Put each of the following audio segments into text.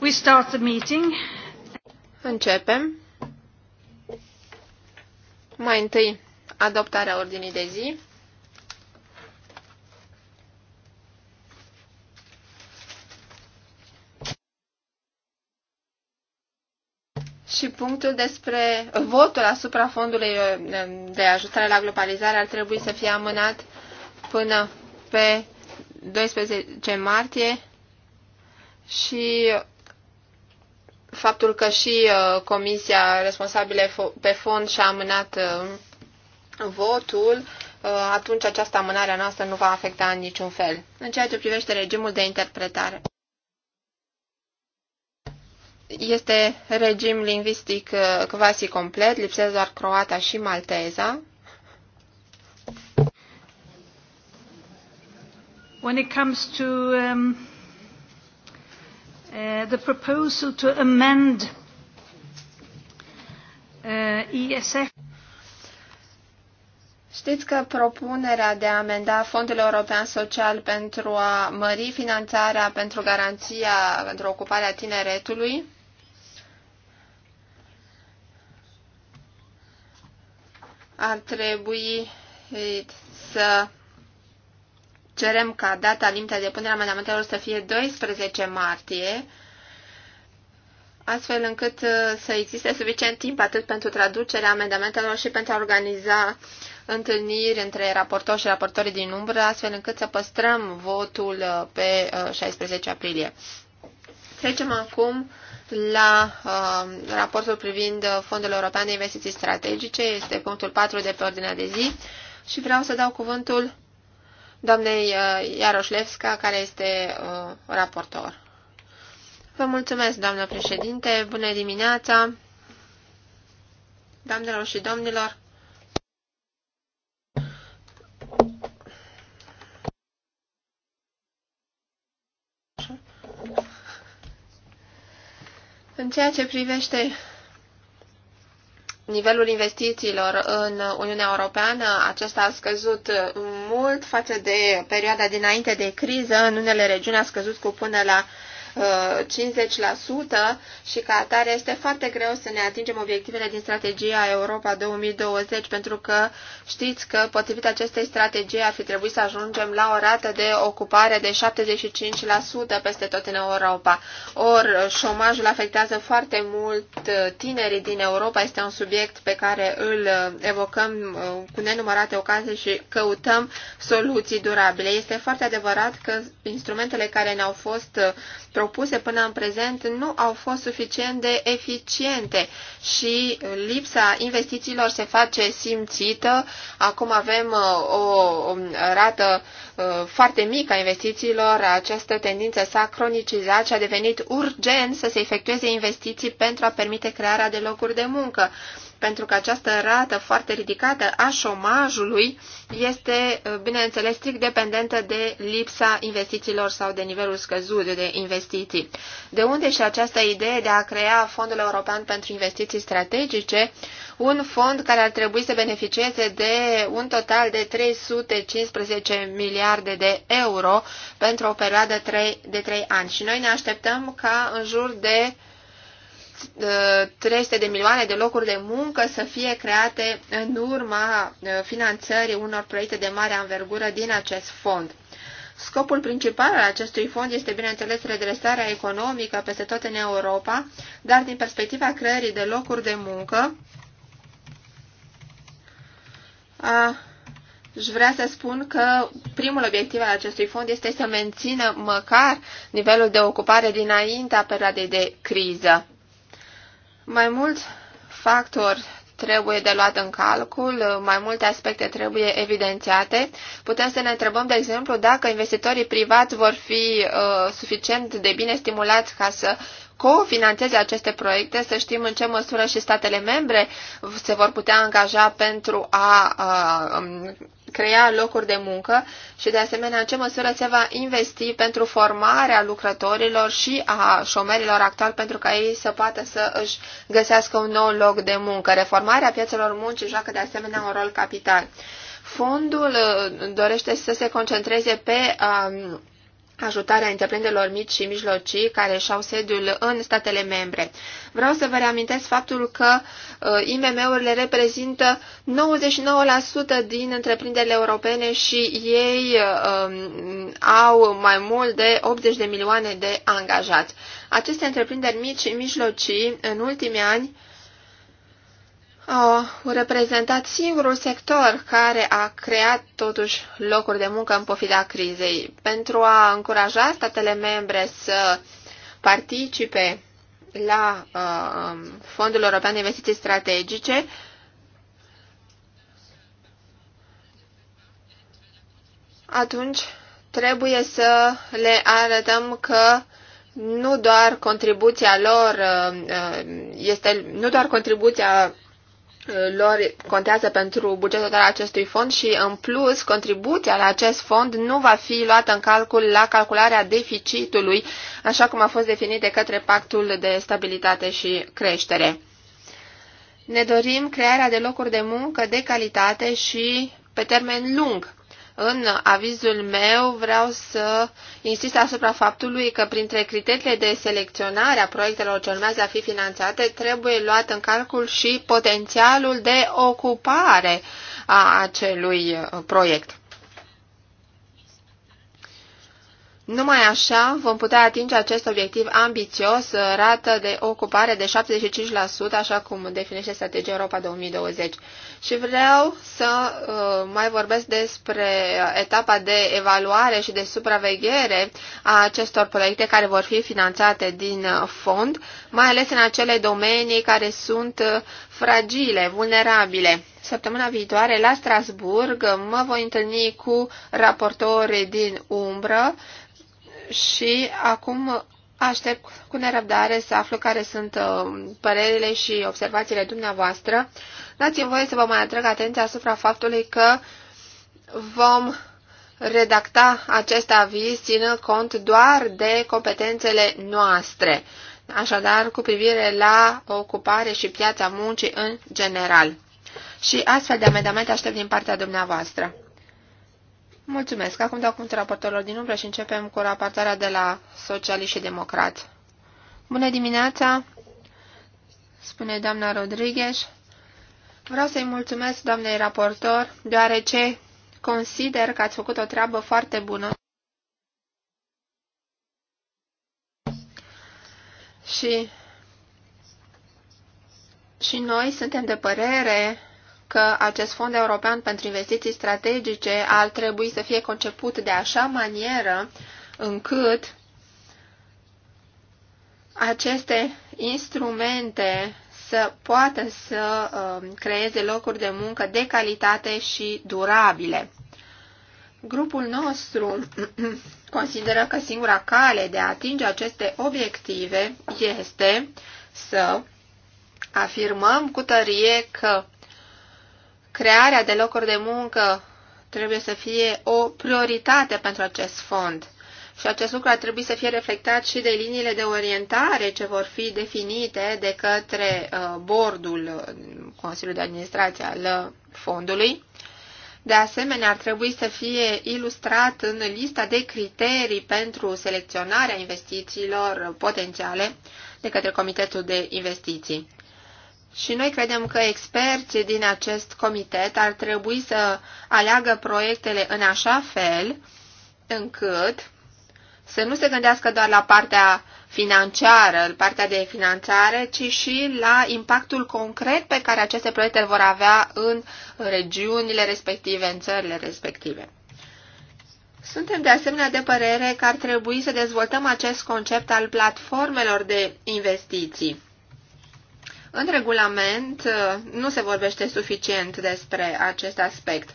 We start the meeting. Începem. Mai întâi, adoptarea ordinii de zi. Și punctul despre votul asupra fondului eh, de ajutare la globalizare ar trebui să fie amânat până pe 12 martie și faptul că și uh, comisia responsabilă pe fond și-a amânat uh, votul, uh, atunci această amânare a noastră nu va afecta în niciun fel. În ceea ce privește regimul de interpretare, este regim lingvistic quasi complet, lipsesc doar croata și malteza. When it comes to um, Eh, the proposal to amend uh, eh, ESF. Știți că propunerea de a amenda Fondul European Social pentru a mări finanțarea pentru garanția pentru ocuparea tineretului ar trebui să cerem ca data limită de punere a amendamentelor să fie 12 martie, astfel încât uh, să existe suficient timp atât pentru traducerea amendamentelor și pentru a organiza întâlniri între raportori și raportorii din umbră, astfel încât să păstrăm votul uh, pe 16 uh, aprilie. Trecem acum la uh, raportul privind Fondul European de Investiții Strategice, este punctul 4 de pe ordinea de zi și vreau să dau cuvântul doamnei uh, Iaroșlevska, care este uh, raportor. Vă mulțumesc, doamnă președinte, bună dimineața, doamnelor și domnilor. În ceea ce privește nivelul investițiilor în Uniunea Europeană, acesta a scăzut mult față de perioada dinainte de criză. În unele regiuni a scăzut cu până la 50% și ca atare este foarte greu să ne atingem obiectivele din strategia Europa 2020 pentru că știți că potrivit acestei strategii ar fi trebuit să ajungem la o rată de ocupare de 75% peste tot în Europa. Or, șomajul afectează foarte mult uh, tinerii din Europa. Este un subiect pe care îl uh, evocăm uh, cu nenumărate ocazii și căutăm soluții durabile. Este foarte adevărat că instrumentele care ne-au fost propuse propuse până în prezent nu au fost suficient de eficiente și lipsa investițiilor se face simțită. Acum avem uh, o rată uh, foarte mică a investițiilor, această tendință s-a cronicizat și a devenit urgent să se efectueze investiții pentru a permite crearea de locuri de muncă pentru că această rată foarte ridicată a șomajului este, eh, bineînțeles, strict dependentă de lipsa investițiilor sau de nivelul scăzut de investiții. De unde și această idee de a crea Fondul European pentru Investiții Strategice, un fond care ar trebui să beneficieze de un total de 315 miliarde de euro pentru o perioadă de 3 ani. Și noi ne așteptăm ca în jur de 300 de milioane de locuri de muncă să fie create în urma uh, finanțării unor proiecte de mare anvergură din acest fond. Scopul principal al acestui fond este, bineînțeles, redresarea economică peste tot în Europa, dar din perspectiva creării de locuri de muncă, aș vrea să spun că primul obiectiv al acestui fond este să mențină măcar nivelul de ocupare dinaintea perioadei de criză. Mai mulți factori trebuie de luat în calcul, mai multe aspecte trebuie evidențiate. Putem să ne întrebăm, de exemplu, dacă investitorii privați vor fi uh, suficient de bine stimulați ca să cofinanțeze aceste proiecte, să știm în ce măsură și statele membre se vor putea angaja pentru a uh, um, crea locuri de muncă și, de asemenea, în ce măsură se va investi pentru formarea lucrătorilor și a șomerilor actual pentru ca ei să poată să își găsească un nou loc de muncă. Reformarea piețelor muncii joacă, de asemenea, un rol capital. Fondul uh, dorește să se concentreze pe um, ajutarea întreprinderilor mici și mijlocii care și-au sediul în statele membre. Vreau să vă reamintesc faptul că uh, IMM-urile reprezintă 99% din întreprinderile europene și ei uh, au mai mult de 80 de milioane de angajați. Aceste întreprinderi mici și mijlocii în ultimii ani au reprezentat singurul sector care a creat totuși locuri de muncă în pofida crizei. Pentru a încuraja statele membre să participe la uh, um, Fondul European de Investiții Strategice, atunci trebuie să le arătăm că nu doar contribuția lor uh, uh, este, nu doar contribuția lor contează pentru bugetul total acestui fond și, în plus, contribuția la acest fond nu va fi luată în calcul la calcularea deficitului, așa cum a fost definit de către Pactul de Stabilitate și Creștere. Ne dorim crearea de locuri de muncă de calitate și pe termen lung în avizul meu vreau să insist asupra faptului că printre criteriile de selecționare a proiectelor ce urmează a fi finanțate trebuie luat în calcul și potențialul de ocupare a acelui proiect. Numai așa vom putea atinge acest obiectiv ambițios, uh, rată de ocupare de 75%, așa cum definește strategia Europa 2020. Și vreau să uh, mai vorbesc despre etapa de evaluare și de supraveghere a acestor proiecte care vor fi finanțate din uh, fond, mai ales în acele domenii care sunt uh, fragile, vulnerabile. Săptămâna viitoare la Strasburg mă voi întâlni cu raportori din umbră și acum aștept cu nerăbdare să aflu care sunt uh, părerile și observațiile dumneavoastră. Dați-mi voie să vă mai atrag atenția asupra faptului că vom redacta acest aviz ținând cont doar de competențele noastre, așadar cu privire la ocupare și piața muncii în general. Și astfel de amendamente aștept din partea dumneavoastră. Mulțumesc. Acum dau cuvântul raportorilor din umbră și începem cu raportarea de la Socialiști și Democrați. Bună dimineața, spune doamna Rodriguez. Vreau să-i mulțumesc doamnei raportor, deoarece consider că ați făcut o treabă foarte bună. Și, și noi suntem de părere că acest fond european pentru investiții strategice ar trebui să fie conceput de așa manieră încât aceste instrumente să poată să um, creeze locuri de muncă de calitate și durabile. Grupul nostru consideră că singura cale de a atinge aceste obiective este să afirmăm cu tărie că crearea de locuri de muncă trebuie să fie o prioritate pentru acest fond. Și acest lucru ar trebui să fie reflectat și de liniile de orientare ce vor fi definite de către uh, bordul uh, Consiliului de Administrație al uh, fondului. De asemenea, ar trebui să fie ilustrat în lista de criterii pentru selecționarea investițiilor potențiale de către Comitetul de Investiții. Și noi credem că experții din acest comitet ar trebui să aleagă proiectele în așa fel încât să nu se gândească doar la partea financiară, partea de finanțare, ci și la impactul concret pe care aceste proiecte vor avea în regiunile respective, în țările respective. Suntem de asemenea de părere că ar trebui să dezvoltăm acest concept al platformelor de investiții. În regulament uh, nu se vorbește suficient despre acest aspect.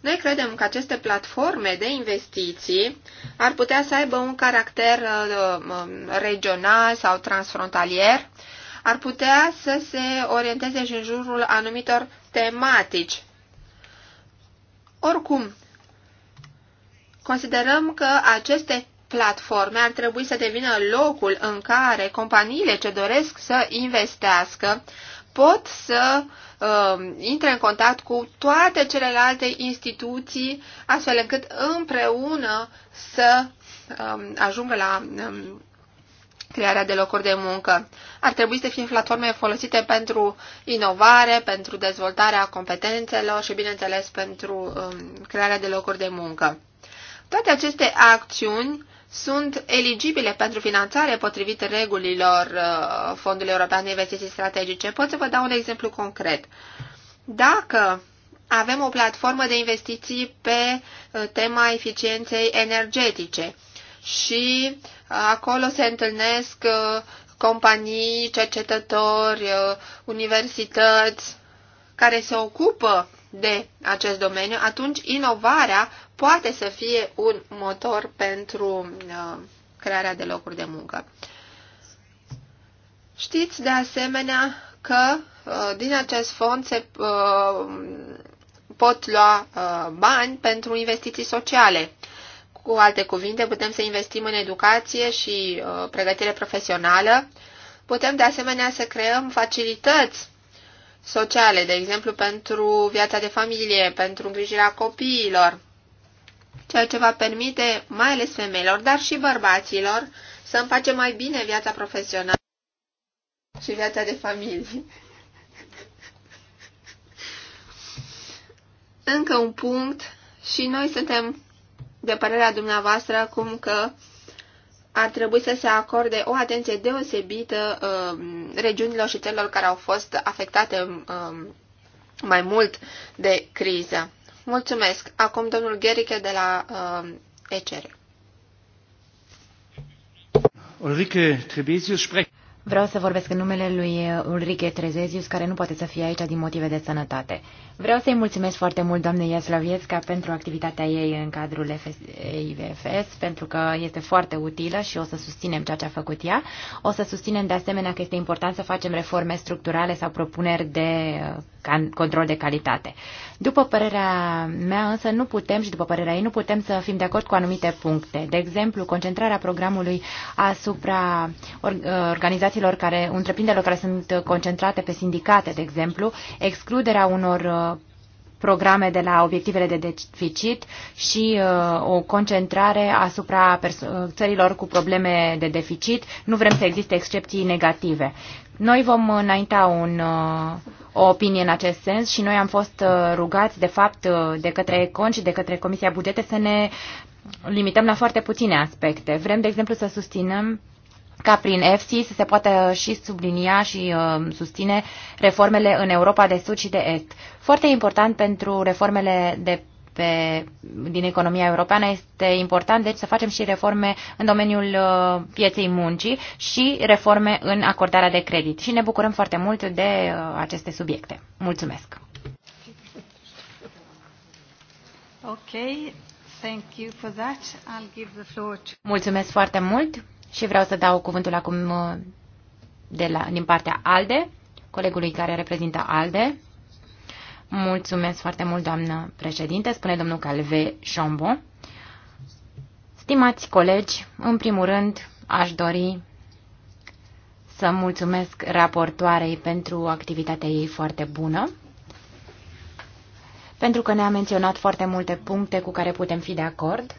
Noi credem că aceste platforme de investiții ar putea să aibă un caracter uh, uh, regional sau transfrontalier, ar putea să se orienteze și în jurul anumitor tematici. Oricum, considerăm că aceste platforme ar trebui să devină locul în care companiile ce doresc să investească pot să uh, intre în contact cu toate celelalte instituții, astfel încât împreună să um, ajungă la um, crearea de locuri de muncă. Ar trebui să fie platforme folosite pentru inovare, pentru dezvoltarea competențelor și, bineînțeles, pentru um, crearea de locuri de muncă. Toate aceste acțiuni sunt eligibile pentru finanțare potrivit regulilor uh, Fondului European de Investiții Strategice. Pot să vă dau un exemplu concret. Dacă avem o platformă de investiții pe uh, tema eficienței energetice și uh, acolo se întâlnesc companii, cercetători, universități care se ocupă de acest domeniu, atunci inovarea poate să fie un motor pentru uh, crearea de locuri de muncă. Știți de asemenea că uh, din acest fond se uh, pot lua bani pentru investiții sociale. Cu alte cuvinte, putem să investim în educație și pregătire profesională. Putem de asemenea să creăm facilități sociale, de exemplu pentru viața de familie, pentru îngrijirea copiilor, ceea ce va permite mai ales femeilor, dar și bărbaților, să împace mai bine viața profesională și viața de familie. Încă un punct și noi suntem de părerea dumneavoastră cum că ar trebui să se acorde o atenție deosebită uh, regiunilor și țărilor care au fost afectate uh, mai mult de criză. Mulțumesc. Acum domnul Gherică de la uh, ECR. Ulrike Trebesius spre. Vreau să vorbesc în numele lui Ulrike Trezezius, care nu poate să fie aici din motive de sănătate. Vreau să-i mulțumesc foarte mult doamne Iaslovietska pentru activitatea ei în cadrul IVFS, pentru că este foarte utilă și o să susținem ceea ce a făcut ea. O să susținem de asemenea că este important să facem reforme structurale sau propuneri de uh, control de calitate. După părerea mea însă nu putem și după părerea ei nu putem să fim de acord cu anumite puncte. De exemplu, concentrarea programului asupra uh, organizațiilor care, întreprinderilor care sunt concentrate pe sindicate, de exemplu, excluderea unor uh, programe de la obiectivele de deficit și uh, o concentrare asupra țărilor cu probleme de deficit. Nu vrem să existe excepții negative. Noi vom înainta un, uh, o opinie în acest sens și noi am fost uh, rugați, de fapt, uh, de către Econ și de către Comisia Bugete să ne limităm la foarte puține aspecte. Vrem, de exemplu, să susținem ca prin EFSI să se poată și sublinia și uh, susține reformele în Europa de Sud și de Est. Foarte important pentru reformele de pe, din economia europeană este important, deci, să facem și reforme în domeniul uh, pieței muncii și reforme în acordarea de credit. Și ne bucurăm foarte mult de uh, aceste subiecte. Mulțumesc! Okay, thank you for that. I'll give the floor to... Mulțumesc foarte mult! Și vreau să dau cuvântul acum uh, de la, din partea ALDE, colegului care reprezintă ALDE. Mulțumesc foarte mult, doamnă președinte, spune domnul Calve Șombo. Stimați colegi, în primul rând aș dori să mulțumesc raportoarei pentru activitatea ei foarte bună, pentru că ne-a menționat foarte multe puncte cu care putem fi de acord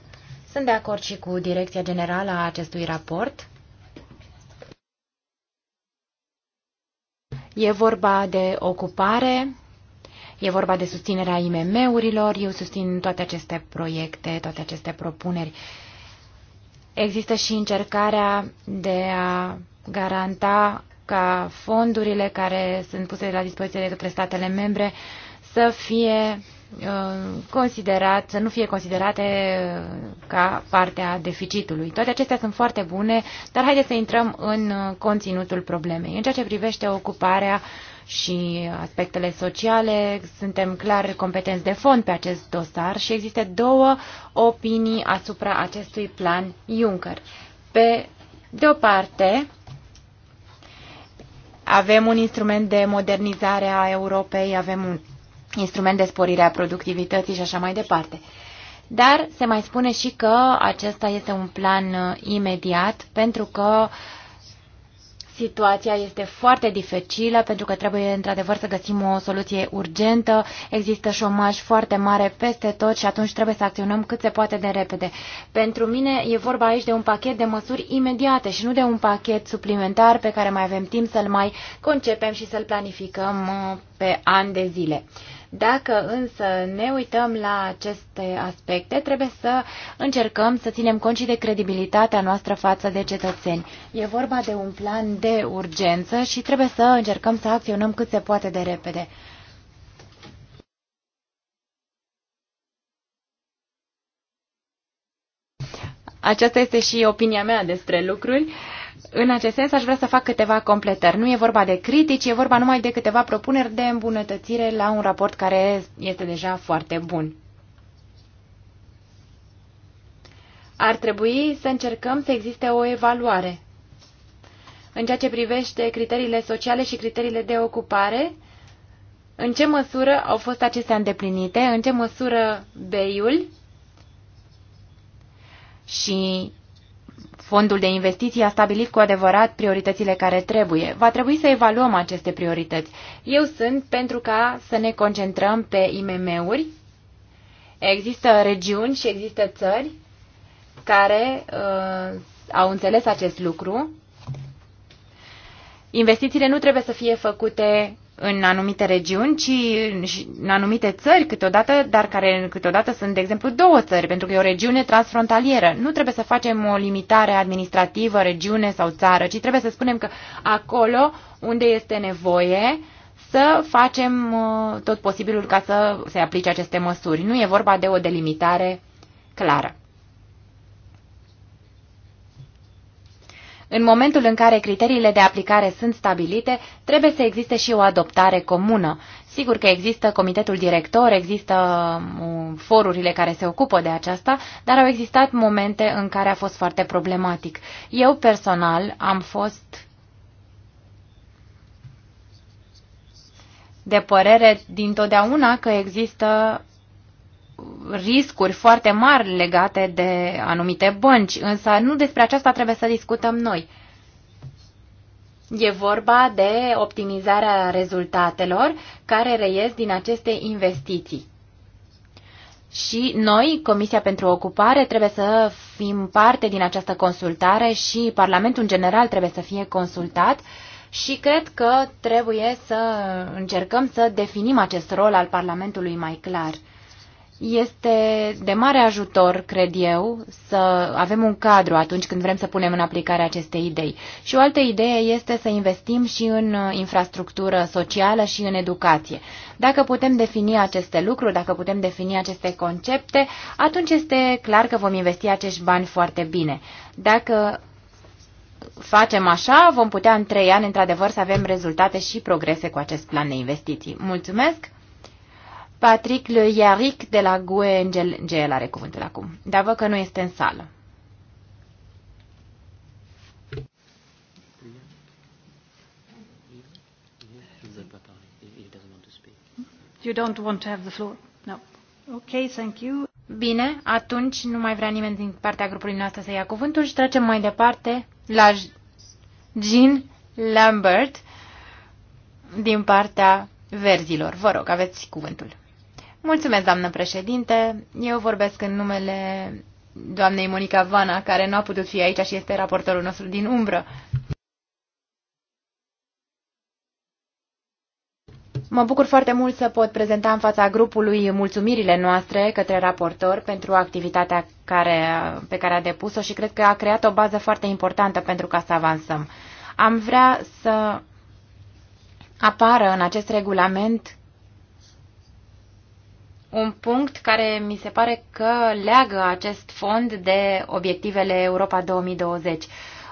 sunt de acord și cu direcția generală a acestui raport. E vorba de ocupare, e vorba de susținerea IMM-urilor, eu susțin toate aceste proiecte, toate aceste propuneri. Există și încercarea de a garanta ca fondurile care sunt puse la dispoziție de către statele membre să fie Uh, considerat, să nu fie considerate uh, ca partea deficitului. Toate acestea sunt foarte bune, dar haideți să intrăm în uh, conținutul problemei. În ceea ce privește ocuparea și aspectele sociale, suntem clar competenți de fond pe acest dosar și există două opinii asupra acestui plan Juncker. Pe de o parte, avem un instrument de modernizare a Europei, avem un instrument de sporire a productivității și așa mai departe. Dar se mai spune și că acesta este un plan uh, imediat pentru că situația este foarte dificilă pentru că trebuie într-adevăr să găsim o soluție urgentă. Există șomaj foarte mare peste tot și atunci trebuie să acționăm cât se poate de repede. Pentru mine e vorba aici de un pachet de măsuri imediate și nu de un pachet suplimentar pe care mai avem timp să-l mai concepem și să-l planificăm uh, pe ani de zile. Dacă însă ne uităm la aceste aspecte, trebuie să încercăm să ținem cont și de credibilitatea noastră față de cetățeni. E vorba de un plan de urgență și trebuie să încercăm să acționăm cât se poate de repede. Aceasta este și opinia mea despre lucruri. În acest sens aș vrea să fac câteva completări. Nu e vorba de critici, e vorba numai de câteva propuneri de îmbunătățire la un raport care este deja foarte bun. Ar trebui să încercăm să existe o evaluare. În ceea ce privește criteriile sociale și criteriile de ocupare, în ce măsură au fost acestea îndeplinite, în ce măsură beiul și Fondul de investiții a stabilit cu adevărat prioritățile care trebuie. Va trebui să evaluăm aceste priorități. Eu sunt pentru ca să ne concentrăm pe IMM-uri. Există regiuni și există țări care uh, au înțeles acest lucru. Investițiile nu trebuie să fie făcute în anumite regiuni, ci în anumite țări câteodată, dar care câteodată sunt, de exemplu, două țări, pentru că e o regiune transfrontalieră. Nu trebuie să facem o limitare administrativă, regiune sau țară, ci trebuie să spunem că acolo unde este nevoie să facem uh, tot posibilul ca să se aplice aceste măsuri. Nu e vorba de o delimitare clară. În momentul în care criteriile de aplicare sunt stabilite, trebuie să existe și o adoptare comună. Sigur că există comitetul director, există um, forurile care se ocupă de aceasta, dar au existat momente în care a fost foarte problematic. Eu personal am fost de părere dintotdeauna că există riscuri foarte mari legate de anumite bănci, însă nu despre aceasta trebuie să discutăm noi. E vorba de optimizarea rezultatelor care reies din aceste investiții. Și noi, Comisia pentru Ocupare, trebuie să fim parte din această consultare și Parlamentul în general trebuie să fie consultat și cred că trebuie să încercăm să definim acest rol al Parlamentului mai clar. Este de mare ajutor, cred eu, să avem un cadru atunci când vrem să punem în aplicare aceste idei. Și o altă idee este să investim și în infrastructură socială și în educație. Dacă putem defini aceste lucruri, dacă putem defini aceste concepte, atunci este clar că vom investi acești bani foarte bine. Dacă facem așa, vom putea în trei ani, într-adevăr, să avem rezultate și progrese cu acest plan de investiții. Mulțumesc! Patrick Le Yaric de la GUE NGL are cuvântul acum, dar văd că nu este în sală. You don't want to have the floor? No. Okay, thank you. Bine, atunci nu mai vrea nimeni din partea grupului noastră să ia cuvântul și trecem mai departe la Jean Lambert din partea verzilor. Vă rog, aveți cuvântul. Mulțumesc, doamnă președinte. Eu vorbesc în numele doamnei Monica Vana, care nu a putut fi aici și este raportorul nostru din umbră. Mă bucur foarte mult să pot prezenta în fața grupului mulțumirile noastre către raportor pentru activitatea care, pe care a depus-o și cred că a creat o bază foarte importantă pentru ca să avansăm. Am vrea să apară în acest regulament un punct care mi se pare că leagă acest fond de obiectivele Europa 2020.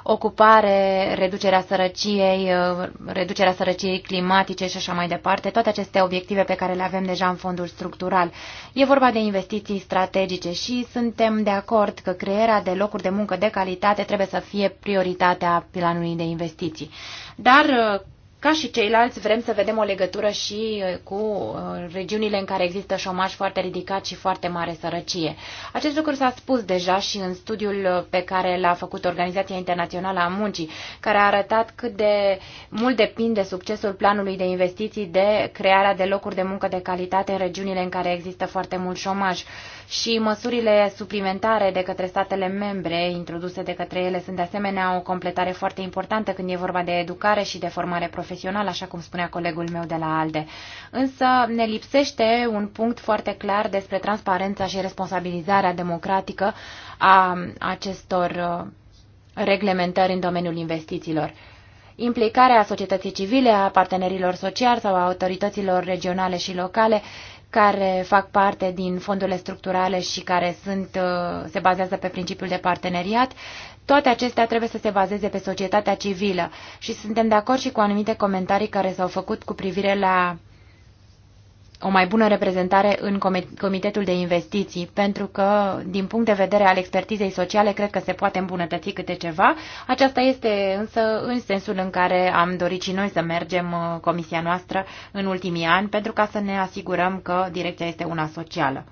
Ocupare, reducerea sărăciei, uh, reducerea sărăciei climatice și așa mai departe, toate aceste obiective pe care le avem deja în fondul structural. E vorba de investiții strategice și suntem de acord că crearea de locuri de muncă de calitate trebuie să fie prioritatea planului de investiții. Dar uh, ca și ceilalți, vrem să vedem o legătură și uh, cu uh, regiunile în care există șomaj foarte ridicat și foarte mare sărăcie. Acest lucru s-a spus deja și în studiul uh, pe care l-a făcut Organizația Internațională a Muncii, care a arătat cât de mult depinde succesul planului de investiții de crearea de locuri de muncă de calitate în regiunile în care există foarte mult șomaj. Și măsurile suplimentare de către statele membre introduse de către ele sunt de asemenea o completare foarte importantă când e vorba de educare și de formare profesională profesional, așa cum spunea colegul meu de la ALDE. Însă ne lipsește un punct foarte clar despre transparența și responsabilizarea democratică a acestor uh, reglementări în domeniul investițiilor. Implicarea societății civile, a partenerilor sociali sau a autorităților regionale și locale care fac parte din fondurile structurale și care sunt, uh, se bazează pe principiul de parteneriat, toate acestea trebuie să se bazeze pe societatea civilă și suntem de acord și cu anumite comentarii care s-au făcut cu privire la o mai bună reprezentare în Comitetul de Investiții, pentru că, din punct de vedere al expertizei sociale, cred că se poate îmbunătăți câte ceva. Aceasta este însă în sensul în care am dorit și noi să mergem uh, comisia noastră în ultimii ani, pentru ca să ne asigurăm că direcția este una socială.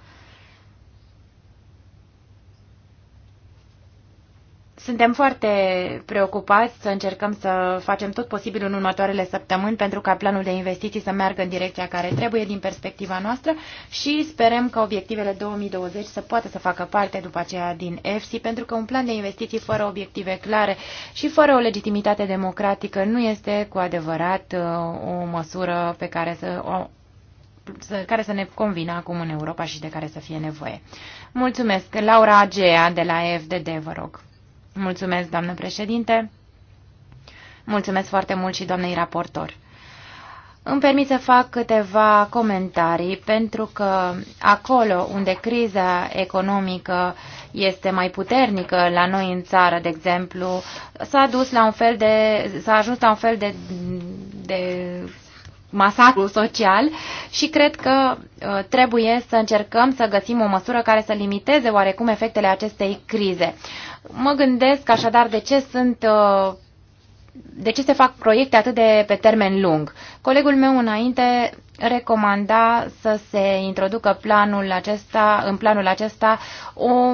Suntem foarte preocupați să încercăm să facem tot posibilul în următoarele săptămâni pentru ca planul de investiții să meargă în direcția care trebuie din perspectiva noastră și sperăm că obiectivele 2020 să poată să facă parte după aceea din EFSI, pentru că un plan de investiții fără obiective clare și fără o legitimitate democratică nu este cu adevărat uh, o măsură pe care să o care să ne convină acum în Europa și de care să fie nevoie. Mulțumesc. Laura Agea de la EFDD, vă rog. Mulțumesc, doamnă președinte. Mulțumesc foarte mult și doamnei raportor. Îmi permit să fac câteva comentarii, pentru că acolo unde criza economică este mai puternică la noi în țară, de exemplu, s-a dus la un fel de, s-a ajuns la un fel de, de masacru social și cred că uh, trebuie să încercăm să găsim o măsură care să limiteze oarecum efectele acestei crize. Mă gândesc așadar de ce sunt uh, de ce se fac proiecte atât de pe termen lung. Colegul meu înainte recomanda să se introducă planul acesta, în planul acesta o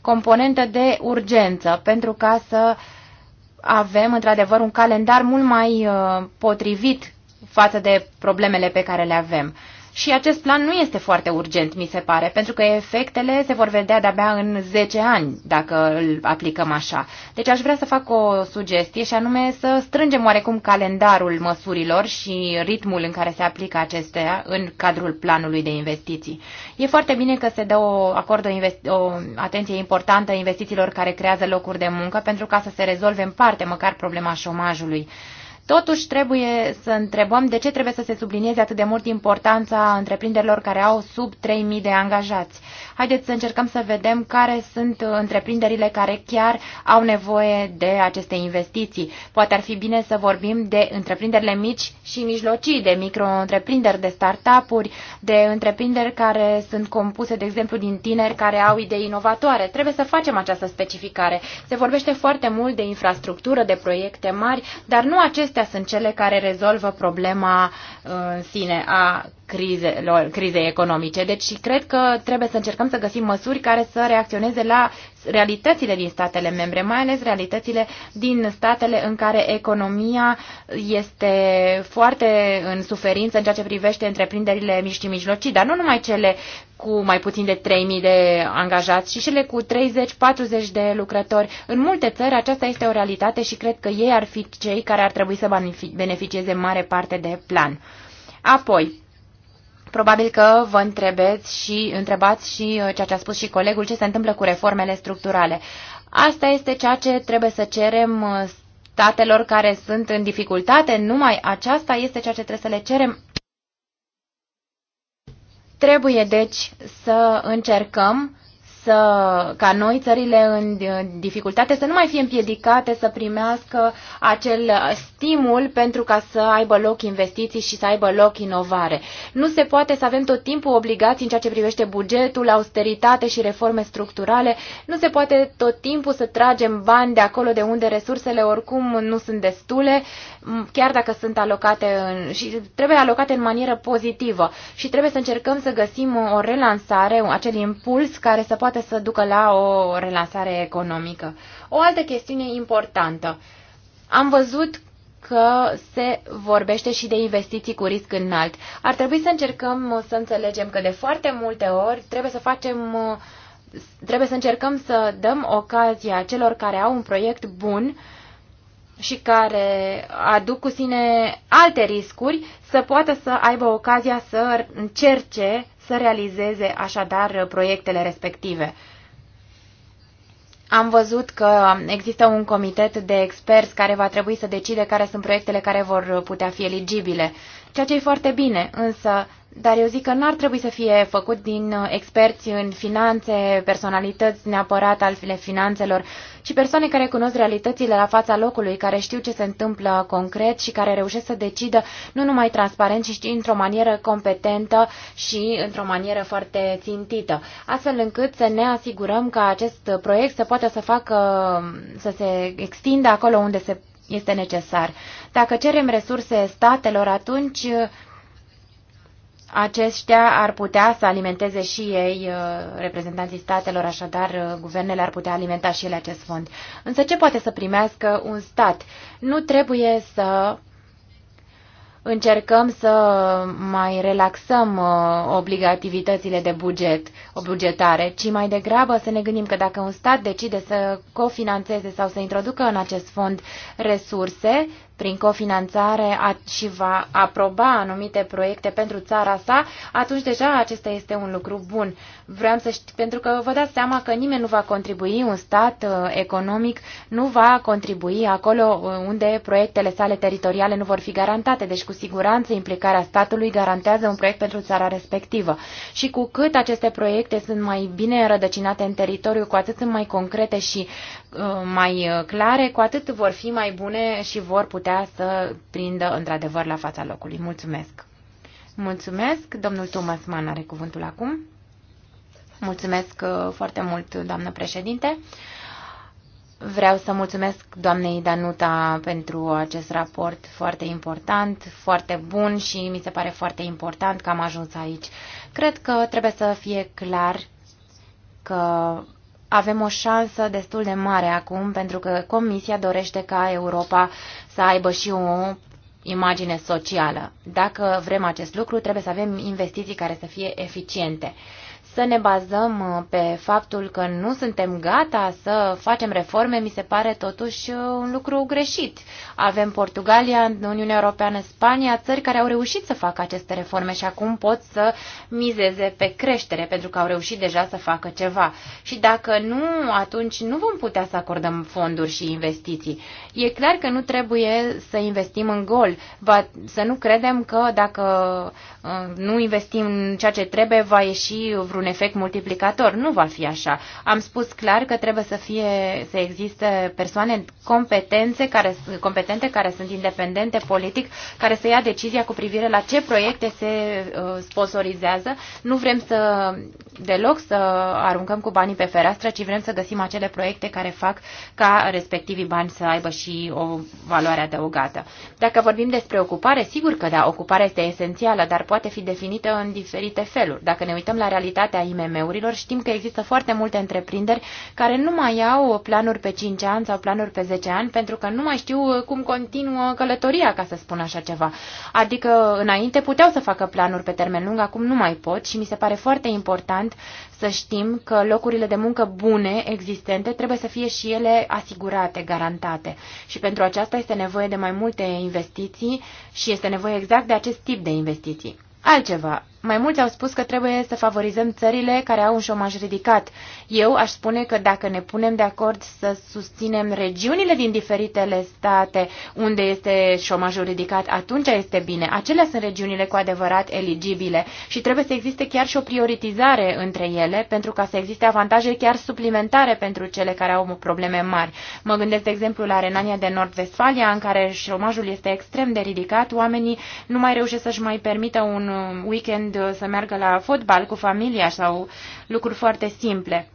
componentă de urgență pentru ca să avem într-adevăr un calendar mult mai uh, potrivit față de problemele pe care le avem. Și acest plan nu este foarte urgent, mi se pare, pentru că efectele se vor vedea de-abia în 10 ani, dacă îl aplicăm așa. Deci aș vrea să fac o sugestie și anume să strângem oarecum calendarul măsurilor și ritmul în care se aplică acestea în cadrul planului de investiții. E foarte bine că se dă o, acord o, o atenție importantă investițiilor care creează locuri de muncă pentru ca să se rezolve în parte măcar problema șomajului Totuși trebuie să întrebăm de ce trebuie să se sublinieze atât de mult importanța întreprinderilor care au sub 3.000 de angajați. Haideți să încercăm să vedem care sunt întreprinderile care chiar au nevoie de aceste investiții. Poate ar fi bine să vorbim de întreprinderile mici și mijlocii, de micro-întreprinderi, de start-up-uri, de întreprinderi care sunt compuse, de exemplu, din tineri care au idei inovatoare. Trebuie să facem această specificare. Se vorbește foarte mult de infrastructură, de proiecte mari, dar nu acestea sunt cele care rezolvă problema uh, în sine a crizelor, crizei economice. Deci cred că trebuie să încercăm să găsim măsuri care să reacționeze la realitățile din statele membre, mai ales realitățile din statele în care economia este foarte în suferință în ceea ce privește întreprinderile mici și mijlocii, dar nu numai cele cu mai puțin de 3.000 de angajați, și cele cu 30-40 de lucrători. În multe țări aceasta este o realitate și cred că ei ar fi cei care ar trebui să beneficieze mare parte de plan. Apoi, Probabil că vă întrebeți și, întrebați și uh, ceea ce a spus și colegul, ce se întâmplă cu reformele structurale. Asta este ceea ce trebuie să cerem uh, statelor care sunt în dificultate. Numai aceasta este ceea ce trebuie să le cerem. Trebuie, deci, să încercăm să, ca noi, țările în dificultate, să nu mai fie împiedicate să primească acel stimul pentru ca să aibă loc investiții și să aibă loc inovare. Nu se poate să avem tot timpul obligații în ceea ce privește bugetul, austeritate și reforme structurale. Nu se poate tot timpul să tragem bani de acolo de unde resursele oricum nu sunt destule chiar dacă sunt alocate în, și trebuie alocate în manieră pozitivă și trebuie să încercăm să găsim o relansare, acel impuls care să poate să ducă la o relansare economică. O altă chestiune importantă. Am văzut că se vorbește și de investiții cu risc înalt. Ar trebui să încercăm să înțelegem că de foarte multe ori trebuie să facem trebuie să încercăm să dăm ocazia celor care au un proiect bun și care aduc cu sine alte riscuri să poată să aibă ocazia să încerce să realizeze așadar proiectele respective. Am văzut că există un comitet de experți care va trebui să decide care sunt proiectele care vor putea fi eligibile, ceea ce e foarte bine, însă, dar eu zic că n-ar trebui să fie făcut din experți în finanțe, personalități neapărat ale finanțelor, ci persoane care cunosc realitățile la fața locului, care știu ce se întâmplă concret și care reușesc să decidă nu numai transparent, ci într-o manieră competentă și într-o manieră foarte țintită, astfel încât să ne asigurăm că acest proiect să poată să facă, să se extindă acolo unde se este necesar. Dacă cerem resurse statelor, atunci aceștia ar putea să alimenteze și ei, uh, reprezentanții statelor, așadar uh, guvernele ar putea alimenta și ele acest fond. Însă ce poate să primească un stat? Nu trebuie să încercăm să mai relaxăm uh, obligativitățile de buget, bugetare, ci mai degrabă să ne gândim că dacă un stat decide să cofinanțeze sau să introducă în acest fond resurse prin cofinanțare a, și va aproba anumite proiecte pentru țara sa, atunci deja acesta este un lucru bun. Vreau să știu, pentru că vă dați seama că nimeni nu va contribui, un stat uh, economic nu va contribui acolo uh, unde proiectele sale teritoriale nu vor fi garantate. Deci, cu siguranță, implicarea statului garantează un proiect pentru țara respectivă. Și cu cât aceste proiecte sunt mai bine rădăcinate în teritoriu, cu atât sunt mai concrete și uh, mai uh, clare, cu atât vor fi mai bune și vor putea putea să prindă într-adevăr la fața locului. Mulțumesc! Mulțumesc! Domnul Thomas Mann are cuvântul acum. Mulțumesc uh, foarte mult, doamnă președinte. Vreau să mulțumesc doamnei Danuta pentru acest raport foarte important, foarte bun și mi se pare foarte important că am ajuns aici. Cred că trebuie să fie clar că avem o șansă destul de mare acum, pentru că Comisia dorește ca Europa să aibă și o imagine socială. Dacă vrem acest lucru, trebuie să avem investiții care să fie eficiente să ne bazăm uh, pe faptul că nu suntem gata să facem reforme, mi se pare totuși uh, un lucru greșit. Avem Portugalia, Uniunea Europeană, Spania, țări care au reușit să facă aceste reforme și acum pot să mizeze pe creștere, pentru că au reușit deja să facă ceva. Și dacă nu, atunci nu vom putea să acordăm fonduri și investiții. E clar că nu trebuie să investim în gol, va, să nu credem că dacă uh, nu investim în ceea ce trebuie, va ieși vreun un efect multiplicator. Nu va fi așa. Am spus clar că trebuie să fie, să existe persoane competențe care, competente care sunt independente politic, care să ia decizia cu privire la ce proiecte se uh, sponsorizează. Nu vrem să deloc să aruncăm cu banii pe fereastră, ci vrem să găsim acele proiecte care fac ca respectivii bani să aibă și o valoare adăugată. Dacă vorbim despre ocupare, sigur că da, ocuparea este esențială, dar poate fi definită în diferite feluri. Dacă ne uităm la realitate, majoritatea IMM-urilor. Știm că există foarte multe întreprinderi care nu mai au planuri pe 5 ani sau planuri pe 10 ani pentru că nu mai știu cum continuă călătoria, ca să spun așa ceva. Adică înainte puteau să facă planuri pe termen lung, acum nu mai pot și mi se pare foarte important să știm că locurile de muncă bune, existente, trebuie să fie și ele asigurate, garantate. Și pentru aceasta este nevoie de mai multe investiții și este nevoie exact de acest tip de investiții. Altceva, mai mulți au spus că trebuie să favorizăm țările care au un șomaj ridicat. Eu aș spune că dacă ne punem de acord să susținem regiunile din diferitele state unde este șomajul ridicat, atunci este bine. Acelea sunt regiunile cu adevărat eligibile și trebuie să existe chiar și o prioritizare între ele pentru ca să existe avantaje chiar suplimentare pentru cele care au probleme mari. Mă gândesc, de exemplu, la Renania de Nord-Vestfalia, în care șomajul este extrem de ridicat, oamenii nu mai reușesc să-și mai permită un weekend Uh, să meargă la fotbal cu familia sau lucruri foarte simple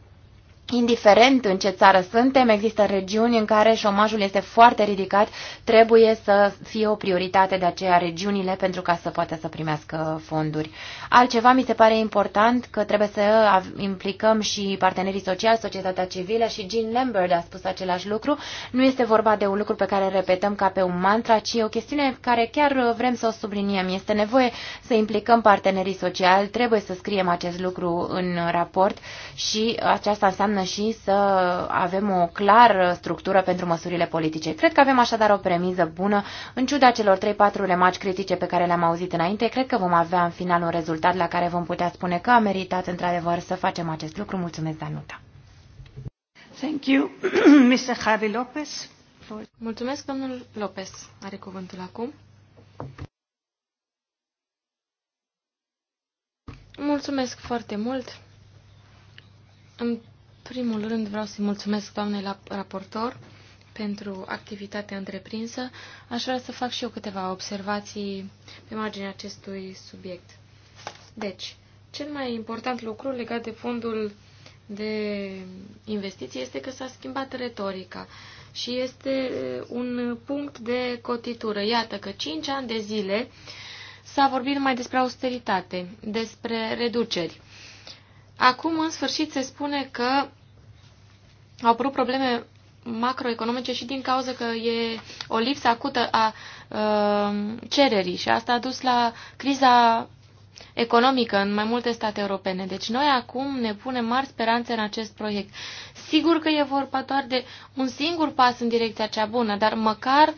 indiferent în ce țară suntem, există regiuni în care șomajul este foarte ridicat, trebuie să fie o prioritate de aceea regiunile pentru ca să poată să primească fonduri. Altceva mi se pare important că trebuie să implicăm și partenerii sociali, societatea civilă și Jean Lambert a spus același lucru. Nu este vorba de un lucru pe care repetăm ca pe un mantra, ci o chestiune care chiar vrem să o subliniem. Este nevoie să implicăm partenerii sociali, trebuie să scriem acest lucru în raport și aceasta înseamnă înseamnă și să avem o clară structură pentru măsurile politice. Cred că avem așadar o premiză bună. În ciuda celor 3-4 remarci critice pe care le-am auzit înainte, cred că vom avea în final un rezultat la care vom putea spune că a meritat într-adevăr să facem acest lucru. Mulțumesc, Danuta. Thank you, Mr. Javi Lopez. Mulțumesc, domnul Lopez. Are cuvântul acum. Mulțumesc foarte mult primul rând vreau să-i mulțumesc doamnei raportor pentru activitatea întreprinsă. Aș vrea să fac și eu câteva observații pe marginea acestui subiect. Deci, cel mai important lucru legat de fondul de investiții este că s-a schimbat retorica și este uh, un punct de cotitură. Iată că 5 ani de zile s-a vorbit mai despre austeritate, despre reduceri. Acum, în sfârșit, se spune că au apărut probleme macroeconomice și din cauza că e o lipsă acută a uh, cererii și asta a dus la criza economică în mai multe state europene. Deci noi acum ne punem mari speranțe în acest proiect. Sigur că e vorba doar de un singur pas în direcția cea bună, dar măcar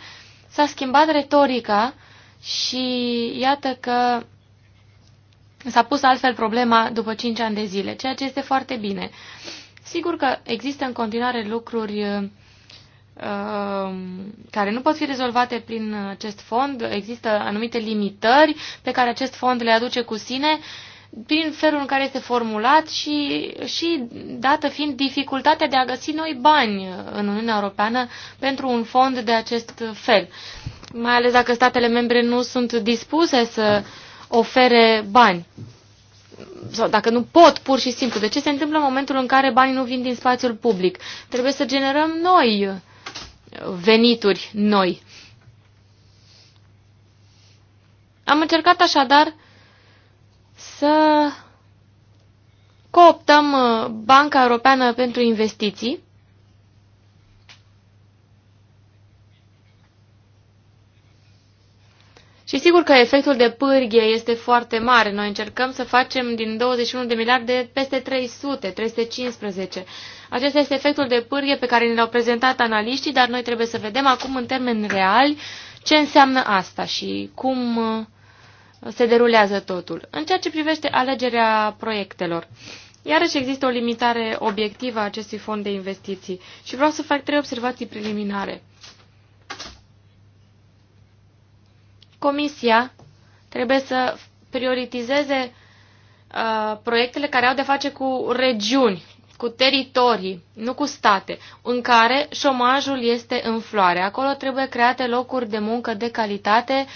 s-a schimbat retorica și iată că S-a pus altfel problema după 5 ani de zile, ceea ce este foarte bine. Sigur că există în continuare lucruri uh, uh, care nu pot fi rezolvate prin acest fond, există anumite limitări pe care acest fond le aduce cu sine prin felul în care este formulat și, și dată fiind dificultatea de a găsi noi bani în Uniunea Europeană pentru un fond de acest fel. Mai ales dacă statele membre nu sunt dispuse să uh, ofere bani. Sau dacă nu pot, pur și simplu. De ce se întâmplă în momentul în care banii nu vin din spațiul public? Trebuie să generăm noi venituri noi. Am încercat așadar să cooptăm uh, Banca Europeană pentru Investiții Și sigur că efectul de pârghie este foarte mare. Noi încercăm să facem din 21 de miliarde peste 300, 315. Acesta este efectul de pârghie pe care ne l-au prezentat analiștii, dar noi trebuie să vedem acum în termeni reali ce înseamnă asta și cum uh, se derulează totul. În ceea ce privește alegerea proiectelor, iarăși există o limitare obiectivă a acestui fond de investiții și vreau să fac trei observații preliminare. Comisia trebuie să prioritizeze uh, proiectele care au de face cu regiuni, cu teritorii, nu cu state, în care șomajul este în floare. Acolo trebuie create locuri de muncă de calitate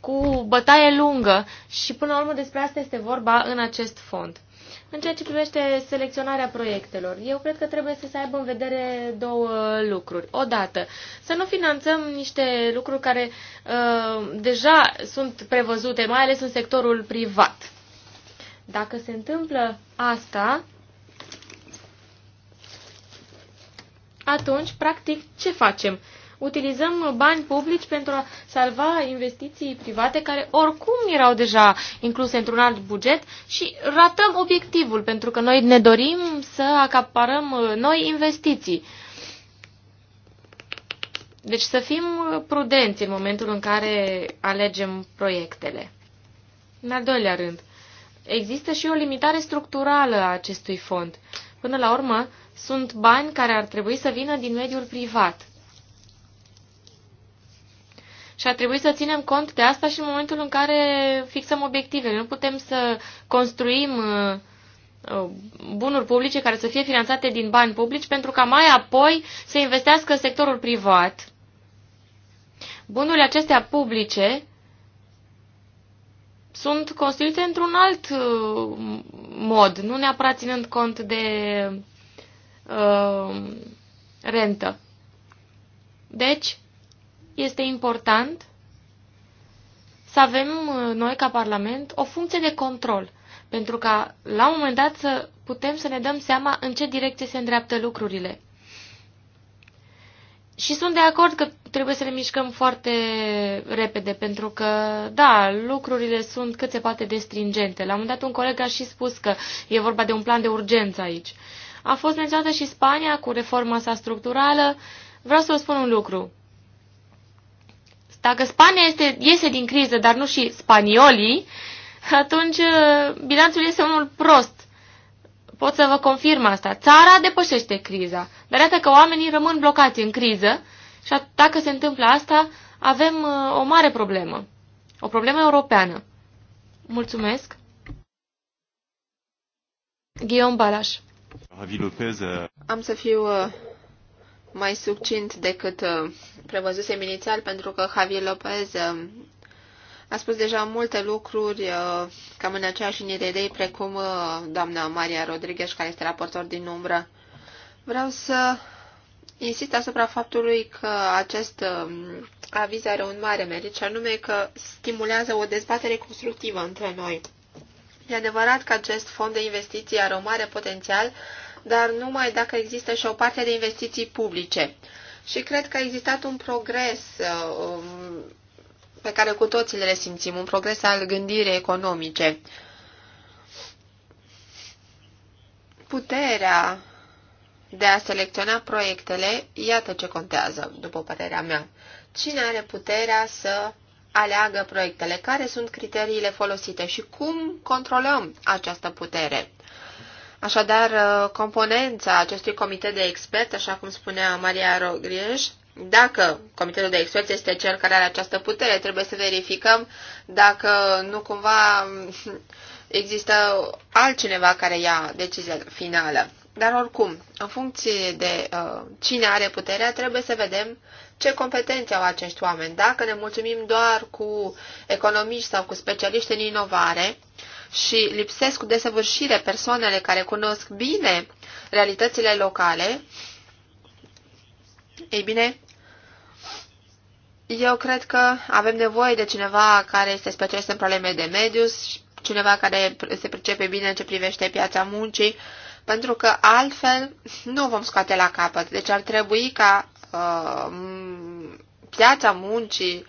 cu bătaie lungă și până la urmă despre asta este vorba în acest fond. În ceea ce privește selecționarea proiectelor, eu cred că trebuie să se aibă în vedere două lucruri. Odată, să nu finanțăm niște lucruri care uh, deja sunt prevăzute, mai ales în sectorul privat. Dacă se întâmplă asta, atunci, practic, ce facem? utilizăm bani publici pentru a salva investiții private care oricum erau deja incluse într-un alt buget și ratăm obiectivul pentru că noi ne dorim să acaparăm uh, noi investiții. Deci să fim uh, prudenți în momentul în care alegem proiectele. În al doilea rând, există și o limitare structurală a acestui fond. Până la urmă, sunt bani care ar trebui să vină din mediul privat. Și a trebuit să ținem cont de asta și în momentul în care fixăm obiectivele. Nu putem să construim uh, uh, bunuri publice care să fie finanțate din bani publici pentru ca mai apoi să investească sectorul privat. Bunurile acestea publice sunt construite într-un alt uh, mod, nu neapărat ținând cont de uh, rentă. Deci, este important să avem uh, noi ca Parlament o funcție de control, pentru ca la un moment dat să putem să ne dăm seama în ce direcție se îndreaptă lucrurile. Și sunt de acord că trebuie să ne mișcăm foarte repede, pentru că, da, lucrurile sunt cât se poate de stringente. La un moment dat un coleg a și spus că e vorba de un plan de urgență aici. A fost menționată și Spania cu reforma sa structurală. Vreau să vă spun un lucru. Dacă Spania este, iese din criză, dar nu și spaniolii, atunci uh, bilanțul este unul prost. Pot să vă confirm asta. Țara depășește criza, dar iată că oamenii rămân blocați în criză și dacă se întâmplă asta, avem uh, o mare problemă. O problemă europeană. Mulțumesc. Guillaume Balas. Uh, Am să fiu mai succint decât uh, prevăzusem inițial, pentru că Javier Lopez um, a spus deja multe lucruri, uh, cam în aceeași linie de idei, precum uh, doamna Maria Rodriguez, care este raportor din umbră. Vreau să insist asupra faptului că acest um, aviz are un mare merit, și anume că stimulează o dezbatere constructivă între noi. E adevărat că acest fond de investiții are un mare potențial dar numai dacă există și o parte de investiții publice. Și cred că a existat un progres uh, pe care cu toții le simțim, un progres al gândirii economice. Puterea de a selecționa proiectele, iată ce contează, după părerea mea. Cine are puterea să aleagă proiectele? Care sunt criteriile folosite și cum controlăm această putere? Așadar, uh, componența acestui comitet de expert, așa cum spunea Maria Rogrieș, dacă comitetul de experți este cel care are această putere, trebuie să verificăm dacă nu cumva există altcineva care ia decizia finală. Dar oricum, în funcție de uh, cine are puterea, trebuie să vedem ce competențe au acești oameni. Dacă ne mulțumim doar cu economiști sau cu specialiști în inovare, și lipsesc cu desăvârșire persoanele care cunosc bine realitățile locale, ei bine, eu cred că avem nevoie de cineva care este specialist în probleme de mediu, cineva care se pricepe bine în ce privește piața muncii, pentru că altfel nu vom scoate la capăt. Deci ar trebui ca uh, piața muncii,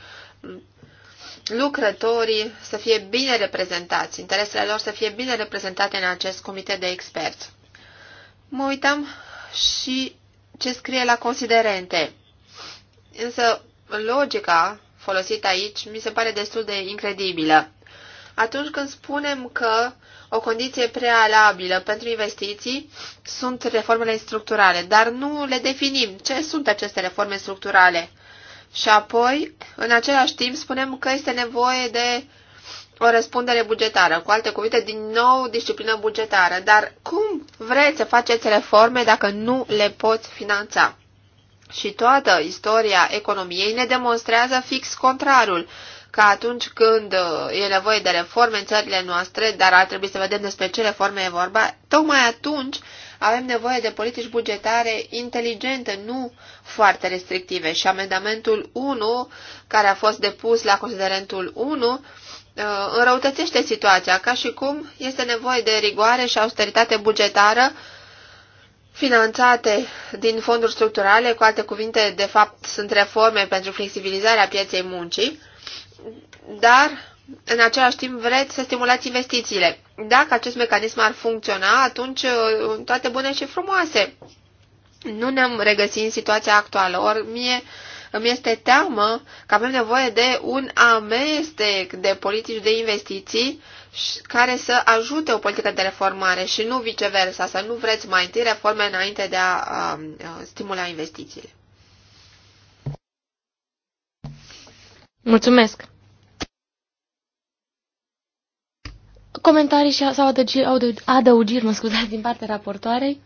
lucrătorii să fie bine reprezentați, interesele lor să fie bine reprezentate în acest comitet de experți. Mă uitam și ce scrie la considerente. Însă logica folosită aici mi se pare destul de incredibilă. Atunci când spunem că o condiție prealabilă pentru investiții sunt reformele structurale, dar nu le definim. Ce sunt aceste reforme structurale? Și apoi, în același timp, spunem că este nevoie de o răspundere bugetară. Cu alte cuvinte, din nou, disciplină bugetară. Dar cum vreți să faceți reforme dacă nu le poți finanța? Și toată istoria economiei ne demonstrează fix contrarul, că atunci când uh, e nevoie de reforme în țările noastre, dar ar trebui să vedem despre ce reforme e vorba, tocmai atunci avem nevoie de politici bugetare inteligente, nu foarte restrictive. Și amendamentul 1, care a fost depus la considerentul 1, uh, înrăutățește situația, ca și cum este nevoie de rigoare și austeritate bugetară finanțate din fonduri structurale, cu alte cuvinte, de fapt, sunt reforme pentru flexibilizarea pieței muncii, dar, în același timp, vreți să stimulați investițiile. Dacă acest mecanism ar funcționa, atunci uh, toate bune și frumoase. Nu ne-am regăsit în situația actuală. Ori mie îmi este teamă că avem nevoie de un amestec de politici de investiții care să ajute o politică de reformare și nu viceversa, să nu vreți mai întâi reforme înainte de a, a stimula investițiile. Mulțumesc! comentarii și, sau adăugiri, adăugiri mă scuzați, din partea raportoarei?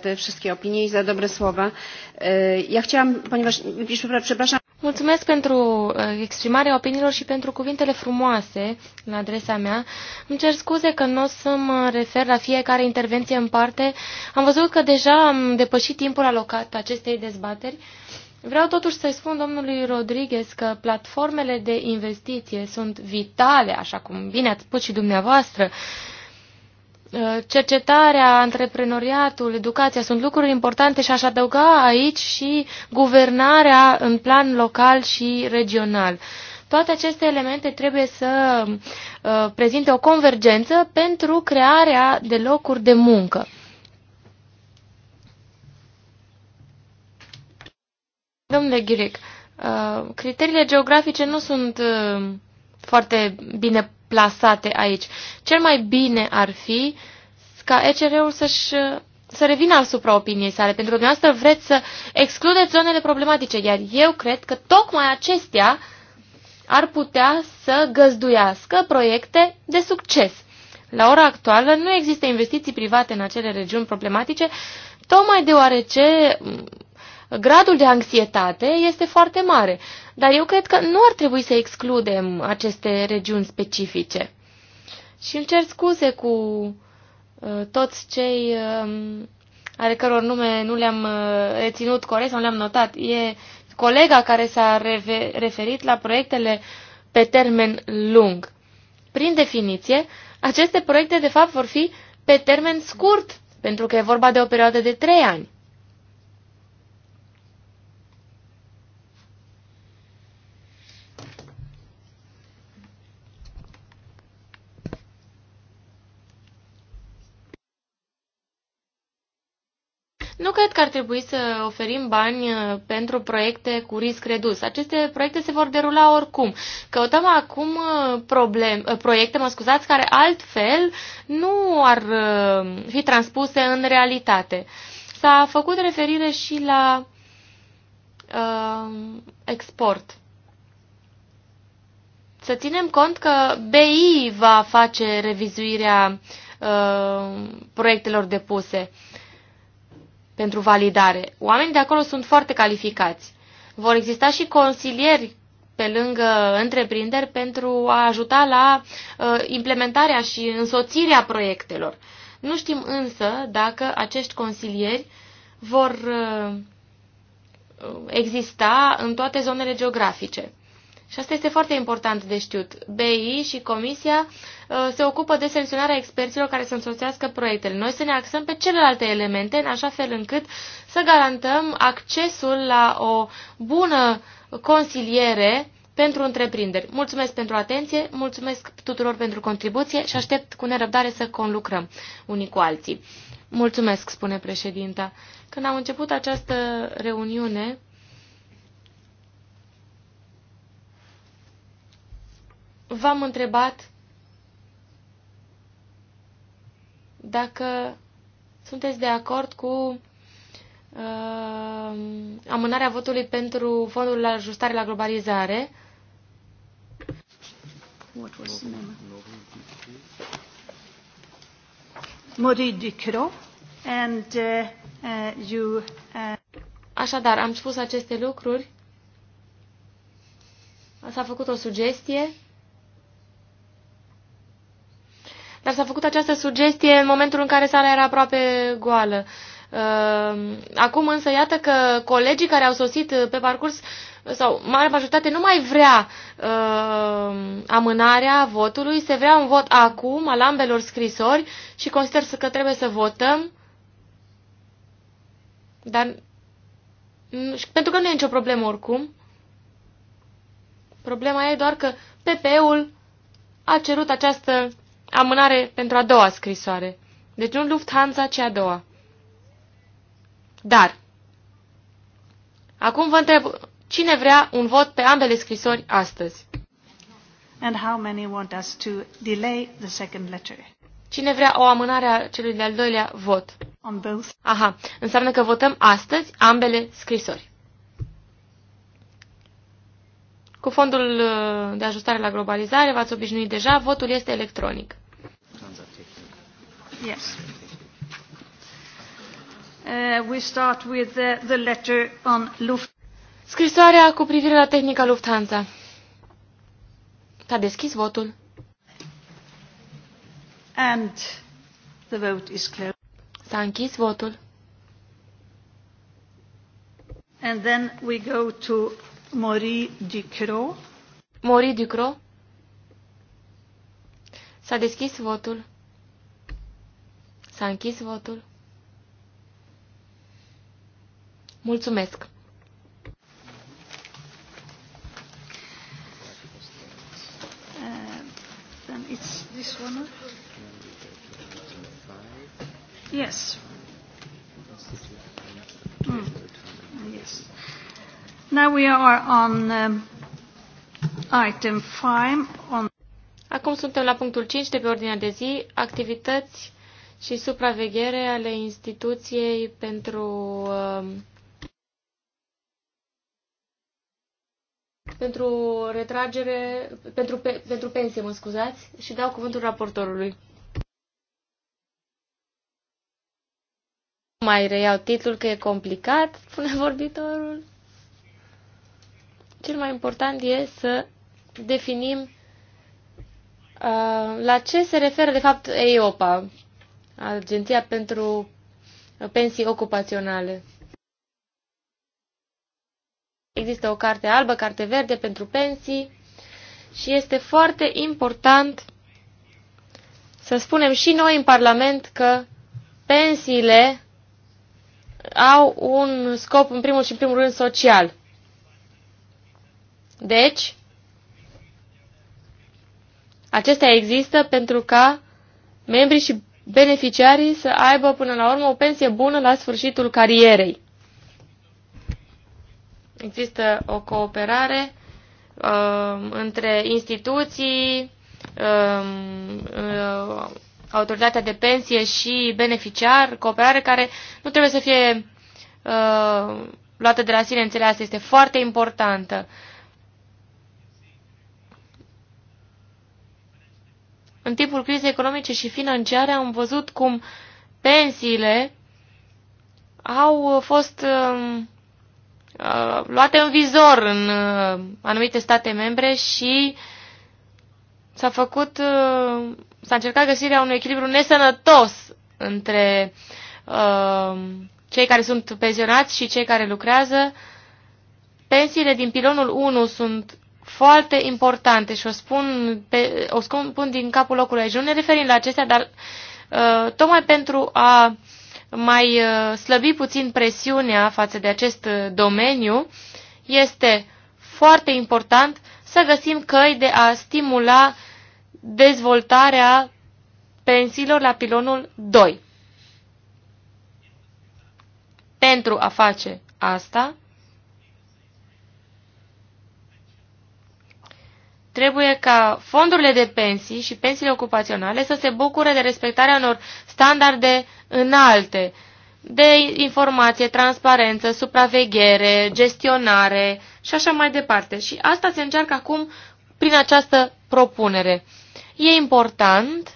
te wszystkie opinie i za dobre słowa. Ja chciałam, ponieważ przepraszam. Mulțumesc pentru exprimarea opiniilor și pentru cuvintele frumoase la adresa mea. Îmi cer scuze că nu o să mă refer la fiecare intervenție în parte. Am văzut că deja am depășit timpul alocat acestei dezbateri. Vreau totuși să-i spun domnului Rodriguez că platformele de investiție sunt vitale, așa cum bine ați spus și dumneavoastră. Uh, cercetarea, antreprenoriatul, educația sunt lucruri importante și aș adăuga aici și guvernarea în plan local și regional. Toate aceste elemente trebuie să uh, prezinte o convergență pentru crearea de locuri de muncă. Domnule Ghiric, uh, criteriile geografice nu sunt uh, foarte bine plasate aici. Cel mai bine ar fi ca ECR-ul să-și uh, să revină asupra opiniei sale, pentru că dumneavoastră vreți să excludeți zonele problematice, iar eu cred că tocmai acestea ar putea să găzduiască proiecte de succes. La ora actuală nu există investiții private în acele regiuni problematice, tocmai deoarece gradul de anxietate este foarte mare. Dar eu cred că nu ar trebui să excludem aceste regiuni specifice. Și îmi cer scuze cu uh, toți cei uh, ale căror nume nu le-am uh, reținut corect sau le-am notat. E colega care s-a referit la proiectele pe termen lung. Prin definiție, aceste proiecte de fapt vor fi pe termen scurt, pentru că e vorba de o perioadă de trei ani. Nu cred că ar trebui să oferim bani uh, pentru proiecte cu risc redus. Aceste proiecte se vor derula oricum. Căutăm acum uh, problem, uh, proiecte, mă scuzați, care altfel nu ar fi transpuse în realitate. S-a făcut referire și la uh, export. Să ținem cont că BI va face revizuirea uh, proiectelor depuse. Uh, pentru validare. Oamenii de acolo sunt foarte calificați. Vor exista și consilieri pe lângă întreprinderi pentru a ajuta la uh, implementarea și însoțirea proiectelor. Nu știm însă dacă acești consilieri vor uh, exista în toate zonele geografice. Și asta este foarte important de știut. BI și Comisia Uh, se ocupă de selecționarea experților care să însoțească proiectele. Noi să ne axăm pe celelalte elemente, în așa fel încât să garantăm accesul la o bună consiliere pentru întreprinderi. Mulțumesc pentru atenție, mulțumesc tuturor pentru contribuție și aștept cu nerăbdare să conlucrăm unii cu alții. Mulțumesc, spune președinta. Când am început această reuniune, v-am întrebat dacă sunteți de acord cu uh, amânarea votului pentru fondul la ajustare la globalizare. Uh, uh, you uh, Așadar, am spus aceste lucruri. S-a făcut o sugestie Dar s-a făcut această sugestie în momentul în care sala era aproape goală. Ehm, acum însă iată că colegii care au sosit pe parcurs sau mare majoritate nu mai vrea uh, amânarea votului, se vrea un vot acum al ambelor scrisori și consider că trebuie să votăm. Dar mm, pentru că nu e nicio problemă oricum. Problema e doar că PP-ul a cerut această amânare pentru a doua scrisoare. Deci nu Lufthansa, ci a doua. Dar, acum vă întreb, cine vrea un vot pe ambele scrisori astăzi? And how many want us to delay the second letter? Cine vrea o amânare a celui de-al doilea vot? On both. Aha, înseamnă că votăm astăzi ambele scrisori. Cu fondul uh, de ajustare la globalizare v-ați obișnuit deja, votul este electronic. Yes. Uh, we start with the, uh, the letter on Luft. Scrisoarea cu privire la tehnica Lufthansa. S-a deschis votul. And the vote is closed. S-a închis votul. And then we go to Marie Ducro. Marie Ducro. S-a deschis votul. S-a închis votul? Mulțumesc! Uh, it's this one. Yes. Mm. Yes. Now we are on um, item five on Acum suntem la punctul 5 de pe ordinea de zi, activități și supraveghere ale instituției pentru uh, pentru retragere, pentru, pe, pentru pensie, mă scuzați, și dau cuvântul raportorului. mai reiau titlul că e complicat, spune vorbitorul. Cel mai important e să definim uh, la ce se referă de fapt EIOPA, Agenția pentru Pensii Ocupaționale. Există o carte albă, carte verde pentru pensii și este foarte important să spunem și noi în Parlament că pensiile au un scop în primul și în primul rând social. Deci, acestea există pentru ca membrii și beneficiarii să aibă până la urmă o pensie bună la sfârșitul carierei. Există o cooperare uh, între instituții, uh, uh, autoritatea de pensie și beneficiar, cooperare care nu trebuie să fie uh, luată de la sine înțeleasă, este foarte importantă. Uh, În timpul crizei economice și financiare am văzut cum pensiile au fost um, uh, luate în vizor în uh, anumite state membre și s-a făcut, uh, s-a încercat găsirea unui echilibru nesănătos între cei care sunt pensionați și cei care lucrează. Pensiile din pilonul 1 sunt foarte importante și o spun, pe, o spun din capul locului aici. Nu ne referim la acestea, dar uh, tocmai pentru a mai uh, slăbi puțin presiunea față de acest uh, domeniu, este foarte important să găsim căi de a stimula dezvoltarea pensiilor la pilonul 2. Pentru a face asta, Trebuie ca fondurile de pensii și pensiile ocupaționale să se bucure de respectarea unor standarde înalte de informație, transparență, supraveghere, gestionare și așa mai departe. Și asta se încearcă acum prin această propunere. E important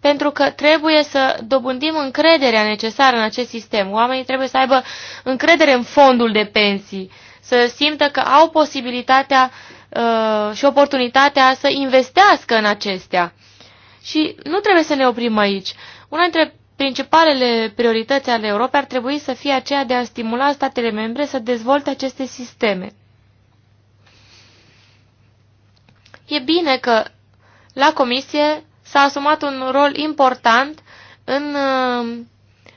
pentru că trebuie să dobândim încrederea necesară în acest sistem. Oamenii trebuie să aibă încredere în fondul de pensii, să simtă că au posibilitatea Uh, și oportunitatea să investească în acestea. Și nu trebuie să ne oprim aici. Una dintre principalele priorități ale Europei ar trebui să fie aceea de a stimula statele membre să dezvolte aceste sisteme. E bine că la Comisie s-a asumat un rol important în uh,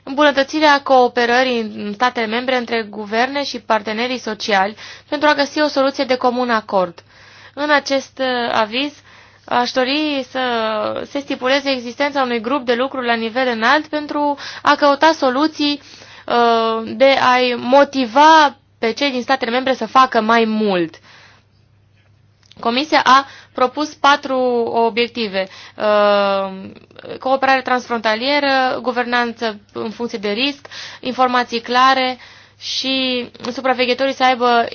îmbunătățirea cooperării în statele membre între guverne și partenerii sociali pentru a găsi o soluție de comun acord. În acest uh, aviz aș dori să se stipuleze existența unui grup de lucru la nivel înalt pentru a căuta soluții uh, de a-i motiva pe cei din statele membre să facă mai mult. Comisia a propus patru obiective. Uh, cooperare transfrontalieră, guvernanță în funcție de risc, informații clare și supraveghetorii să aibă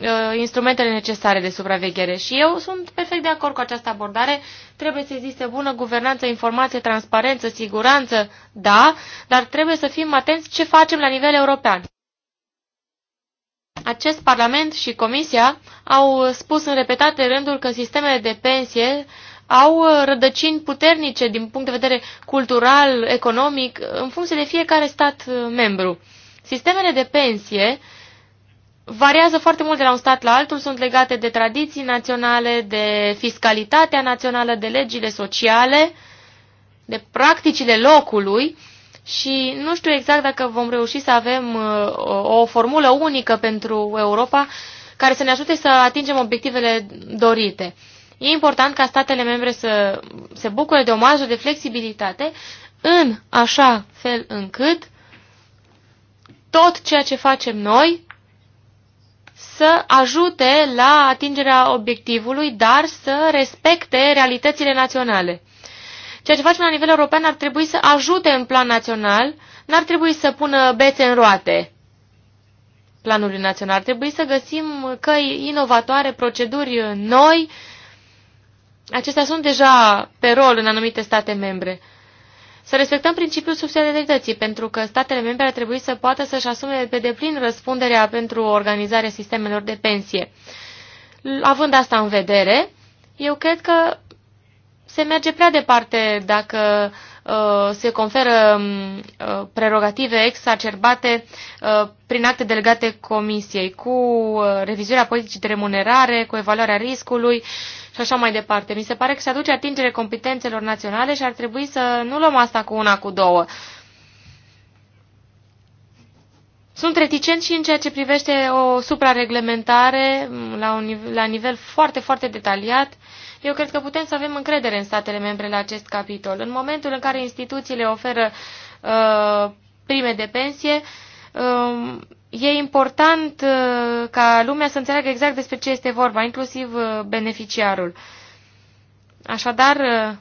Uh, instrumentele necesare de supraveghere. Și eu sunt perfect de acord cu această abordare. Trebuie să existe bună guvernanță, informație, transparență, siguranță, da, dar trebuie să fim atenți ce facem la nivel european. Acest Parlament și Comisia au spus în repetate rânduri că sistemele de pensie au rădăcini puternice din punct de vedere cultural, economic, în funcție de fiecare stat membru. Sistemele de pensie uh, variază foarte mult de la un stat la altul, sunt legate de tradiții naționale, de fiscalitatea națională, de legile sociale, de practicile locului și nu știu exact dacă vom reuși să avem uh, o, o formulă unică pentru Europa care să ne ajute să atingem obiectivele dorite. E important ca statele membre să se bucure de o marjă de flexibilitate în așa fel încât tot ceea ce facem noi să ajute la atingerea obiectivului, dar să respecte realitățile naționale. Ceea ce facem la nivel european ar trebui să ajute în plan național, n-ar trebui să pună bețe în roate planului național. Ar trebui să găsim căi inovatoare, proceduri noi. Acestea sunt deja pe rol în anumite state membre. Să respectăm principiul subsidiarității, pentru că statele membre ar trebui să poată să-și asume pe deplin răspunderea pentru organizarea sistemelor de pensie. Având asta în vedere, eu cred că se merge prea departe dacă uh, se conferă um, uh, prerogative exacerbate uh, prin acte delegate Comisiei, cu uh, revizuirea politicii de remunerare, cu evaluarea riscului și așa mai departe. Mi se pare că se aduce atingere competențelor naționale și ar trebui să nu luăm asta cu una, cu două. Sunt reticent și în ceea ce privește o suprareglementare la, un la nivel foarte, foarte detaliat. Eu cred că putem să avem încredere în statele membre la acest capitol. În momentul în care instituțiile oferă uh, prime de pensie, uh, e important uh, ca lumea să înțeleagă exact despre ce este vorba, inclusiv uh, beneficiarul. Așadar, uh,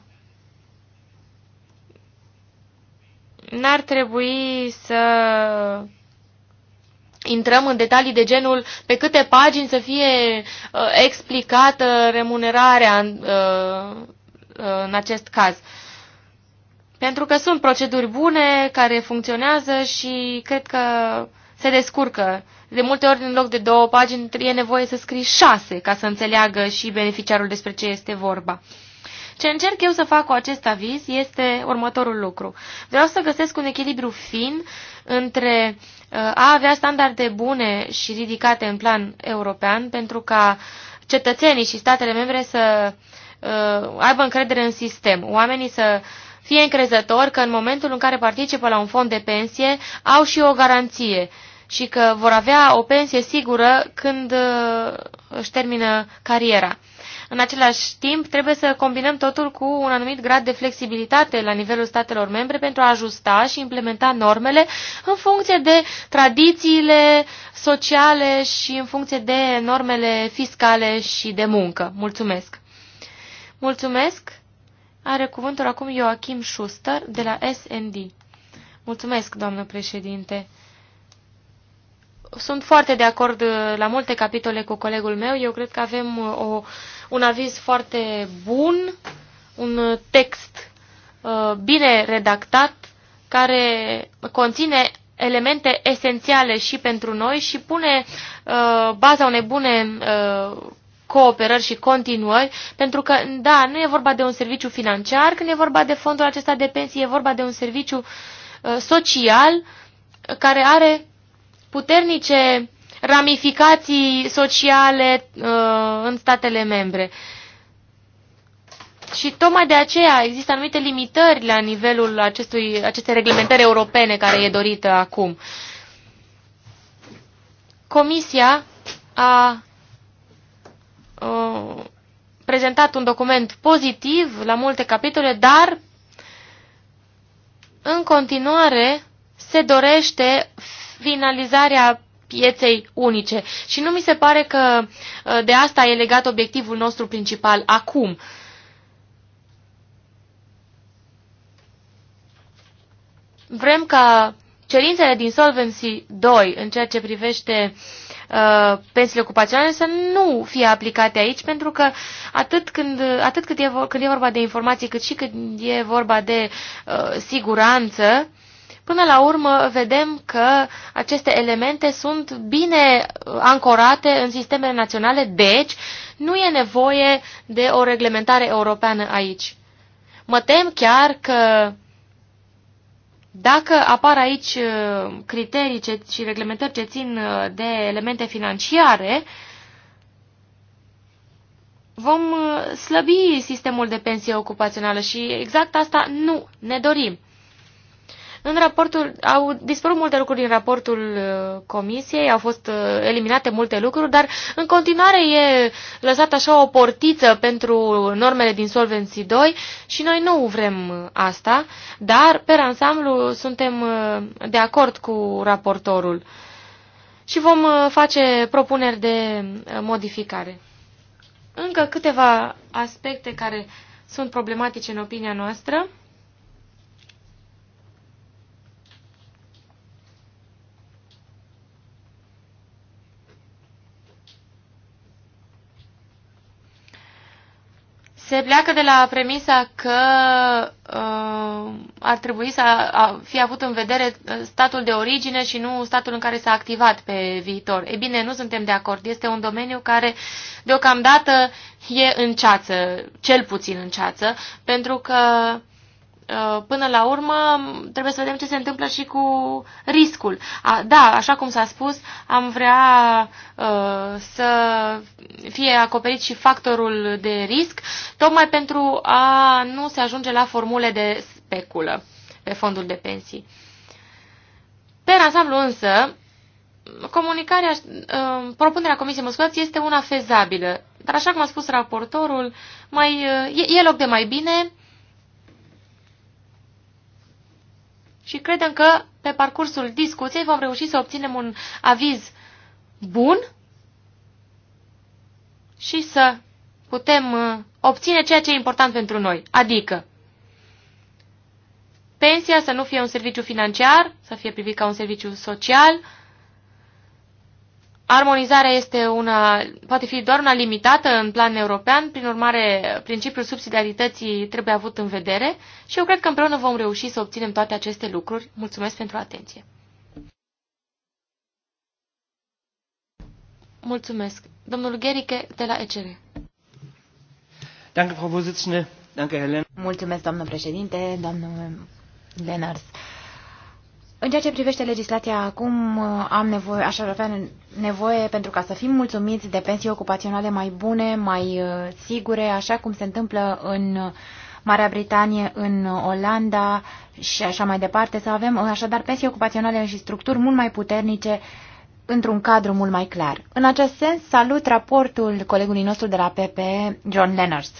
n-ar trebui să intrăm în detalii de genul pe câte pagini să fie uh, explicată remunerarea în, uh, uh, în acest caz. Pentru că sunt proceduri bune care funcționează și cred că se descurcă. De multe ori, în loc de două pagini, e nevoie să scrii șase ca să înțeleagă și beneficiarul despre ce este vorba. Ce încerc eu să fac cu acest aviz este următorul lucru. Vreau să găsesc un echilibru fin între uh, a avea standarde bune și ridicate în plan european pentru ca cetățenii și statele membre să uh, aibă încredere în sistem, oamenii să fie încrezători că în momentul în care participă la un fond de pensie au și o garanție și că vor avea o pensie sigură când uh, își termină cariera. În același timp, trebuie să combinăm totul cu un anumit grad de flexibilitate la nivelul statelor membre pentru a ajusta și implementa normele în funcție de tradițiile sociale și în funcție de normele fiscale și de muncă. Mulțumesc! Mulțumesc! Are cuvântul acum Joachim Schuster de la SND. Mulțumesc, doamnă președinte! sunt foarte de acord uh, la multe capitole cu colegul meu. Eu cred că avem uh, o, un aviz foarte bun, un uh, text uh, bine redactat, care conține elemente esențiale și pentru noi și pune uh, baza unei bune uh, cooperări și continuări, pentru că, da, nu e vorba de un serviciu financiar, când e vorba de fondul acesta de pensii, e vorba de un serviciu uh, social care are puternice ramificații sociale uh, în statele membre. Și tocmai de aceea există anumite limitări la nivelul acestui, acestei reglementări europene care e dorită acum. Comisia a uh, prezentat un document pozitiv la multe capitole, dar în continuare se dorește finalizarea pieței unice. Și nu mi se pare că ă, de asta e legat obiectivul nostru principal acum. Vrem ca cerințele din Solvency 2 în ceea ce privește uh, pensiile ocupaționale să nu fie aplicate aici, pentru că atât, când, atât cât, e, când e vorba de informații, cât și când e vorba de uh, siguranță, uh, Până la urmă, vedem că aceste elemente sunt bine uh, ancorate în sistemele naționale, deci nu e nevoie de o reglementare europeană aici. Mă tem chiar că dacă apar aici uh, criterii și reglementări ce țin uh, de elemente financiare, vom slăbi sistemul de pensie ocupațională și exact asta nu ne dorim. În raportul, au dispărut multe lucruri din raportul uh, comisiei, au fost uh, eliminate multe lucruri, dar în continuare e lăsat așa o portiță pentru normele din Solvency 2 și noi nu vrem uh, asta, dar pe ansamblu suntem de acord cu raportorul și vom face propuneri de modificare. Încă câteva aspecte care sunt problematice în opinia noastră. se pleacă de la premisa că uh, ar trebui să a, fie avut în vedere uh, statul de origine și nu statul în care s-a activat pe viitor. E bine, nu suntem de acord. Este un domeniu care deocamdată e în ceață, cel puțin în ceață, pentru că uh, Uh, până la urmă trebuie să vedem ce se întâmplă și cu riscul. A, da, așa cum s-a spus, am vrea uh, să fie acoperit și factorul de risc, tocmai pentru a nu se ajunge la formule de speculă pe fondul de pensii. Pe ansamblu însă, comunicarea, uh, propunerea Comisiei Moscovați este una fezabilă, dar așa cum a spus raportorul, mai, uh, e, e loc de mai bine, și credem că pe parcursul discuției vom reuși să obținem un aviz bun și să putem uh, obține ceea ce e important pentru noi, adică pensia să nu fie un serviciu financiar, să fie privit ca un serviciu social, Armonizarea este una, poate fi doar una limitată în plan european, prin urmare principiul subsidiarității trebuie avut în vedere și eu cred că împreună vom reuși să obținem toate aceste lucruri. Mulțumesc pentru atenție! Mulțumesc. Domnul Gherike de la ECR. Danke, Frau Vorsitzende. Danke, Mulțumesc, doamnă președinte, doamnă Lenars. În ceea ce privește legislația acum, uh, am nevoie, aș avea nevoie pentru ca să fim mulțumiți de pensii ocupaționale mai bune, mai uh, sigure, așa cum se întâmplă în Marea Britanie, în Olanda și așa mai departe, să avem uh, așadar pensii ocupaționale și structuri mult mai puternice într-un cadru mult mai clar. În acest sens, salut raportul colegului nostru de la PP, John Lenners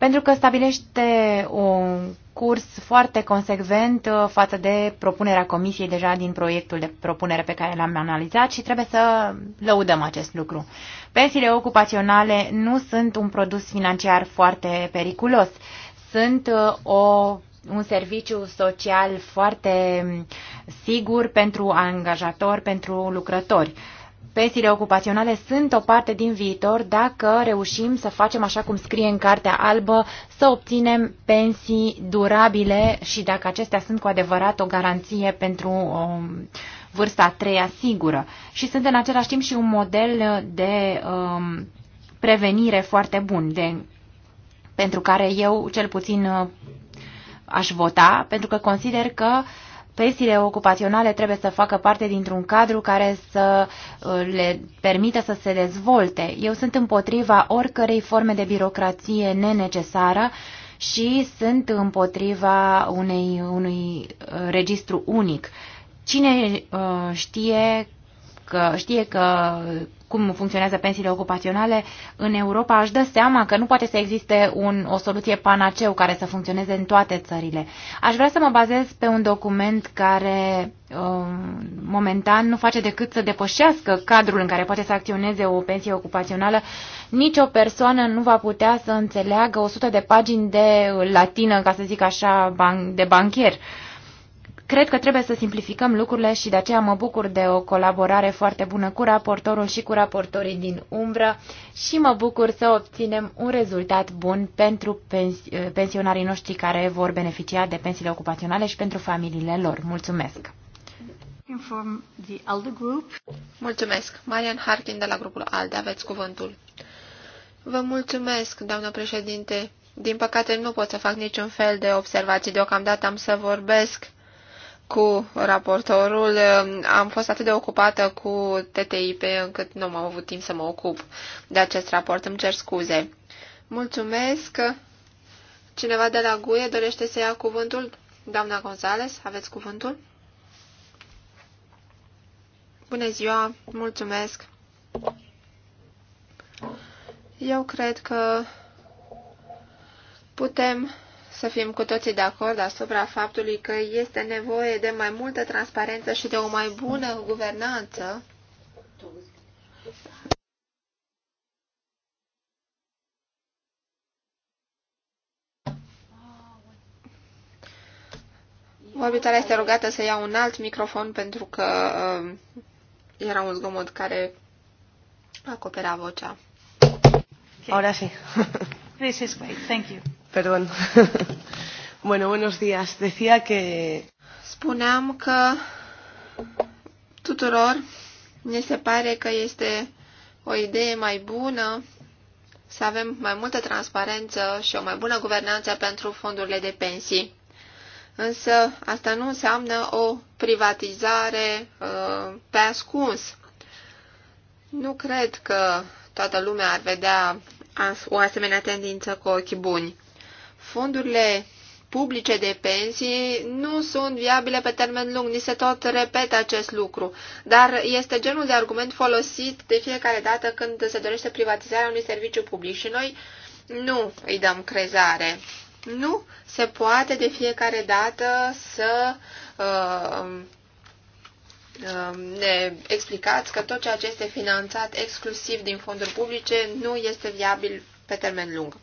pentru că stabilește un curs foarte consecvent uh, față de propunerea Comisiei deja din proiectul de propunere pe care l-am analizat și trebuie să lăudăm acest lucru. Pensiile ocupaționale nu sunt un produs financiar foarte periculos, sunt uh, o un serviciu social foarte mm, sigur pentru angajatori, pentru lucrători pensiile ocupaționale sunt o parte din viitor dacă reușim să facem așa cum scrie în Cartea Albă, să obținem pensii durabile și dacă acestea sunt cu adevărat o garanție pentru o um, vârsta a treia sigură. Și sunt în același timp și un model de um, prevenire foarte bun, de, pentru care eu cel puțin uh, aș vota, pentru că consider că uh, Pensiile ocupaționale trebuie să facă parte dintr-un cadru care să uh, le permită să se dezvolte. Eu sunt împotriva oricărei forme de birocrație nenecesară și sunt împotriva unei, unui uh, registru unic. Cine uh, știe că știe că cum funcționează pensiile ocupaționale în Europa, aș dă seama că nu poate să existe un, o soluție panaceu care să funcționeze în toate țările. Aș vrea să mă bazez pe un document care um, momentan nu face decât să depășească cadrul în care poate să acționeze o pensie ocupațională. Nicio persoană nu va putea să înțeleagă 100 de pagini de latină, ca să zic așa, de banchier. Uh, Cred că trebuie să simplificăm lucrurile și de aceea mă bucur de o colaborare foarte bună cu raportorul și cu raportorii din umbră și mă bucur să obținem un rezultat bun pentru pensionarii noștri care vor beneficia de pensiile ocupaționale și pentru familiile lor. Mulțumesc! From the ALDE group. Mulțumesc! Marian Harkin de la grupul ALDE, aveți cuvântul. Vă mulțumesc, doamnă președinte. Din păcate nu pot să fac niciun fel de observații. Deocamdată am să vorbesc cu raportorul. Eh, am fost atât de ocupată cu TTIP încât nu am avut timp să mă ocup de acest raport. Îmi cer scuze. Mulțumesc. Cineva de la GUE dorește să ia cuvântul? Doamna Gonzales, aveți cuvântul? Bună ziua, mulțumesc. Eu cred că putem să fim cu toții de acord asupra faptului că este nevoie de mai multă transparență și de o mai bună guvernanță Vorbitoarea este rugată să ia un alt microfon pentru că uh, era un zgomot care acopera vocea. Okay. Ahora sí. This is great. Thank you. Perdón. bueno, buenos días. Decía que... Spuneam că tuturor ne se pare că este o idee mai bună să avem mai multă transparență și o mai bună guvernanță pentru fondurile de pensii. Însă asta nu înseamnă o privatizare uh, pe ascuns. Nu cred că toată lumea ar vedea o asemenea tendință cu ochii buni fondurile publice de pensii nu sunt viabile pe termen lung. Ni se tot repetă acest lucru, dar este genul de argument folosit de fiecare dată când se dorește privatizarea unui serviciu public și noi nu îi dăm crezare. Nu se poate de fiecare dată să uh, uh, ne explicați că tot ceea ce este finanțat exclusiv din fonduri publice nu este viabil pe termen lung.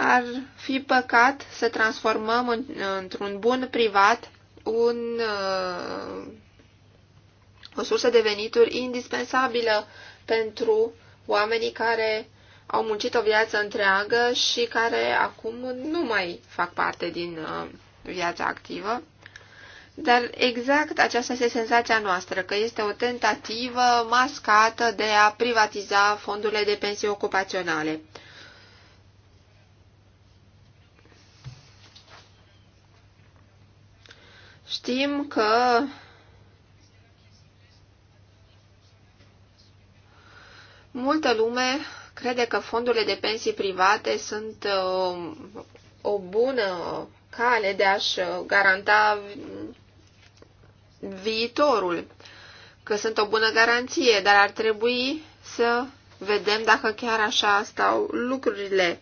ar fi păcat să transformăm în, într-un bun privat un, uh, o sursă de venituri indispensabilă pentru oamenii care au muncit o viață întreagă și care acum nu mai fac parte din uh, viața activă. Dar exact aceasta este senzația noastră, că este o tentativă mascată de a privatiza fondurile de pensii ocupaționale. Știm că multă lume crede că fondurile de pensii private sunt uh, o bună cale de a-și uh, garanta viitorul, că sunt o bună garanție, dar ar trebui să vedem dacă chiar așa stau lucrurile.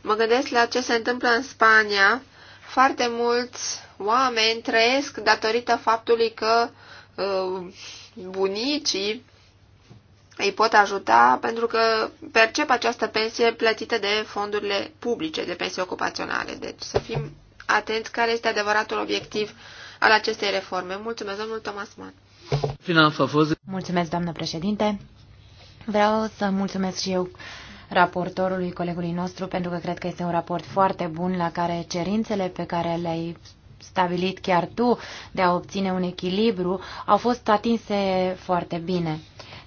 Mă gândesc la ce se întâmplă în Spania. Foarte mulți oameni trăiesc datorită faptului că uh, bunicii îi pot ajuta pentru că percep această pensie plătită de fondurile publice de pensii ocupaționale. Deci să fim atenți care este adevăratul obiectiv al acestei reforme. Mulțumesc, domnul Thomas Mann. Mulțumesc, doamnă președinte. Vreau să mulțumesc și eu raportorului, colegului nostru, pentru că cred că este un raport foarte bun la care cerințele pe care le-ai stabilit chiar tu de a obține un echilibru au fost atinse foarte bine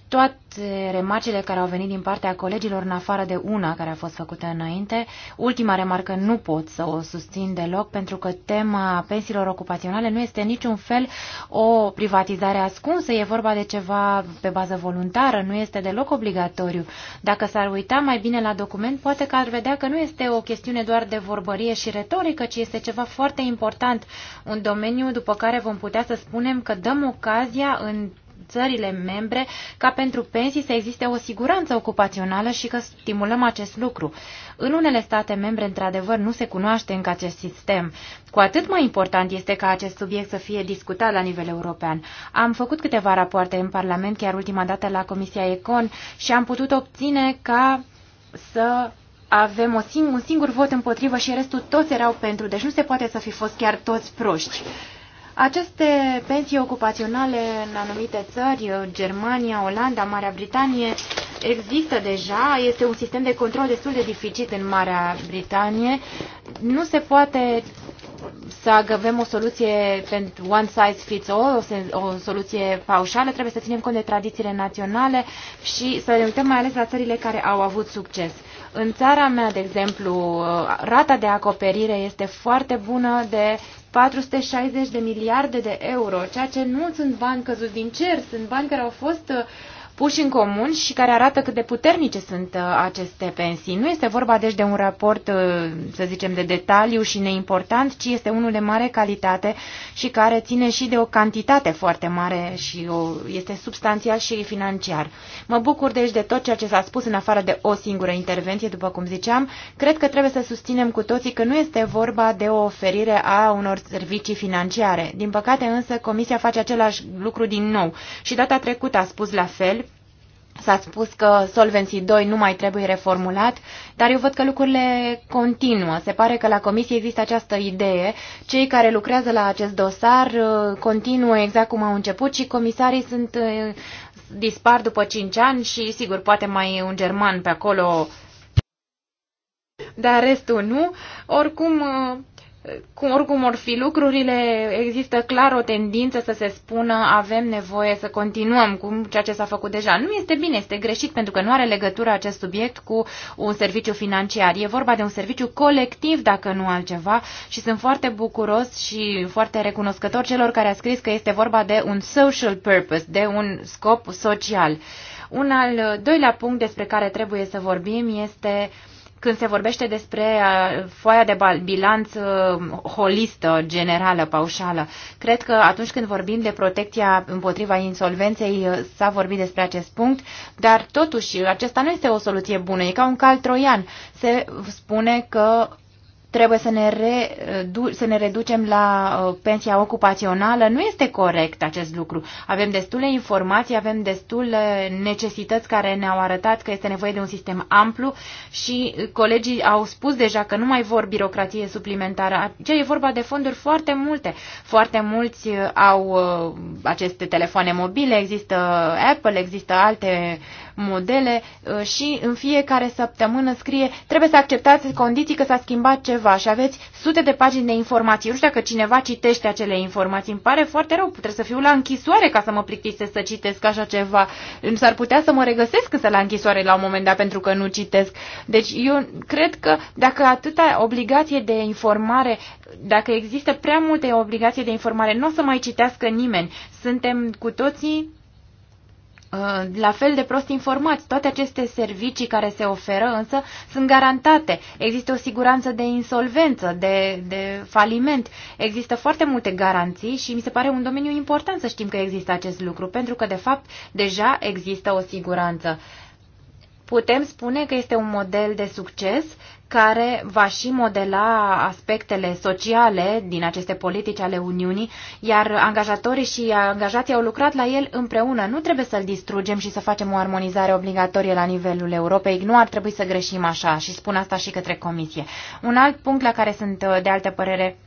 toate remarcile care au venit din partea colegilor, în afară de una care a fost făcută înainte. Ultima remarcă nu pot să o susțin deloc, pentru că tema pensiilor ocupaționale nu este niciun fel o privatizare ascunsă, e vorba de ceva pe bază voluntară, nu este deloc obligatoriu. Dacă s-ar uita mai bine la document, poate că ar vedea că nu este o chestiune doar de vorbărie și retorică, ci este ceva foarte important, un domeniu după care vom putea să spunem că dăm ocazia în țările membre ca pentru pensii să existe o siguranță ocupațională și că stimulăm acest lucru. În unele state membre, într-adevăr, nu se cunoaște încă acest sistem. Cu atât mai important este ca acest subiect să fie discutat la nivel european. Am făcut câteva rapoarte în Parlament, chiar ultima dată la Comisia Econ, și am putut obține ca să avem o sing- un singur vot împotrivă și restul toți erau pentru, deci nu se poate să fi fost chiar toți proști. Aceste pensii ocupaționale în anumite țări, uh, Germania, Olanda, Marea Britanie, există deja, este un sistem de control destul de dificil în Marea Britanie. Nu se poate să găvem o soluție pentru one size fits all, o soluție paușală, trebuie să ținem cont de tradițiile naționale și să ne uităm mai ales la țările care au avut succes. În țara mea, de exemplu, uh, rata de acoperire este foarte bună de 460 de miliarde de euro, ceea ce nu sunt bani căzuți din cer, sunt bani care au fost uh, puși în comun și care arată cât de puternice sunt uh, aceste pensii. Nu este vorba deci de un raport, uh, să zicem, de detaliu și neimportant, ci este unul de mare calitate și care ține și de o cantitate foarte mare și o, este substanțial și financiar. Mă bucur deci de tot ceea ce s-a spus în afară de o singură intervenție, după cum ziceam. Cred că trebuie să susținem cu toții că nu este vorba de o oferire a unor servicii financiare. Din păcate însă Comisia face același lucru din nou și data trecută a spus la fel S-a spus că Solvency 2 nu mai trebuie reformulat, dar eu văd că lucrurile continuă. Se pare că la comisie există această idee. Cei care lucrează la acest dosar uh, continuă exact cum au început și comisarii sunt uh, dispar după 5 ani și, sigur, poate mai un german pe acolo, dar restul nu. Oricum, uh, cum oricum or fi lucrurile, există clar o tendință să se spună avem nevoie să continuăm cu ceea ce s-a făcut deja. Nu este bine, este greșit pentru că nu are legătură acest subiect cu un serviciu financiar. E vorba de un serviciu colectiv, dacă nu altceva, și sunt foarte bucuros și foarte recunoscător celor care a scris că este vorba de un social purpose, de un scop social. Un al doilea punct despre care trebuie să vorbim este uh, când se vorbește despre uh, foaia de bilanț uh, holistă, generală, paușală. Cred că atunci când vorbim de protecția împotriva insolvenței, uh, s-a vorbit despre acest punct, dar totuși acesta nu este o soluție bună, e ca un cal troian. Se spune că trebuie să ne, redu- să ne reducem la uh, pensia ocupațională. Nu este corect acest lucru. Avem destule informații, avem destule necesități care ne-au arătat că este nevoie de un sistem amplu și colegii au spus deja că nu mai vor birocratie suplimentară. Ce e vorba de fonduri foarte multe. Foarte mulți uh, au uh, aceste telefoane mobile, există Apple, există alte modele uh, și în fiecare săptămână scrie trebuie să acceptați condiții că s-a schimbat ceva și aveți sute de pagini de informații. Nu știu dacă cineva citește acele informații. Îmi pare foarte rău, trebuie să fiu la închisoare ca să mă plictisesc să citesc așa ceva. S-ar putea să mă regăsesc să la închisoare la un moment dat pentru că nu citesc. Deci eu cred că dacă atâta obligație de informare dacă există prea multe obligații de informare, nu o să mai citească nimeni. Suntem cu toții Uh, la fel de prost informați. Toate aceste servicii care se oferă însă sunt garantate. Există o siguranță de insolvență, de, de faliment. Există foarte multe garanții și mi se pare un domeniu important să știm că există acest lucru, pentru că de fapt deja există o siguranță. Putem spune că este un model de succes care va și modela aspectele sociale din aceste politici ale Uniunii, iar angajatorii și angajații au lucrat la el împreună. Nu trebuie să-l distrugem și să facem o armonizare obligatorie la nivelul Europei. Nu ar trebui să greșim așa și spun asta și către Comisie. Un alt punct la care sunt de altă părere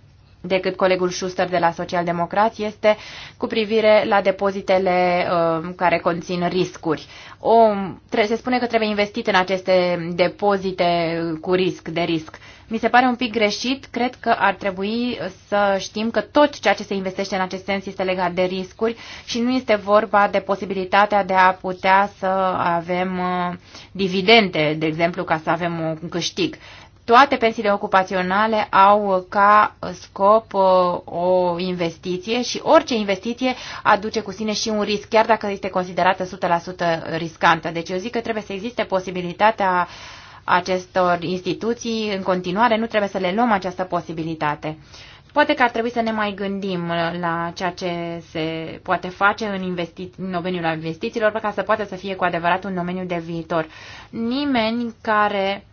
decât colegul Schuster de la Socialdemocrați este cu privire la depozitele uh, care conțin riscuri. O, tre- se spune că trebuie investit în aceste depozite cu risc, de risc. Mi se pare un pic greșit, cred că ar trebui să știm că tot ceea ce se investește în acest sens este legat de riscuri și nu este vorba de posibilitatea de a putea să avem uh, dividende, de exemplu, ca să avem un câștig. Toate pensiile ocupaționale au ca scop uh, o investiție și orice investiție aduce cu sine și un risc, chiar dacă este considerată 100% riscantă. Deci eu zic că trebuie să existe posibilitatea acestor instituții în continuare, nu trebuie să le luăm această posibilitate. Poate că ar trebui să ne mai gândim la ceea ce se poate face în, investi- în domeniul investițiilor, ca să poată să fie cu adevărat un domeniu de viitor. Nimeni care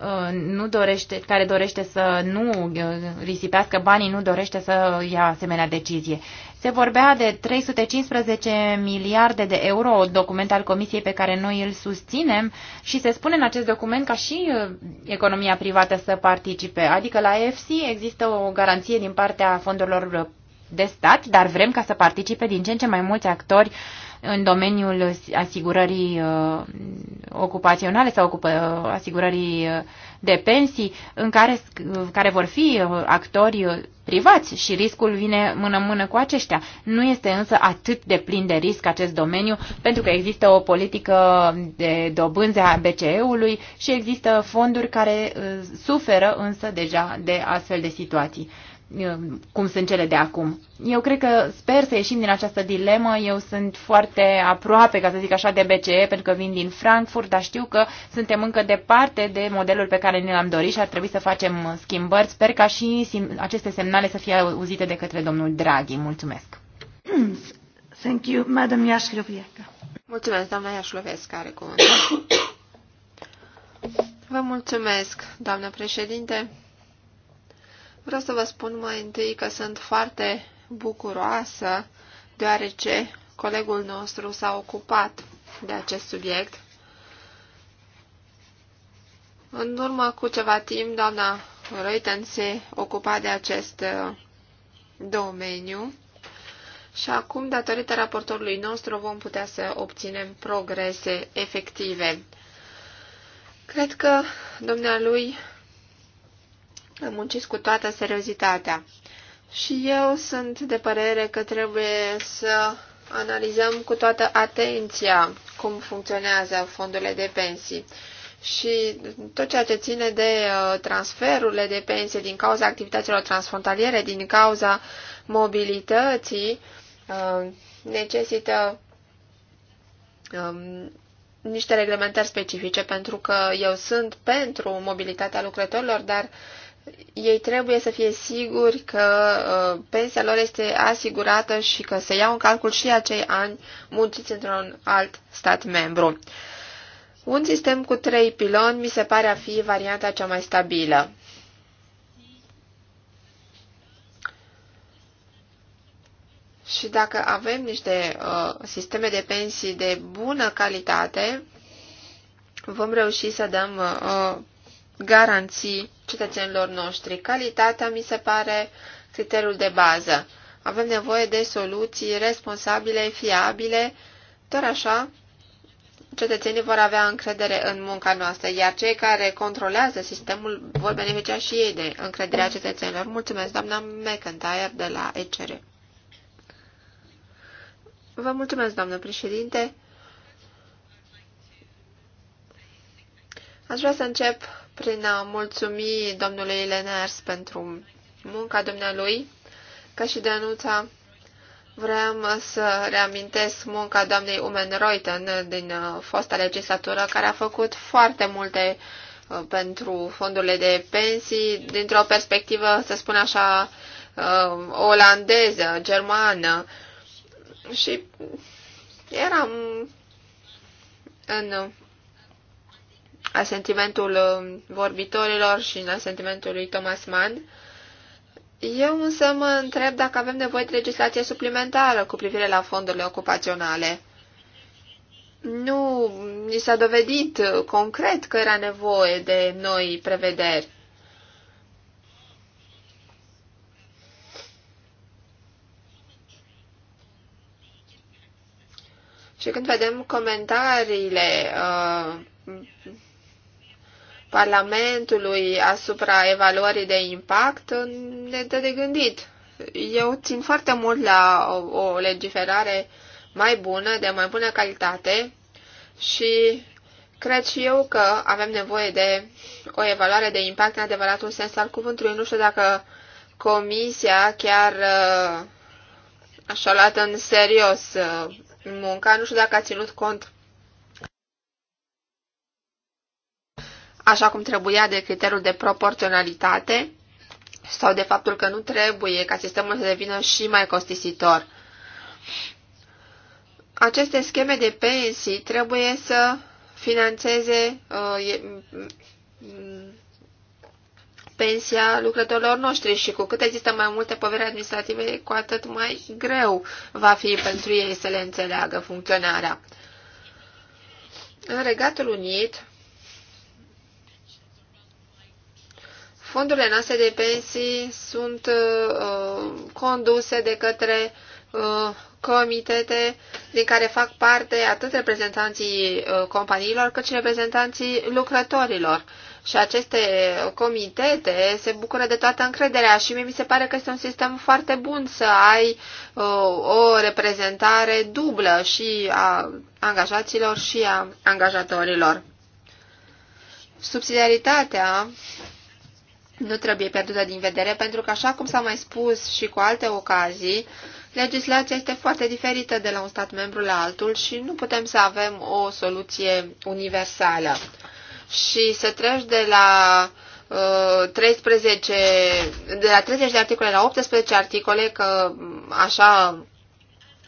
Uh, nu dorește, care dorește să nu uh, risipească banii, nu dorește să ia asemenea decizie. Se vorbea de 315 miliarde de euro, document al Comisiei pe care noi îl susținem și se spune în acest document ca și uh, economia privată să participe. Adică la EFC există o garanție din partea fondurilor de stat, dar vrem ca să participe din ce în ce mai mulți actori uh, în domeniul asigurării uh, ocupaționale sau asigurării uh, de pensii, în care, uh, care vor fi actori privați și riscul vine mână-mână cu aceștia. Nu este însă atât de plin de risc acest domeniu, pentru că există o politică de dobânze a BCE-ului și există fonduri care suferă însă deja de astfel de situații cum sunt cele de acum. Eu cred că sper să ieșim din această dilemă. Eu sunt foarte aproape, ca să zic așa, de BCE, pentru că vin din Frankfurt, dar știu că suntem încă departe de modelul pe care ne l-am dorit și ar trebui să facem schimbări. Sper ca și aceste semnale să fie auzite de către domnul Draghi. Mulțumesc! Thank you, Madam Mulțumesc, doamna Iașlovescu, are cuvântul. Vă mulțumesc, doamnă președinte. Vreau să vă spun mai întâi că sunt foarte bucuroasă, deoarece colegul nostru s-a ocupat de acest subiect. În urmă cu ceva timp, doamna Reuten se ocupa de acest uh, domeniu și acum, datorită raportorului nostru, vom putea să obținem progrese efective. Cred că lui munciți cu toată seriozitatea. Și eu sunt de părere că trebuie să analizăm cu toată atenția cum funcționează fondurile de pensii și tot ceea ce ține de uh, transferurile de pensie din cauza activităților transfrontaliere, din cauza mobilității, uh, necesită um, niște reglementări specifice, pentru că eu sunt pentru mobilitatea lucrătorilor, dar uh, ei trebuie să fie siguri că uh, pensia lor este asigurată și că se iau în calcul și acei ani munciți într-un alt stat membru. Un sistem cu trei piloni mi se pare a fi varianta cea mai stabilă. Și dacă avem niște uh, sisteme de pensii de bună calitate, vom reuși să dăm uh, garanții cetățenilor noștri. Calitatea mi se pare criteriul de bază. Avem nevoie de soluții responsabile, fiabile, doar așa cetățenii vor avea încredere în munca noastră, iar cei care controlează sistemul vor beneficia și ei de încrederea cetățenilor. Mulțumesc, doamna McIntyre de la ECR. Vă mulțumesc, doamnă președinte. Aș vrea să încep prin a mulțumi domnului Leners pentru munca dumnealui, ca și Danuța, vreau să reamintesc munca doamnei Umen Reuten din uh, fosta legislatură, care a făcut foarte multe uh, pentru fondurile de pensii, dintr-o perspectivă, să spun așa, uh, olandeză, germană. Și eram în la sentimentul um, vorbitorilor și la sentimentul lui Thomas Mann. Eu însă mă întreb dacă avem nevoie de legislație suplimentară cu privire la fondurile ocupaționale. Nu ni s-a dovedit concret că era nevoie de noi prevederi. Și când vedem comentariile uh, Parlamentului asupra evaluării de impact ne dă de gândit. Eu țin foarte mult la o, o legiferare mai bună, de mai bună calitate și cred și eu că avem nevoie de o evaluare de impact în adevăratul sens al cuvântului. Nu știu dacă comisia chiar uh, și-a luat în serios uh, munca, nu știu dacă a ținut cont așa cum trebuia de criteriul de proporționalitate sau de faptul că nu trebuie ca sistemul să devină și mai costisitor. Aceste scheme de pensii trebuie să financeze uh, pensia lucrătorilor noștri și cu cât există mai multe povere administrative, cu atât mai greu va fi pentru ei să le înțeleagă funcționarea. În Regatul Unit, fondurile noastre de pensii sunt uh, conduse de către uh, comitete din care fac parte atât reprezentanții uh, companiilor cât și reprezentanții lucrătorilor. Și aceste comitete se bucură de toată încrederea și mie mi se pare că este un sistem foarte bun să ai uh, o reprezentare dublă și a angajaților și a angajatorilor. Subsidiaritatea nu trebuie pierdută din vedere, pentru că, așa cum s-a mai spus și cu alte ocazii, legislația este foarte diferită de la un stat membru la altul și nu putem să avem o soluție universală. Și să treci de la 13, uh, de la 30 de articole la 18 articole, că mm, așa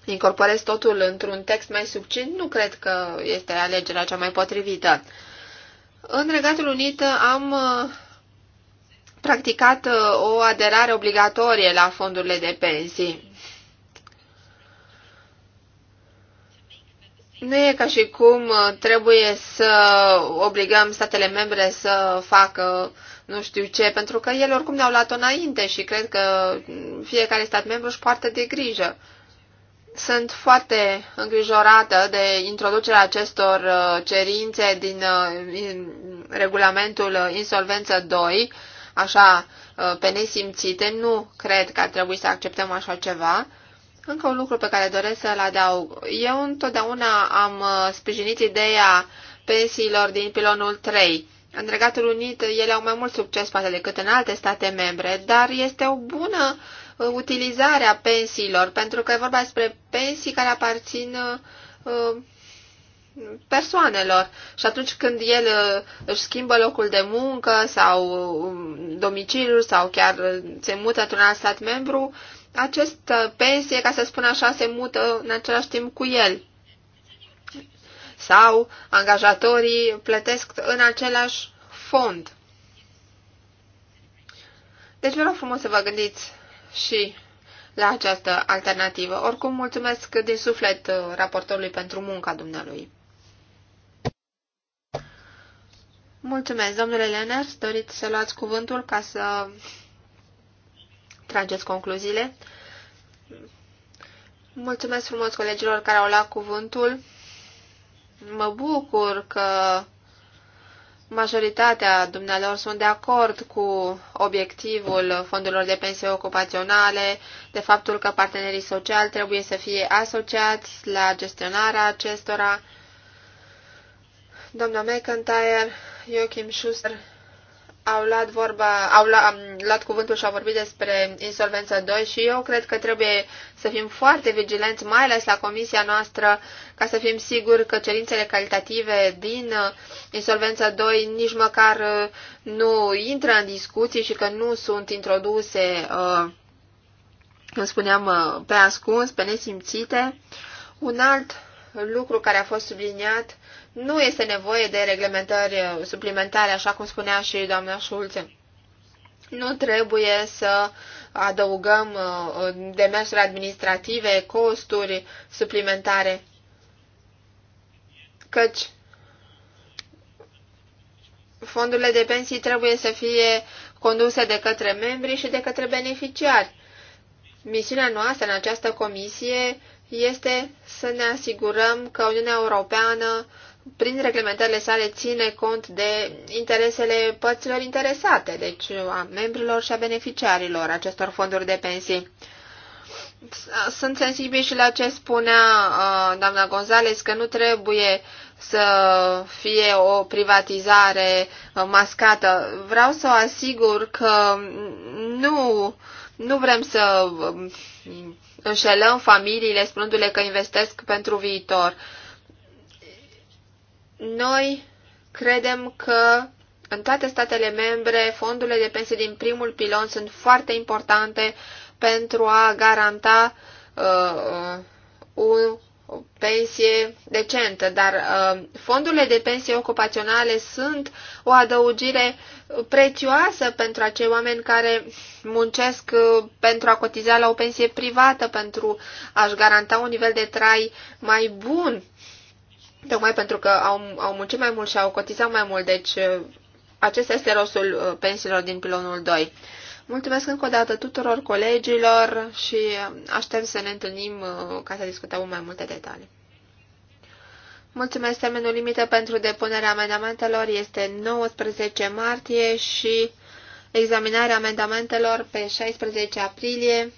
incorporez totul într-un text mai subțin, nu cred că este alegerea cea mai potrivită. În Regatul Unit am uh, practicat uh, o aderare obligatorie la fondurile de pensii. Nu e ca și cum uh, trebuie să obligăm statele membre să facă nu știu ce, pentru că ele oricum ne-au luat înainte și cred că fiecare stat membru își poartă de grijă. Sunt foarte îngrijorată de introducerea acestor uh, cerințe din regulamentul Insolvență 2, așa uh, pe nesimțite, nu cred că ar trebui să acceptăm așa ceva. Încă un lucru pe care doresc să-l adaug. Eu întotdeauna am uh, sprijinit ideea pensiilor din pilonul 3. În Regatul Unit ele au mai mult succes poate decât în alte state membre, dar este o bună uh, utilizare a pensiilor, pentru că e vorba despre pensii care aparțin uh, persoanelor. Și atunci când el uh, își schimbă locul de muncă sau um, domiciliul sau chiar uh, se mută într-un alt stat membru, această uh, pensie, ca să spun așa, se mută în același timp cu el. Sau angajatorii plătesc în același fond. Deci vreau frumos să vă gândiți și la această alternativă. Oricum, mulțumesc din suflet raportorului pentru munca dumnealui. Mulțumesc, domnule Leonard. Doriți să luați cuvântul ca să trageți concluziile? Mulțumesc frumos colegilor care au luat cuvântul. Mă bucur că majoritatea dumnealor sunt de acord cu obiectivul fondurilor de pensie ocupaționale, de faptul că partenerii sociali trebuie să fie asociați la gestionarea acestora. Doamna McIntyre Joachim Schuster au luat vorba, au luat, luat cuvântul și au vorbit despre insolvență 2 și eu cred că trebuie să fim foarte vigilenți, mai ales la comisia noastră, ca să fim siguri că cerințele calitative din uh, insolvență 2 nici măcar uh, nu intră în discuții și că nu sunt introduse, uh, cum spuneam, pe ascuns, pe nesimțite. Un alt lucru care a fost subliniat nu este nevoie de reglementări uh, suplimentare, așa cum spunea și doamna Șulțe. Nu trebuie să adăugăm uh, demersuri administrative, costuri suplimentare, căci fondurile de pensii trebuie să fie conduse de către membri și de către beneficiari. Misiunea noastră în această comisie este să ne asigurăm că Uniunea Europeană prin reglementările sale, ține cont de interesele părților interesate, deci a membrilor și a beneficiarilor acestor fonduri de pensii. Sunt sensibil și la ce spunea uh, doamna Gonzales, că nu trebuie să fie o privatizare uh, mascată. Vreau să o asigur că nu, nu vrem să um, înșelăm familiile spunându-le că investesc pentru viitor. Uh, noi credem că în toate statele membre, fondurile de pensii din primul pilon sunt foarte importante pentru a garanta uh, un uh, o pensie decentă, dar uh, fondurile de pensie ocupaționale sunt o adăugire prețioasă pentru acei oameni care muncesc uh, pentru a cotiza la o pensie privată, pentru a-și garanta un nivel de trai mai bun tocmai pentru că au, au muncit mai mult și au cotizat mai mult, deci uh, acesta este rostul uh, pensiilor din pilonul 2. Mulțumesc încă o dată tuturor colegilor și uh, aștept să ne întâlnim ca să discutăm mai multe detalii. Mulțumesc, termenul limită pentru depunerea amendamentelor este 19 martie și examinarea amendamentelor pe 16 aprilie,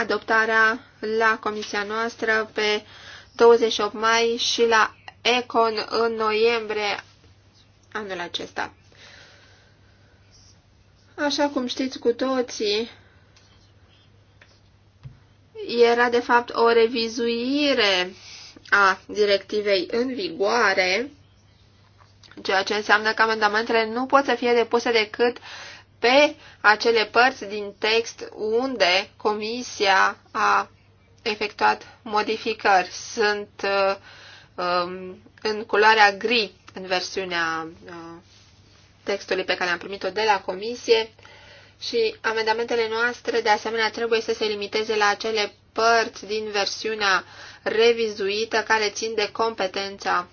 adoptarea la comisia noastră pe 28 mai și la Econ în noiembrie anul acesta. Așa cum știți cu toții, era de fapt o revizuire a directivei în vigoare, ceea ce înseamnă că amendamentele nu pot să fie depuse decât pe acele părți din text unde Comisia a efectuat modificări. Sunt uh, um, în culoarea gri în versiunea uh, textului pe care am primit-o de la comisie și amendamentele noastre de asemenea trebuie să se limiteze la acele părți din versiunea revizuită care țin de competența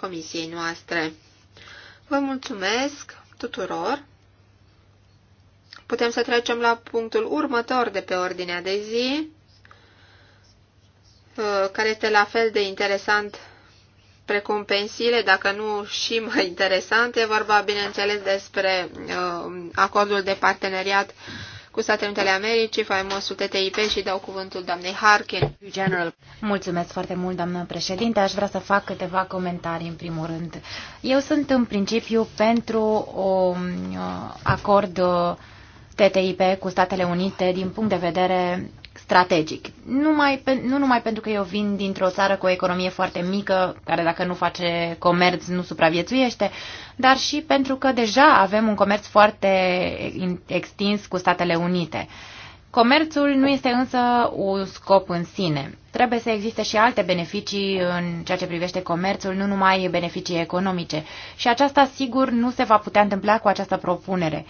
comisiei noastre. Vă mulțumesc tuturor! Putem să trecem la punctul următor de pe ordinea de zi. Uh, care este la fel de interesant precum pensiile, dacă nu și mai interesant, e vorba, bineînțeles, despre uh, acordul de parteneriat cu Statele Unite ale Americii, faimosul TTIP și dau cuvântul doamnei Harkin. General. Mulțumesc foarte mult, doamnă președinte. Aș vrea să fac câteva comentarii în primul rând. Eu sunt în principiu pentru un uh, acord uh, TTIP cu Statele Unite din punct de vedere strategic. Numai, nu numai pentru că eu vin dintr-o țară cu o economie foarte mică, care dacă nu face comerț nu supraviețuiește, dar și pentru că deja avem un comerț foarte extins cu Statele Unite. Comerțul nu este însă un scop în sine. Trebuie să existe și alte beneficii în ceea ce privește comerțul, nu numai beneficii economice. Și aceasta, sigur, nu se va putea întâmpla cu această propunere.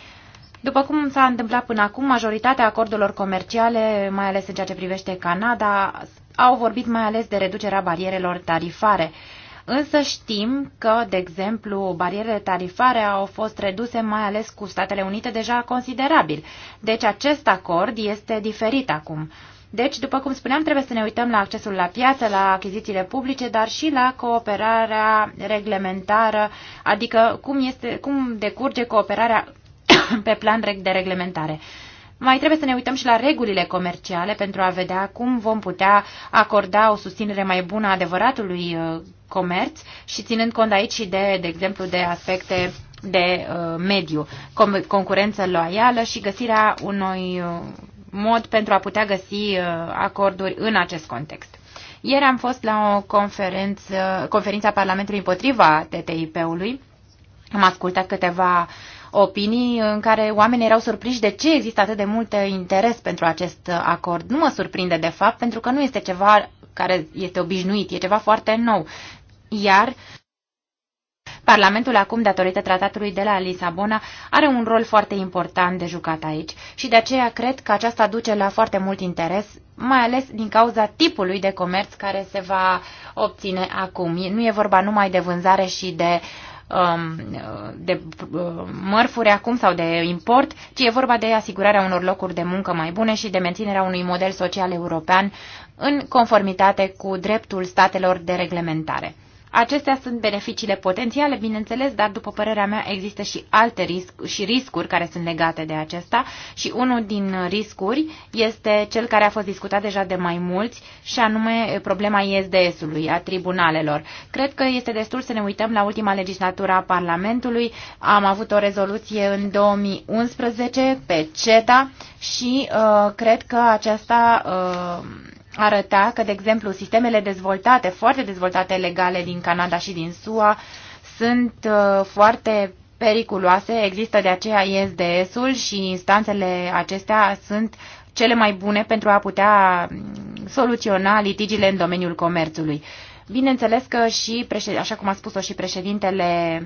După cum s-a întâmplat până acum, majoritatea acordurilor comerciale, mai ales în ceea ce privește Canada, au vorbit mai ales de reducerea barierelor tarifare. Însă știm că, de exemplu, barierele tarifare au fost reduse mai ales cu Statele Unite deja considerabil. Deci acest acord este diferit acum. Deci, după cum spuneam, trebuie să ne uităm la accesul la piață, la achizițiile publice, dar și la cooperarea reglementară, adică cum, este, cum decurge cooperarea pe plan de reglementare. Mai trebuie să ne uităm și la regulile comerciale pentru a vedea cum vom putea acorda o susținere mai bună adevăratului uh, comerț și ținând cont aici și de, de exemplu, de aspecte de uh, mediu, com- concurență loială și găsirea unui uh, mod pentru a putea găsi uh, acorduri în acest context. Ieri am fost la o conferință, conferința Parlamentului împotriva TTIP-ului. Am ascultat câteva uh, opinii în care oamenii erau surprinși de ce există atât de mult interes pentru acest acord. Nu mă surprinde, de fapt, pentru că nu este ceva care este obișnuit, e ceva foarte nou. Iar Parlamentul acum, datorită tratatului de la Lisabona, are un rol foarte important de jucat aici și de aceea cred că aceasta duce la foarte mult interes, mai ales din cauza tipului de comerț care se va obține acum. Nu e vorba numai de vânzare și de uh, Um, de um, mărfuri acum sau de import, ci e vorba de asigurarea unor locuri de muncă mai bune și de menținerea unui model social european în conformitate cu dreptul statelor de reglementare. Acestea sunt beneficiile potențiale, bineînțeles, dar după părerea mea există și alte risc și riscuri care sunt legate de acesta și unul din riscuri este cel care a fost discutat deja de mai mulți și anume problema ISDS-ului, a tribunalelor. Cred că este destul să ne uităm la ultima legislatură a Parlamentului. Am avut o rezoluție în 2011 pe CETA și uh, cred că aceasta uh, arăta că, de exemplu, sistemele dezvoltate, foarte dezvoltate legale din Canada și din SUA, sunt uh, foarte periculoase, există de aceea ISDS-ul și instanțele acestea sunt cele mai bune pentru a putea mm, soluționa litigiile în domeniul comerțului. Bineînțeles că și, așa cum a spus-o și președintele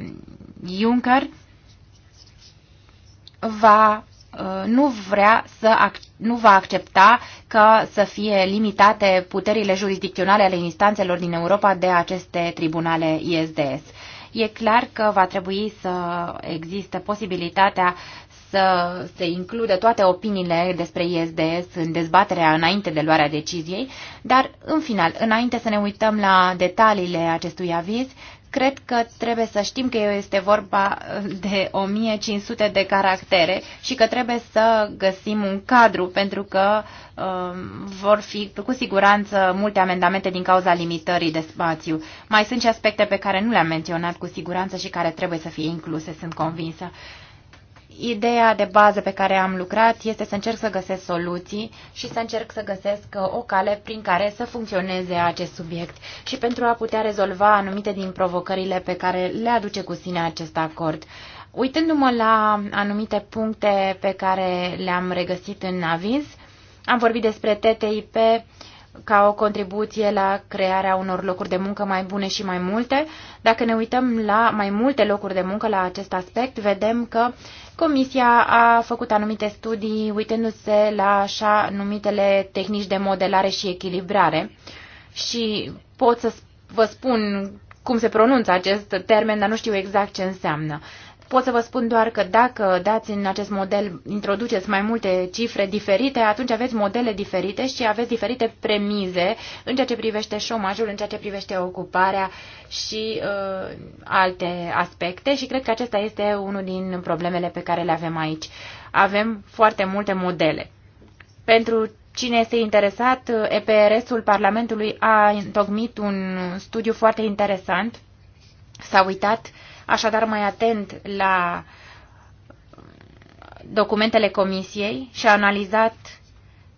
Juncker, va, uh, nu vrea să, nu va accepta ca să fie limitate puterile jurisdicționale ale instanțelor din Europa de aceste tribunale ISDS. E clar că va trebui să existe posibilitatea să se includă toate opiniile despre ISDS în dezbaterea înainte de luarea deciziei, dar, în final, înainte să ne uităm la detaliile acestui aviz, Cred că trebuie să știm că este vorba de 1500 de caractere și că trebuie să găsim un cadru pentru că uh, vor fi cu siguranță multe amendamente din cauza limitării de spațiu. Mai sunt și aspecte pe care nu le-am menționat cu siguranță și care trebuie să fie incluse, sunt convinsă. Uh, Ideea de bază pe care am lucrat este să încerc să găsesc soluții și să încerc să găsesc uh, o cale prin care să funcționeze acest subiect și pentru a putea rezolva anumite din provocările pe care le aduce cu sine acest acord. Uitându-mă la anumite puncte pe care le-am regăsit în aviz, am vorbit despre TTIP ca o contribuție la crearea unor locuri de muncă mai bune și mai multe. Dacă ne uităm la mai multe locuri de muncă, la acest aspect, vedem că Comisia a făcut anumite studii uitându-se la așa numitele tehnici de modelare și echilibrare și pot să vă spun cum se pronunță acest termen, dar nu știu exact ce înseamnă. Uh, Pot să vă spun doar că dacă dați în acest model, introduceți mai multe cifre diferite, atunci aveți modele diferite și aveți diferite premize în ceea ce privește șomajul, în ceea ce privește ocuparea și uh, alte aspecte și cred că acesta este unul din problemele pe care le avem aici. Avem foarte multe modele. Pentru Cine este interesat, EPRS-ul Parlamentului a întocmit un studiu foarte interesant. S-a uitat așadar mai atent la documentele comisiei și a analizat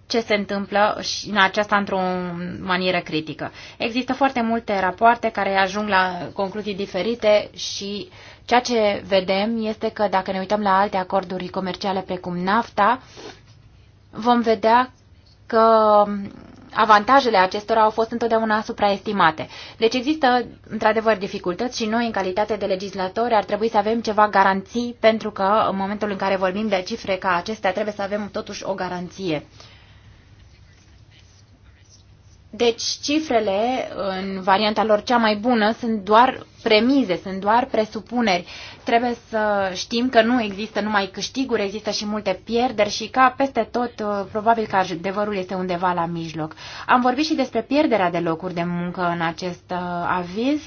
ce se întâmplă și în aceasta într-o manieră critică. Există foarte multe rapoarte care ajung la concluzii diferite și ceea ce vedem este că dacă ne uităm la alte acorduri comerciale precum NAFTA, vom vedea că avantajele acestora au fost întotdeauna supraestimate. Deci există, într-adevăr, dificultăți și noi, în calitate de legislatori, ar trebui să avem ceva garanții, pentru că, în momentul în care vorbim de cifre ca acestea, trebuie să avem totuși o garanție. Deci cifrele, în varianta lor cea mai bună, sunt doar premize, sunt doar presupuneri. Trebuie să știm că nu există numai câștiguri, există și multe pierderi și ca peste tot, uh, probabil că adevărul este undeva la mijloc. Am vorbit și despre pierderea de locuri de muncă în acest uh, aviz.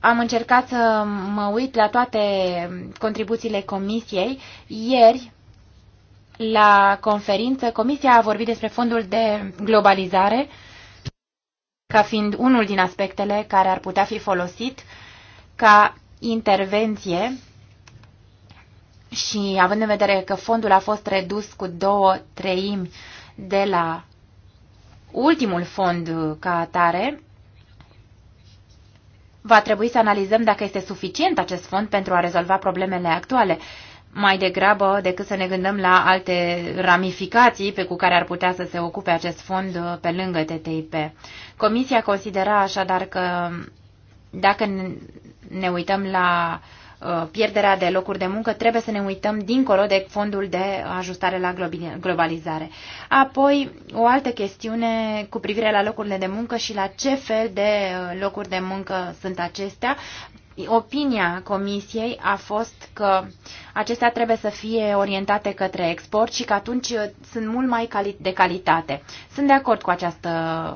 Am încercat să mă uit la toate um, contribuțiile comisiei. Ieri, la conferință, Comisia a vorbit despre fondul de globalizare ca fiind unul din aspectele care ar putea fi folosit ca intervenție și având în vedere că fondul a fost redus cu două treimi de la ultimul fond ca atare, va trebui să analizăm dacă este suficient acest fond pentru a rezolva problemele actuale mai degrabă decât să ne gândim la alte ramificații pe cu care ar putea să se ocupe acest fond uh, pe lângă TTIP. Comisia considera așadar că dacă ne uităm la uh, pierderea de locuri de muncă, trebuie să ne uităm dincolo de fondul de ajustare la globalizare. Apoi, o altă chestiune cu privire la locurile de muncă și la ce fel de uh, locuri de muncă sunt acestea, Opinia Comisiei a fost că acestea trebuie să fie orientate către export și că atunci sunt mult mai cali de calitate. Sunt de acord cu această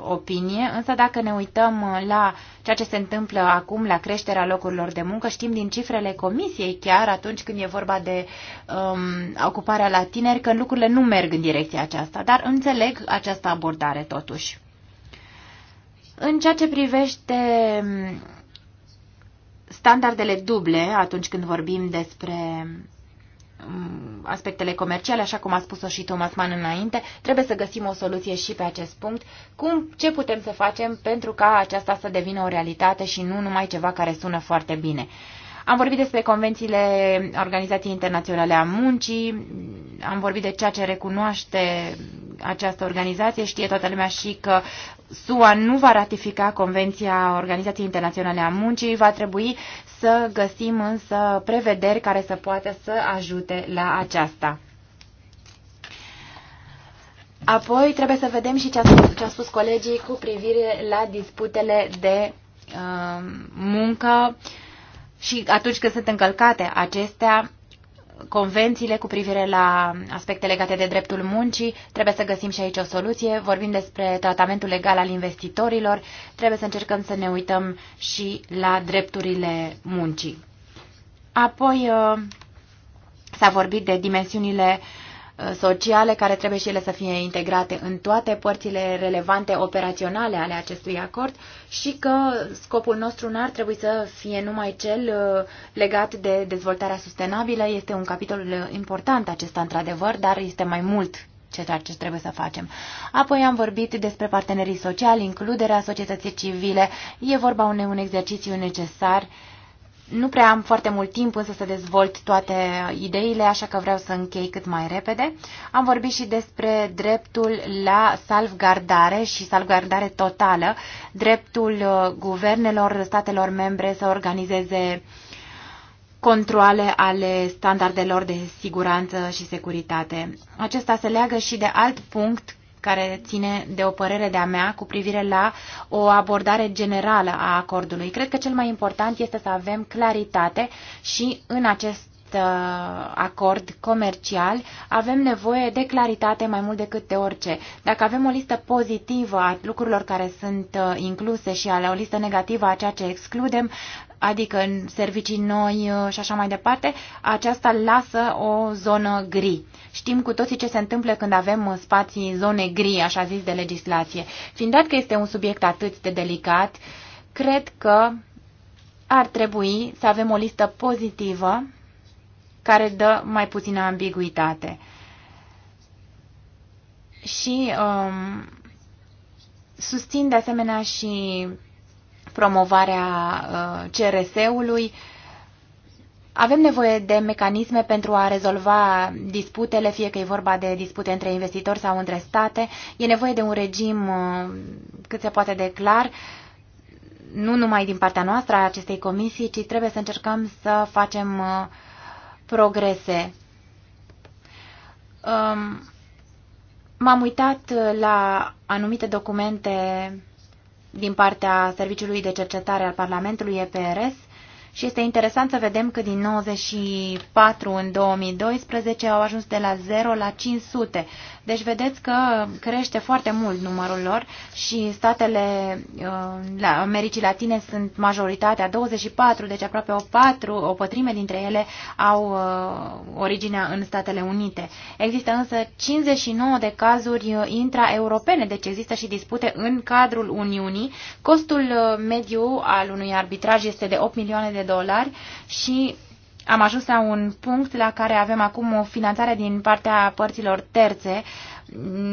opinie, însă dacă ne uităm la ceea ce se întâmplă acum, la creșterea locurilor de muncă, știm din cifrele Comisiei chiar atunci când e vorba de um, ocuparea la tineri că lucrurile nu merg în direcția aceasta, dar înțeleg această abordare totuși. În ceea ce privește standardele duble atunci când vorbim despre mm, aspectele comerciale, așa cum a spus-o și Thomas Mann înainte, trebuie să găsim o soluție și pe acest punct. Cum, ce putem să facem pentru ca aceasta să devină o realitate și nu numai ceva care sună foarte bine? Am vorbit despre convențiile Organizației Internaționale a Muncii, am vorbit de ceea ce recunoaște această organizație. Știe toată lumea și că SUA nu va ratifica Convenția Organizației Internaționale a Muncii, va trebui să găsim însă prevederi care să poată să ajute la aceasta. Apoi trebuie să vedem și ce a spus, ce a spus colegii cu privire la disputele de uh, muncă. Uh, și atunci când sunt încălcate acestea, convențiile cu privire la aspecte legate de dreptul muncii. Trebuie să găsim și aici o soluție. Vorbim despre tratamentul legal al investitorilor. Trebuie să încercăm să ne uităm și la drepturile muncii. Apoi uh, s-a vorbit de dimensiunile uh, Uh, sociale care trebuie și ele să fie integrate în toate părțile relevante operaționale ale acestui acord și că scopul nostru n-ar trebui să fie numai cel uh, legat de dezvoltarea sustenabilă. Este un capitol uh, important acesta într-adevăr, dar este mai mult ce trebuie să facem. Apoi am vorbit despre partenerii sociali, includerea societății civile. E vorba unui un exercițiu necesar uh, nu prea am foarte mult timp însă să dezvolt toate ideile, așa că vreau să închei cât mai repede. Am vorbit și despre dreptul la salvgardare și salvgardare totală, dreptul uh, guvernelor statelor membre să organizeze controle ale standardelor de siguranță și securitate. Acesta se leagă și de alt punct care ține de o părere de-a mea cu privire la o abordare generală a acordului. Cred că cel mai important este să avem claritate și în acest uh, acord comercial, avem nevoie de claritate mai mult decât de orice. Dacă avem o listă pozitivă a lucrurilor care sunt uh, incluse și ale o listă negativă a ceea ce excludem, adică în servicii noi uh, și așa mai departe, aceasta lasă o zonă gri. Știm cu toții ce se întâmplă când avem uh, spații, zone gri, așa zis, de legislație. Fiind dat că este un subiect atât de delicat, cred că ar trebui să avem o listă pozitivă care dă mai puțină ambiguitate. Și um, susțin de asemenea și promovarea uh, CRS-ului uh, avem nevoie de mecanisme pentru a rezolva disputele, fie că e vorba de dispute între investitori sau între state. E nevoie de un regim uh, cât se poate de clar, nu numai din partea noastră a acestei comisii, ci trebuie să încercăm să facem uh, progrese. Um, m-am uitat la anumite documente din partea Serviciului de Cercetare al Parlamentului EPRS și este interesant să vedem că din 94 în 2012 au ajuns de la 0 la 500. Deci vedeți că crește foarte mult numărul lor și statele uh, la Americii Latine sunt majoritatea, 24, deci aproape o, patru, o pătrime dintre ele au uh, originea în Statele Unite. Există însă 59 de cazuri uh, intraeuropene, deci există și dispute în cadrul Uniunii. Costul mediu al unui arbitraj este de 8 milioane de dolari și am ajuns la un punct la care avem acum o finanțare din partea părților terțe.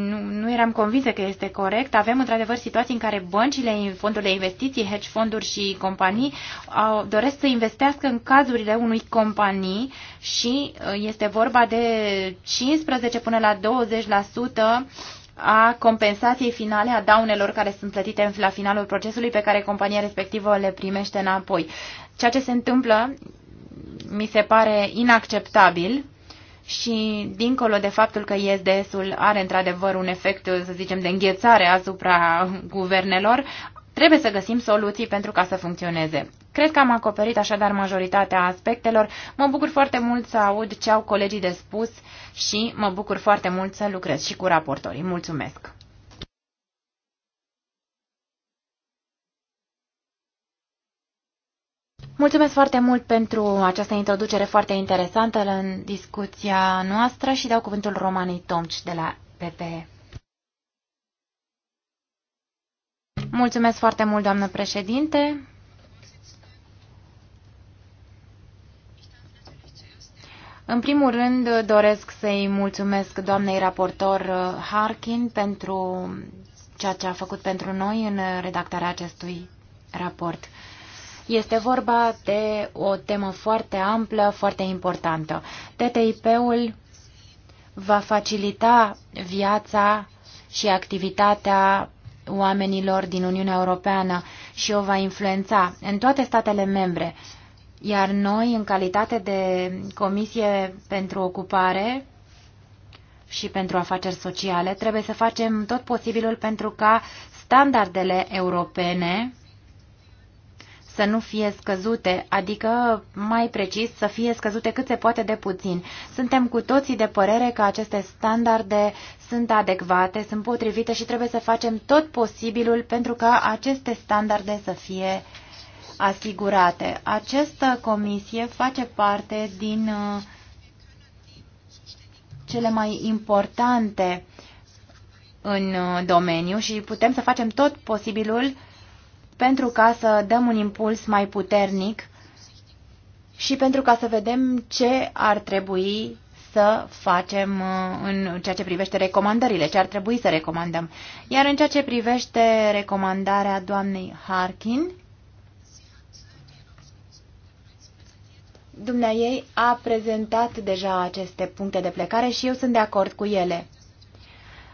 Nu, nu eram convinsă că este corect. Avem într-adevăr situații în care băncile, fondurile investiții, hedge fonduri și companii au, doresc să investească în cazurile unui companii și uh, este vorba de 15 până la 20% a compensației finale a daunelor care sunt plătite la finalul procesului pe care compania respectivă le primește înapoi. Ceea ce se întâmplă mi se pare inacceptabil și dincolo de faptul că ISDS-ul are într-adevăr un efect, să zicem, de înghețare asupra guvernelor, trebuie să găsim soluții pentru ca să funcționeze. Cred că am acoperit așadar majoritatea aspectelor. Mă bucur foarte mult să aud ce au colegii de spus și mă bucur foarte mult să lucrez și cu raportorii. Mulțumesc! Mulțumesc foarte mult pentru această introducere foarte interesantă în discuția noastră și dau cuvântul Romanei Tomci de la PPE. Mulțumesc foarte mult, doamnă președinte. În primul rând, doresc să-i mulțumesc doamnei raportor uh, Harkin pentru ceea ce a făcut pentru noi în redactarea acestui raport. Este vorba de o temă foarte amplă, foarte importantă. TTIP-ul va facilita viața și activitatea oamenilor din Uniunea Europeană și o va influența în toate statele membre. Iar noi, în calitate de Comisie pentru Ocupare și pentru Afaceri Sociale, trebuie să facem tot posibilul pentru ca standardele europene să nu fie scăzute, adică, mai precis, să fie scăzute cât se poate de puțin. Suntem cu toții de părere că aceste standarde sunt adecvate, sunt potrivite și trebuie să facem tot posibilul pentru ca aceste standarde să fie asigurate. Această comisie face parte din uh, cele mai importante în uh, domeniu și putem să facem tot posibilul pentru ca să dăm un impuls mai puternic și pentru ca să vedem ce ar trebui să facem uh, în ceea ce privește recomandările, ce ar trebui să recomandăm. Iar în ceea ce privește recomandarea doamnei Harkin, Dumnea ei a prezentat deja aceste puncte de plecare și eu sunt de acord cu ele.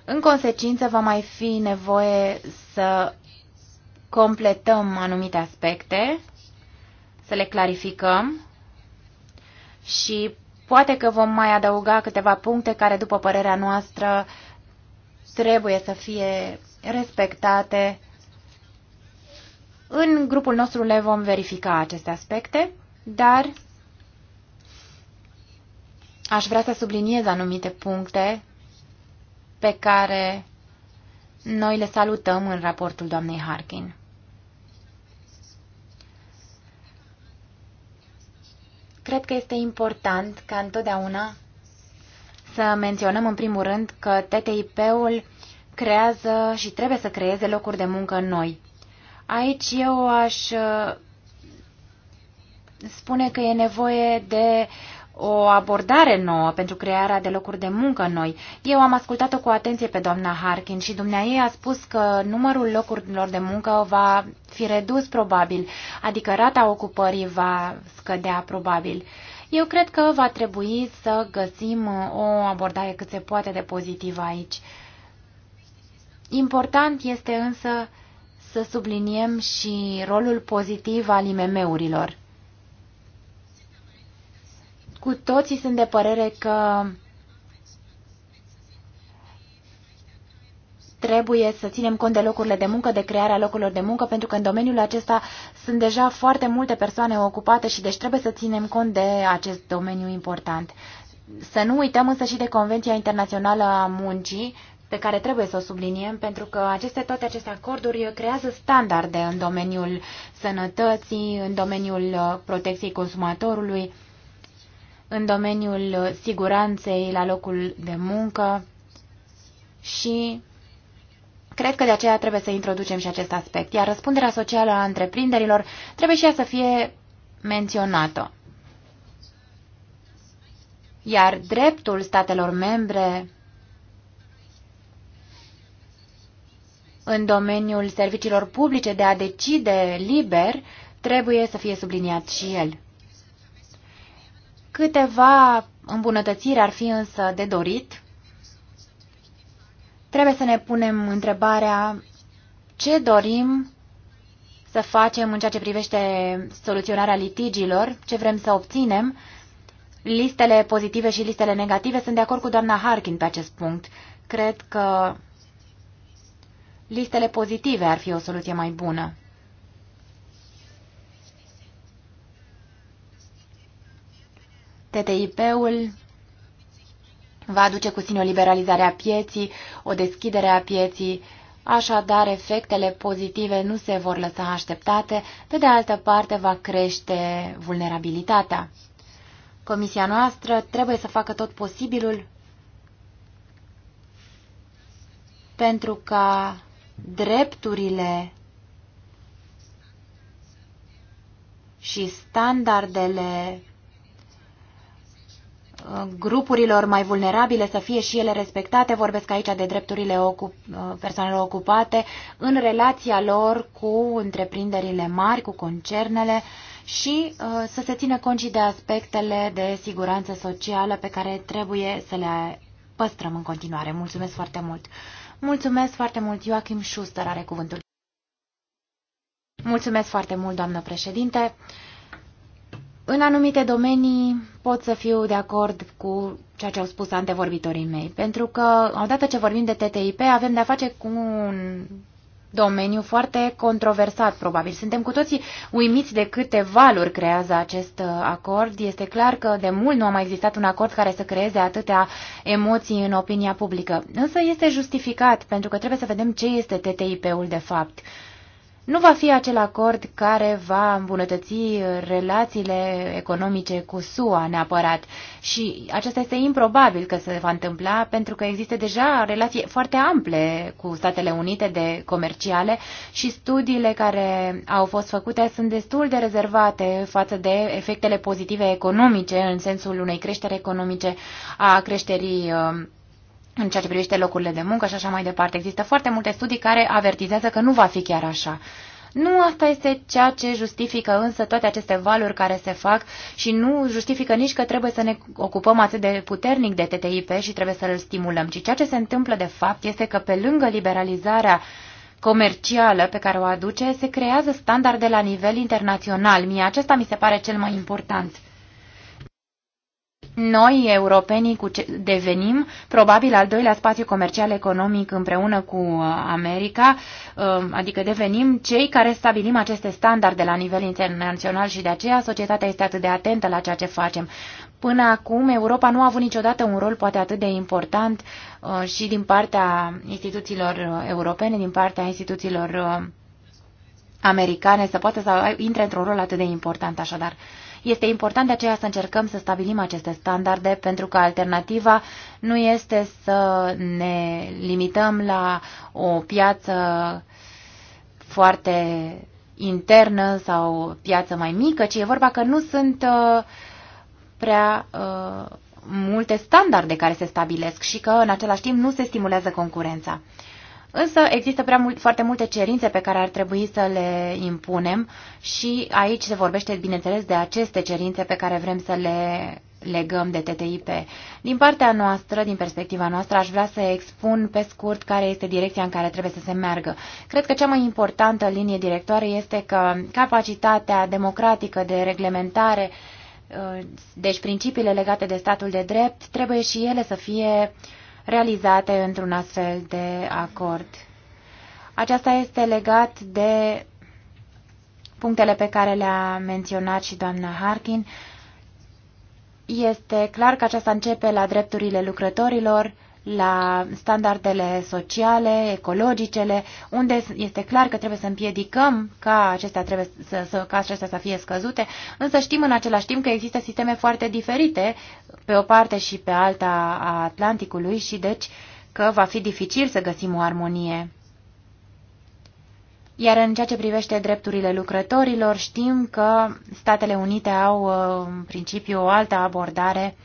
În consecință, va mai fi nevoie să completăm anumite aspecte, să le clarificăm și poate că vom mai adăuga câteva puncte care, după părerea noastră, trebuie să fie respectate. În grupul nostru le vom verifica aceste aspecte, dar aș vrea să subliniez anumite puncte pe care noi le salutăm în raportul doamnei Harkin. Cred că este important ca întotdeauna să menționăm în primul rând că TTIP-ul creează și trebuie să creeze locuri de muncă noi. Aici eu aș uh, spune că e nevoie de o abordare nouă pentru crearea de locuri de muncă noi. Eu am ascultat-o cu atenție pe doamna Harkin și dumneaei a spus că numărul locurilor de muncă va fi redus probabil, adică rata ocupării va scădea probabil. Eu cred că va trebui să găsim o abordare cât se poate de pozitivă aici. Important este însă să subliniem și rolul pozitiv al IMM-urilor. Cu toții sunt de părere că trebuie să ținem cont de locurile de muncă, de crearea locurilor de muncă, pentru că în domeniul acesta sunt deja foarte multe persoane ocupate și deci trebuie să ținem cont de acest domeniu important. Să nu uităm însă și de Convenția Internațională a Muncii, pe care trebuie să o subliniem, pentru că aceste, toate aceste acorduri creează standarde în domeniul sănătății, în domeniul uh, protecției consumatorului, în domeniul siguranței la locul de muncă și cred că de aceea trebuie să introducem și acest aspect, iar răspunderea socială a întreprinderilor trebuie și ea să fie menționată. Iar dreptul statelor membre în domeniul serviciilor publice de a decide liber trebuie să fie subliniat și el. Câteva îmbunătățiri ar fi însă de dorit. Trebuie să ne punem întrebarea ce dorim să facem în ceea ce privește soluționarea litigilor, ce vrem să obținem. Listele pozitive și listele negative sunt de acord cu doamna Harkin pe acest punct. Cred că listele pozitive ar fi o soluție mai bună. TTIP-ul va aduce cu sine o liberalizare a pieții, o deschidere a pieții, așadar efectele pozitive nu se vor lăsa așteptate, pe de altă parte va crește vulnerabilitatea. Comisia noastră trebuie să facă tot posibilul pentru ca drepturile și standardele grupurilor mai vulnerabile să fie și ele respectate. Vorbesc aici de drepturile ocup persoanelor ocupate în relația lor cu întreprinderile mari, cu concernele și uh, să se țină cont și de aspectele de siguranță socială pe care trebuie să le păstrăm în continuare. Mulțumesc foarte mult! Mulțumesc foarte mult! Joachim Schuster are cuvântul. Mulțumesc foarte mult, doamnă președinte! În anumite domenii pot să fiu de acord cu ceea ce au spus antevorbitorii mei, pentru că odată ce vorbim de TTIP avem de-a face cu un domeniu foarte controversat, probabil. Suntem cu toții uimiți de câte valuri creează acest uh, acord. Este clar că de mult nu a mai existat un acord care să creeze atâtea emoții în opinia publică. Însă este justificat, pentru că trebuie să vedem ce este TTIP-ul de fapt. Uh, nu va fi acel acord care va îmbunătăți relațiile economice cu SUA neapărat și acesta este improbabil că se va întâmpla pentru că există deja relații foarte ample cu Statele Unite de comerciale și studiile care au fost făcute sunt destul de rezervate față de efectele pozitive economice în sensul unei creșteri economice a creșterii uh, în ceea ce privește locurile de muncă și așa mai departe. Există foarte multe studii care avertizează că nu va fi chiar așa. Nu asta este ceea ce justifică însă toate aceste valuri care se fac și nu justifică nici că trebuie să ne ocupăm atât de puternic de TTIP și trebuie să îl stimulăm, ci ceea ce se întâmplă de fapt este că pe lângă liberalizarea comercială pe care o aduce, se creează standarde la nivel internațional. Mie acesta mi se pare cel mai important. Noi, europenii, cu ce devenim probabil al doilea spațiu comercial economic împreună cu uh, America, uh, adică devenim cei care stabilim aceste standarde la nivel internațional și de aceea societatea este atât de atentă la ceea ce facem. Până acum, Europa nu a avut niciodată un rol poate atât de important uh, și din partea instituțiilor europene, din partea instituțiilor americane, să poată să intre într-un rol atât de important așadar. Este important de aceea să încercăm să stabilim aceste standarde, pentru că alternativa nu este să ne limităm la o piață foarte internă sau piață mai mică, ci e vorba că nu sunt uh, prea uh, multe standarde care se stabilesc și că în același timp nu se stimulează concurența. Însă există prea mult, foarte multe cerințe pe care ar trebui să le impunem și aici se vorbește, bineînțeles, de aceste cerințe pe care vrem să le legăm de TTIP. Din partea noastră, din perspectiva noastră, aș vrea să expun pe scurt care este direcția în care trebuie să se meargă. Cred că cea mai importantă linie directoare este că capacitatea democratică de reglementare, uh, deci principiile legate de statul de drept, trebuie și ele să fie uh, realizate într-un astfel de acord. Aceasta este legat de punctele pe care le-a menționat și doamna Harkin. Este clar că aceasta începe la drepturile lucrătorilor, la standardele sociale, ecologicele, unde este clar că trebuie să împiedicăm ca acestea, trebuie să, să, ca acestea să fie scăzute, însă știm în același timp că există sisteme foarte diferite pe o parte și pe alta a Atlanticului și deci că va fi dificil să găsim o armonie. Iar în ceea ce privește drepturile lucrătorilor, știm că Statele Unite au uh, în principiu o altă abordare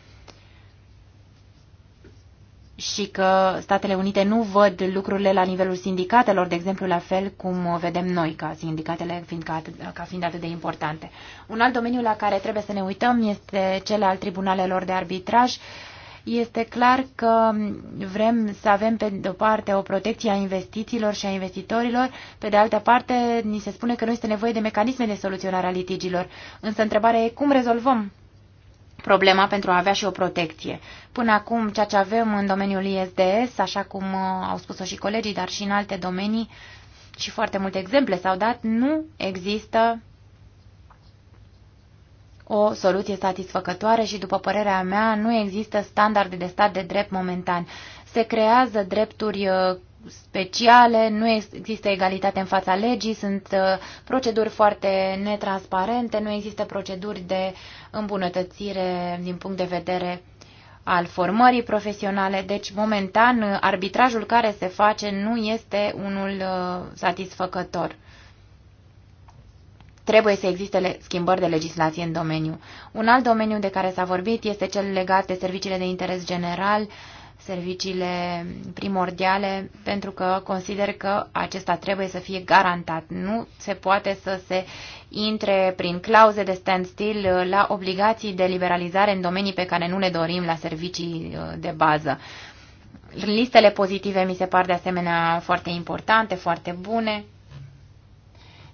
și că Statele Unite nu văd lucrurile la nivelul sindicatelor, de exemplu, la fel cum vedem noi ca sindicatele fiind, ca, ca fiind atât de importante. Un alt domeniu la care trebuie să ne uităm este cel al tribunalelor de arbitraj. Este clar că vrem să avem pe de-o parte o protecție a investițiilor și a investitorilor, pe de altă parte ni se spune că nu este nevoie de mecanisme de soluționare a litigilor. Însă întrebarea e cum rezolvăm problema pentru a avea și o protecție. Până acum, ceea ce avem în domeniul ISDS, așa cum uh, au spus-o și colegii, dar și în alte domenii, și foarte multe exemple s-au dat, nu există o soluție satisfăcătoare și, după părerea mea, nu există standarde de stat de drept momentan. Se creează drepturi uh, speciale, nu există egalitate în fața legii, sunt uh, proceduri foarte netransparente, nu există proceduri de îmbunătățire din punct de vedere al formării profesionale. Deci, momentan, arbitrajul care se face nu este unul uh, satisfăcător. Trebuie să existe schimbări de legislație în domeniu. Un alt domeniu de care s-a vorbit este cel legat de serviciile de interes general, serviciile primordiale, pentru că consider că acesta trebuie să fie garantat. Nu se poate să se intre prin clauze de standstill uh, la obligații de liberalizare în domenii pe care nu le dorim la servicii uh, de bază. Listele pozitive mi se par de asemenea foarte importante, foarte bune.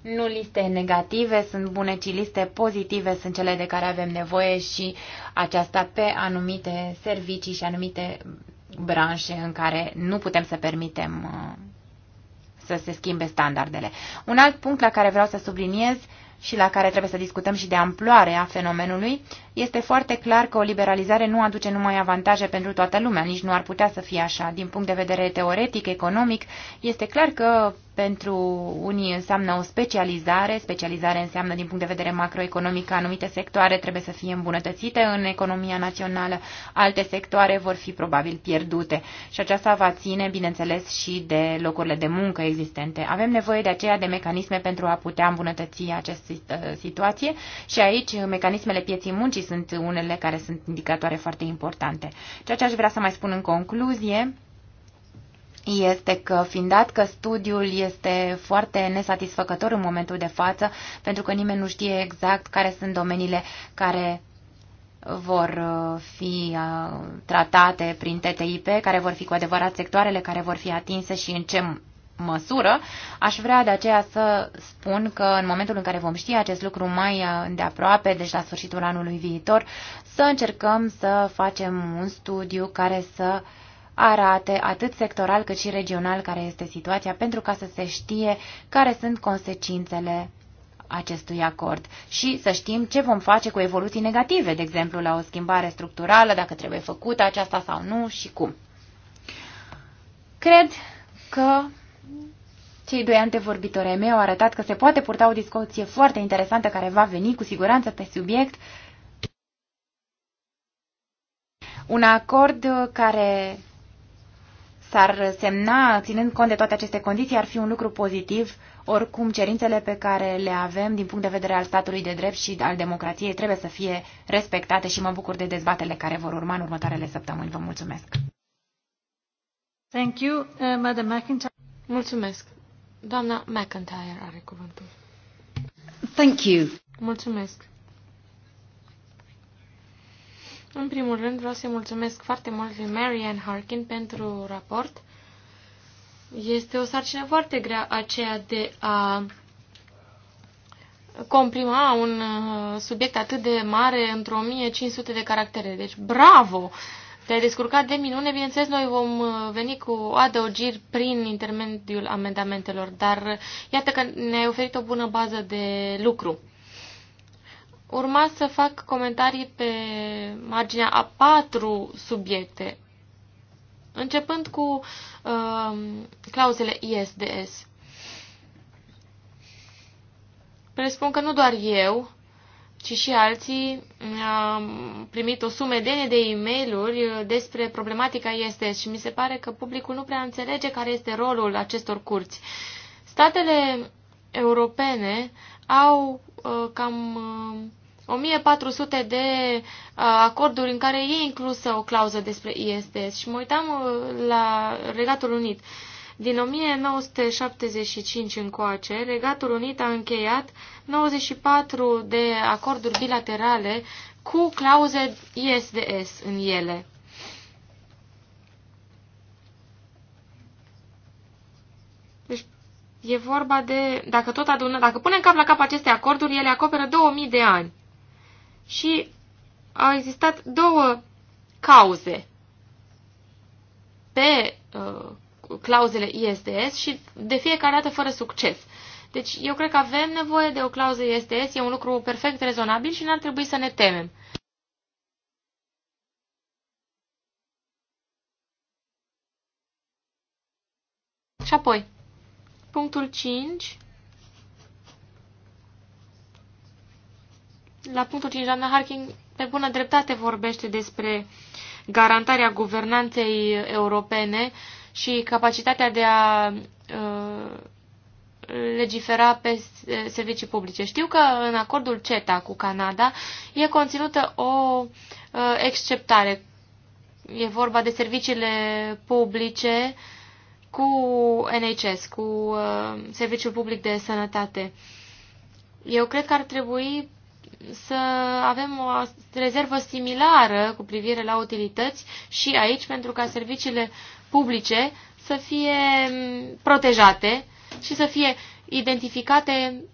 Nu liste negative sunt bune, ci liste pozitive sunt cele de care avem nevoie și aceasta pe anumite servicii și anumite branșe în care nu putem să permitem uh, să se schimbe standardele. Un alt punct la care vreau să subliniez și la care trebuie să discutăm și de amploarea fenomenului, este foarte clar că o liberalizare nu aduce numai avantaje pentru toată lumea, nici nu ar putea să fie așa. Din punct de vedere teoretic, economic, este clar că pentru unii înseamnă o specializare, specializare înseamnă din punct de vedere macroeconomic că anumite sectoare trebuie să fie îmbunătățite în economia națională, alte sectoare vor fi probabil pierdute și aceasta va ține, bineînțeles, și de locurile de muncă existente. Avem nevoie de aceea de mecanisme pentru a putea îmbunătăți această situație și aici mecanismele pieții muncii sunt unele care sunt indicatoare foarte importante. Ceea ce aș vrea să mai spun în concluzie, este că, fiind dat că studiul este foarte nesatisfăcător în momentul de față, pentru că nimeni nu știe exact care sunt domeniile care vor uh, fi uh, tratate prin TTIP, care vor fi cu adevărat sectoarele care vor fi atinse și în ce măsură, aș vrea de aceea să spun că în momentul în care vom ști acest lucru mai uh, de aproape, deci la sfârșitul anului viitor, să încercăm să facem un studiu care să uh, arate atât sectoral cât și regional care este situația pentru ca să se știe care sunt consecințele acestui acord și să știm ce vom face cu evoluții negative, de exemplu la o schimbare structurală, dacă trebuie făcută aceasta sau nu și cum. Cred că cei doi antevorbitori mei au arătat că se poate purta o discuție foarte interesantă care va veni cu siguranță pe subiect. Un acord care s-ar semna, ținând cont de toate aceste condiții, ar fi un lucru pozitiv. Oricum, cerințele pe care le avem din punct de vedere al statului de drept și al democrației trebuie să fie respectate și mă bucur de dezbatele care vor urma în următoarele săptămâni. Vă mulțumesc! Thank you, uh, Madam McIntyre. Mulțumesc. Doamna McIntyre are cuvântul. Thank you. Mulțumesc. În primul rând vreau să-i mulțumesc foarte mult lui Ann Harkin pentru raport. Este o sarcină foarte grea aceea de a comprima un uh, subiect atât de mare într-o 1500 de caractere. Deci, bravo! Te-ai descurcat de minune. Bineînțeles, noi vom uh, veni cu adăugiri prin intermediul amendamentelor, dar uh, iată că ne-ai oferit o bună bază de lucru urma să fac comentarii pe marginea a patru subiecte, începând cu uh, clauzele ISDS. Presupun că nu doar eu, ci și alții am primit o sumedenie de e mail despre problematica ISDS și mi se pare că publicul nu prea înțelege care este rolul acestor curți. Statele europene au uh, cam uh, 1400 de acorduri în care e inclusă o clauză despre ISDS și mă uitam uh, la Regatul Unit. Din 1975 încoace, Regatul Unit a încheiat 94 de acorduri bilaterale cu clauze ISDS în ele. Deci e vorba de... Dacă tot adună, dacă punem cap la cap aceste acorduri, ele acoperă 2000 de ani și au existat două cauze pe uh, clauzele ISDS și de fiecare dată fără succes. Deci eu cred că avem nevoie de o clauză ISDS, e un lucru perfect rezonabil și n-ar trebui să ne temem. Și apoi, punctul 5 la punctul 5, doamna Harkin pe bună dreptate vorbește despre garantarea guvernanței europene și capacitatea de a uh, legifera pe servicii publice. Știu că în acordul CETA cu Canada e conținută o uh, exceptare. E vorba de serviciile publice cu NHS, cu uh, Serviciul Public de Sănătate. Eu cred că ar trebui să avem o rezervă similară cu privire la utilități și aici pentru ca serviciile publice să fie protejate și să fie identificate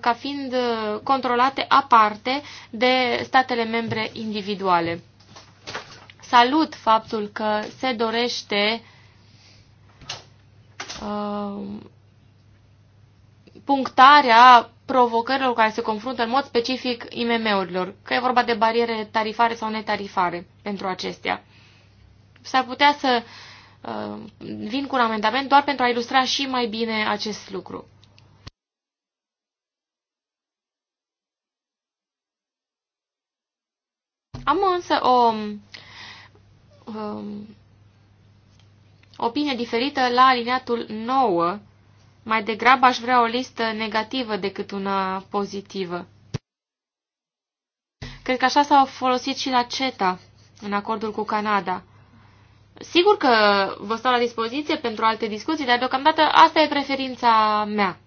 ca fiind uh, controlate aparte de statele membre individuale. Salut faptul că se dorește uh, punctarea provocărilor care se confruntă în mod specific IMM-urilor, că e vorba de bariere tarifare sau netarifare pentru acestea. S-ar putea să uh, vin cu un amendament doar pentru a ilustra și mai bine acest lucru. Am însă o um, opinie diferită la aliniatul 9 mai degrabă aș vrea o listă negativă decât una pozitivă. Cred că așa s-au folosit și la CETA, în acordul cu Canada. Sigur că vă stau la dispoziție pentru alte discuții, dar deocamdată asta e preferința mea.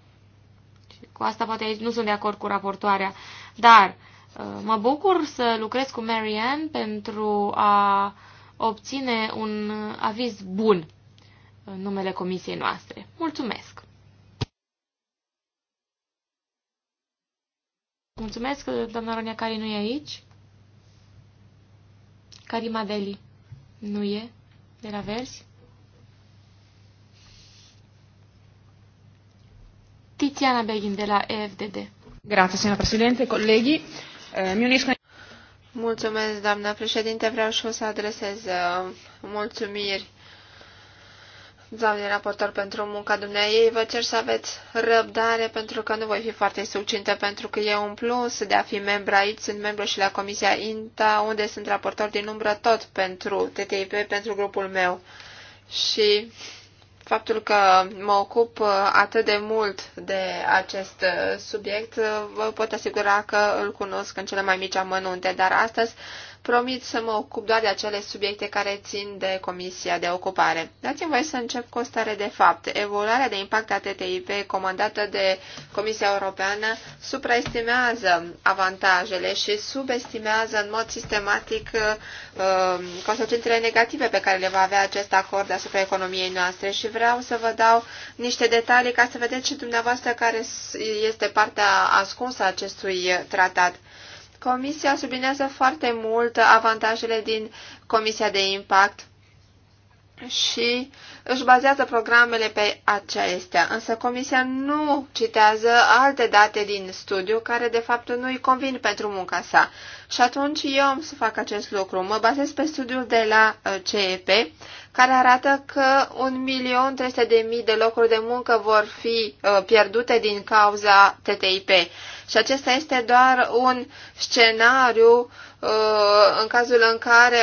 Și cu asta poate aici nu sunt de acord cu raportoarea. Dar uh, mă bucur să lucrez cu Marianne pentru a obține un aviz bun în numele comisiei noastre. Mulțumesc! Mulțumesc, doamna Ronia, care nu e aici. Karima Deli. Nu e? De la Versi. Tiziana Beghin de la EFDD. Grazie, signora Presidente, colleghi. Eh, mi unisco... Mulțumesc, doamna președinte. Vreau și o să adresez uh, mulțumiri doamne raportor, pentru munca ei Vă cer să aveți răbdare pentru că nu voi fi foarte succintă, pentru că e un plus de a fi membru aici. Sunt membru și la Comisia INTA, unde sunt raportor din umbră tot pentru TTIP, pentru grupul meu. Și faptul că mă ocup atât de mult de acest subiect, vă pot asigura că îl cunosc în cele mai mici amănunte, dar astăzi Promit să mă ocup doar de acele subiecte care țin de Comisia de Ocupare. Dați-mi voi să încep cu o stare de fapt. Evaluarea de impact a TTIP comandată de Comisia Europeană supraestimează avantajele și subestimează în mod sistematic uh, consecințele negative pe care le va avea acest acord asupra economiei noastre și vreau să vă dau niște detalii ca să vedeți și dumneavoastră care este partea ascunsă a acestui tratat. Comisia sublinează foarte mult avantajele din Comisia de Impact și își bazează programele pe acestea, însă Comisia nu citează alte date din studiu care de fapt nu îi convin pentru munca sa. Și atunci eu am să fac acest lucru. Mă bazez pe studiul de la uh, CEP, care arată că 1.300.000 de locuri de muncă vor fi uh, pierdute din cauza TTIP. Și acesta este doar un scenariu uh, Uh, în cazul în care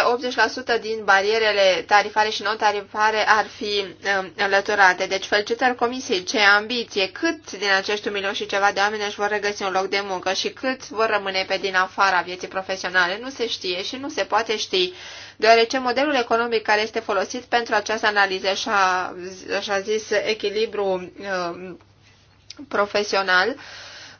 80% din barierele tarifare și non-tarifare ar fi um, înlăturate. Deci felicitări comisiei, ce ambiție, cât din acești un milion și ceva de oameni își vor regăsi un loc de muncă și cât vor rămâne pe din afara vieții profesionale, nu se știe și nu se poate ști, deoarece modelul economic care este folosit pentru această analiză și așa zis echilibru um, profesional, uh,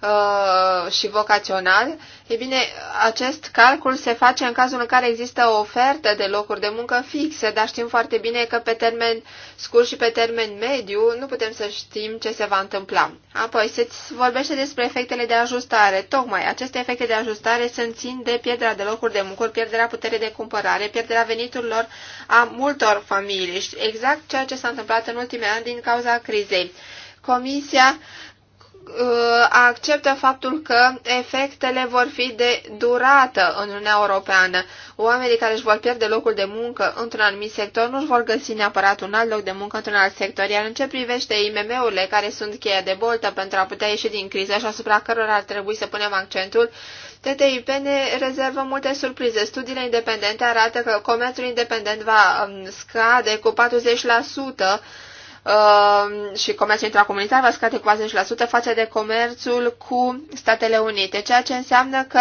Uh, și vocațional, e bine, acest calcul se face în cazul în care există o ofertă de locuri de muncă fixe, dar știm foarte bine că pe termen scurt și pe termen mediu nu putem să știm ce se va întâmpla. Apoi, se vorbește despre efectele de ajustare. Tocmai aceste efecte de ajustare sunt țin de pierderea de locuri de muncă, pierderea puterii de cumpărare, pierderea veniturilor a multor familii. Exact ceea ce s-a întâmplat în ultimii ani din cauza crizei. Comisia Uh, acceptă faptul că efectele vor fi de durată în Uniunea Europeană. Oamenii care își vor pierde locul de muncă într-un anumit sector nu își vor găsi neapărat un alt loc de muncă într-un alt sector, iar în ce privește IMM-urile care sunt cheia de boltă pentru a putea ieși din criză și asupra cărora ar trebui să punem accentul, TTIP ne rezervă multe surprize. Studiile independente arată că comerțul independent va um, scade cu 40% Um, și comerțul intracomunitar va scade cu 40% față de comerțul cu Statele Unite, ceea ce înseamnă că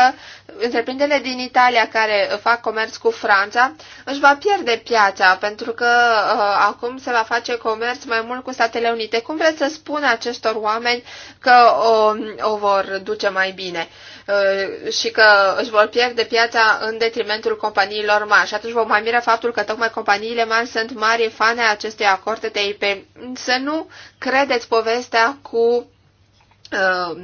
întreprinderile din Italia care fac comerț cu Franța își va pierde piața, pentru că uh, acum se va face comerț mai mult cu Statele Unite. Cum vreți să spun acestor oameni că o, um, o vor duce mai bine? Uh, Uh, și că își vor pierde piața în detrimentul companiilor mari. Și atunci vă mai miră faptul că tocmai companiile mari sunt mari fane a acestui acord TTIP. Să nu credeți povestea cu Uh,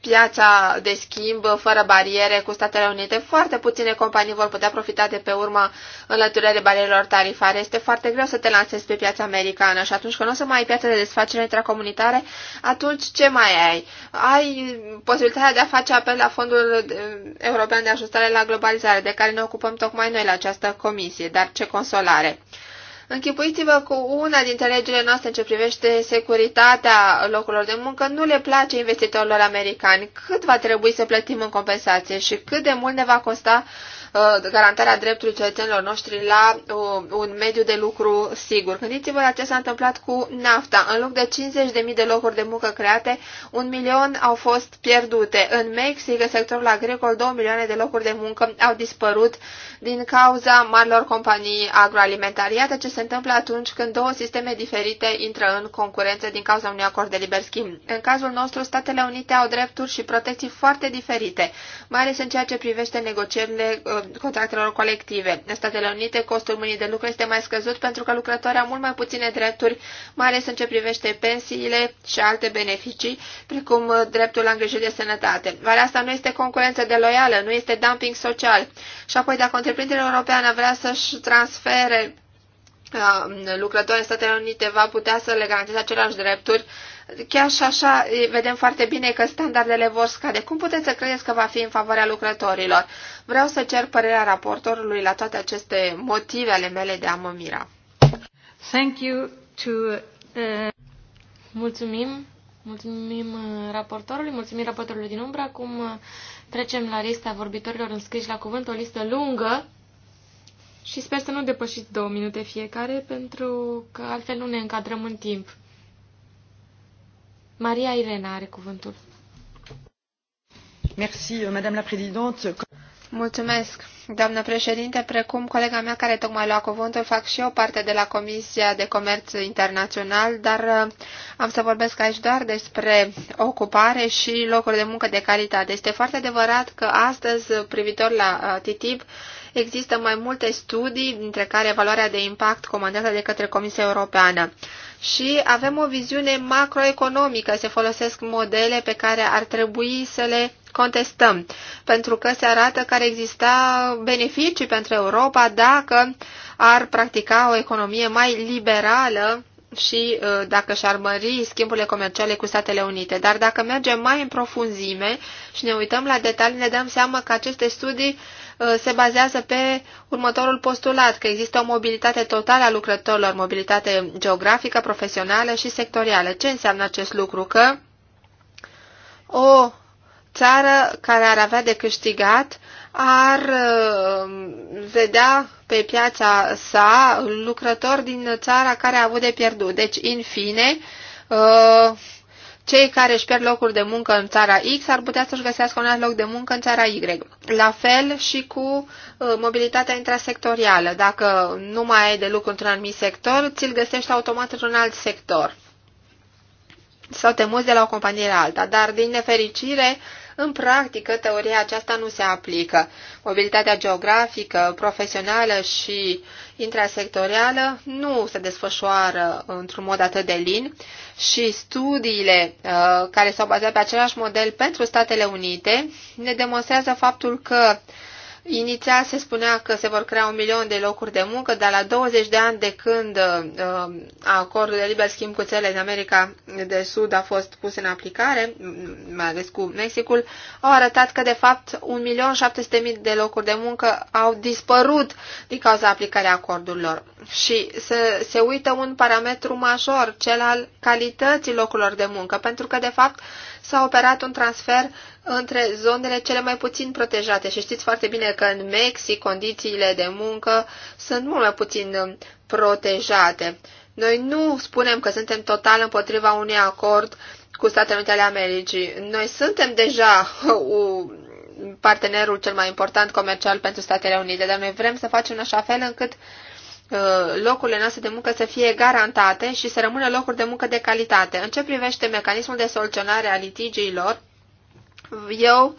piața de schimb fără bariere cu Statele Unite. Foarte puține companii vor putea profita de pe urma înlăturării barierelor tarifare. Este foarte greu să te lansezi pe piața americană și atunci când o să mai ai piața de desfacere intracomunitare, atunci ce mai ai? Ai posibilitatea de a face apel la Fondul European de Ajustare la Globalizare, de care ne ocupăm tocmai noi la această comisie, dar ce consolare! Închipuiți-vă că una dintre legile noastre în ce privește securitatea locurilor de muncă nu le place investitorilor americani. Cât va trebui să plătim în compensație și cât de mult ne va costa Uh, garantarea dreptului cetățenilor noștri la uh, un mediu de lucru sigur. Gândiți-vă la ce s-a întâmplat cu nafta. În loc de 50.000 de locuri de muncă create, un milion au fost pierdute. În Mexic, în sectorul agricol, 2 milioane de locuri de muncă au dispărut din cauza marilor companii agroalimentare. Iată ce se întâmplă atunci când două sisteme diferite intră în concurență din cauza unui acord de liber schimb. În cazul nostru, Statele Unite au drepturi și protecții foarte diferite, mai ales în ceea ce privește negocierile uh, contractelor colective. În Statele Unite, costul mâinii de lucru este mai scăzut pentru că lucrătorii au mult mai puține drepturi, mai ales în ce privește pensiile și alte beneficii, precum uh, dreptul la îngrijiri de sănătate. Vara asta nu este concurență de loială, nu este dumping social. Și apoi, dacă întreprinderea europeană vrea să-și transfere Um, lucrătorii Statele Unite va putea să le garanteze aceleași drepturi. Chiar și așa vedem foarte bine că standardele vor scade. Cum puteți să credeți că va fi în favoarea lucrătorilor? Vreau să cer părerea raportorului la toate aceste motive ale mele de a mă mira. Thank you to, uh... Mulțumim. Mulțumim uh, raportorului, mulțumim raportorului din umbră. Acum uh, trecem la lista vorbitorilor înscriși la cuvânt, o listă lungă și sper să nu depășiți două minute fiecare, pentru că altfel nu ne încadrăm în timp. Maria Irena are cuvântul. Merci, Madame la Présidente. Mulțumesc, doamnă președinte. Precum colega mea care tocmai lua cuvântul, fac și eu parte de la Comisia de Comerț Internațional, dar uh, am să vorbesc aici doar despre ocupare și locuri de muncă de calitate. Este foarte adevărat că astăzi, privitor la uh, TTIP, Există mai multe studii, dintre care valoarea de impact comandată de către Comisia Europeană. Și avem o viziune macroeconomică, se folosesc modele pe care ar trebui să le contestăm, pentru că se arată că ar exista beneficii pentru Europa dacă ar practica o economie mai liberală și uh, dacă și-ar mări schimburile comerciale cu Statele Unite. Dar dacă mergem mai în profunzime și ne uităm la detalii, ne dăm seama că aceste studii Uh, se bazează pe următorul postulat, că există o mobilitate totală a lucrătorilor, mobilitate geografică, profesională și sectorială. Ce înseamnă acest lucru? Că o țară care ar avea de câștigat ar uh, vedea pe piața sa lucrători din țara care a avut de pierdut. Deci, în fine, uh, cei care își pierd locuri de muncă în țara X ar putea să-și găsească un alt loc de muncă în țara Y. La fel și cu uh, mobilitatea intrasectorială. Dacă nu mai ai de lucru într-un anumit sector, ți-l găsești automat într-un alt sector. Sau te muți de la o companie la alta. Dar, din nefericire, în practică, teoria aceasta nu se aplică. Mobilitatea geografică, profesională și intrasectorială nu se desfășoară într-un mod atât de lin și studiile uh, care s-au bazat pe același model pentru Statele Unite ne demonstrează faptul că Inițial se spunea că se vor crea un milion de locuri de muncă, dar la 20 de ani de când uh, uh, acordul de liber schimb cu țările din America de Sud a fost pus în aplicare, mai ales cu Mexicul, au arătat că de fapt 1.700.000 de locuri de muncă au dispărut din cauza aplicării acordurilor. Și se, se uită un parametru major, cel al calității locurilor de muncă, pentru că de fapt s-a operat un transfer între zonele cele mai puțin protejate și știți foarte bine că în Mexic condițiile de muncă sunt mult mai puțin protejate. Noi nu spunem că suntem total împotriva unui acord cu Statele Unite ale Americii. Noi suntem deja partenerul cel mai important comercial pentru Statele Unite, dar noi vrem să facem în așa fel încât Uh, locurile noastre de muncă să fie garantate și să rămână locuri de muncă de calitate. În ce privește mecanismul de soluționare a litigiilor, eu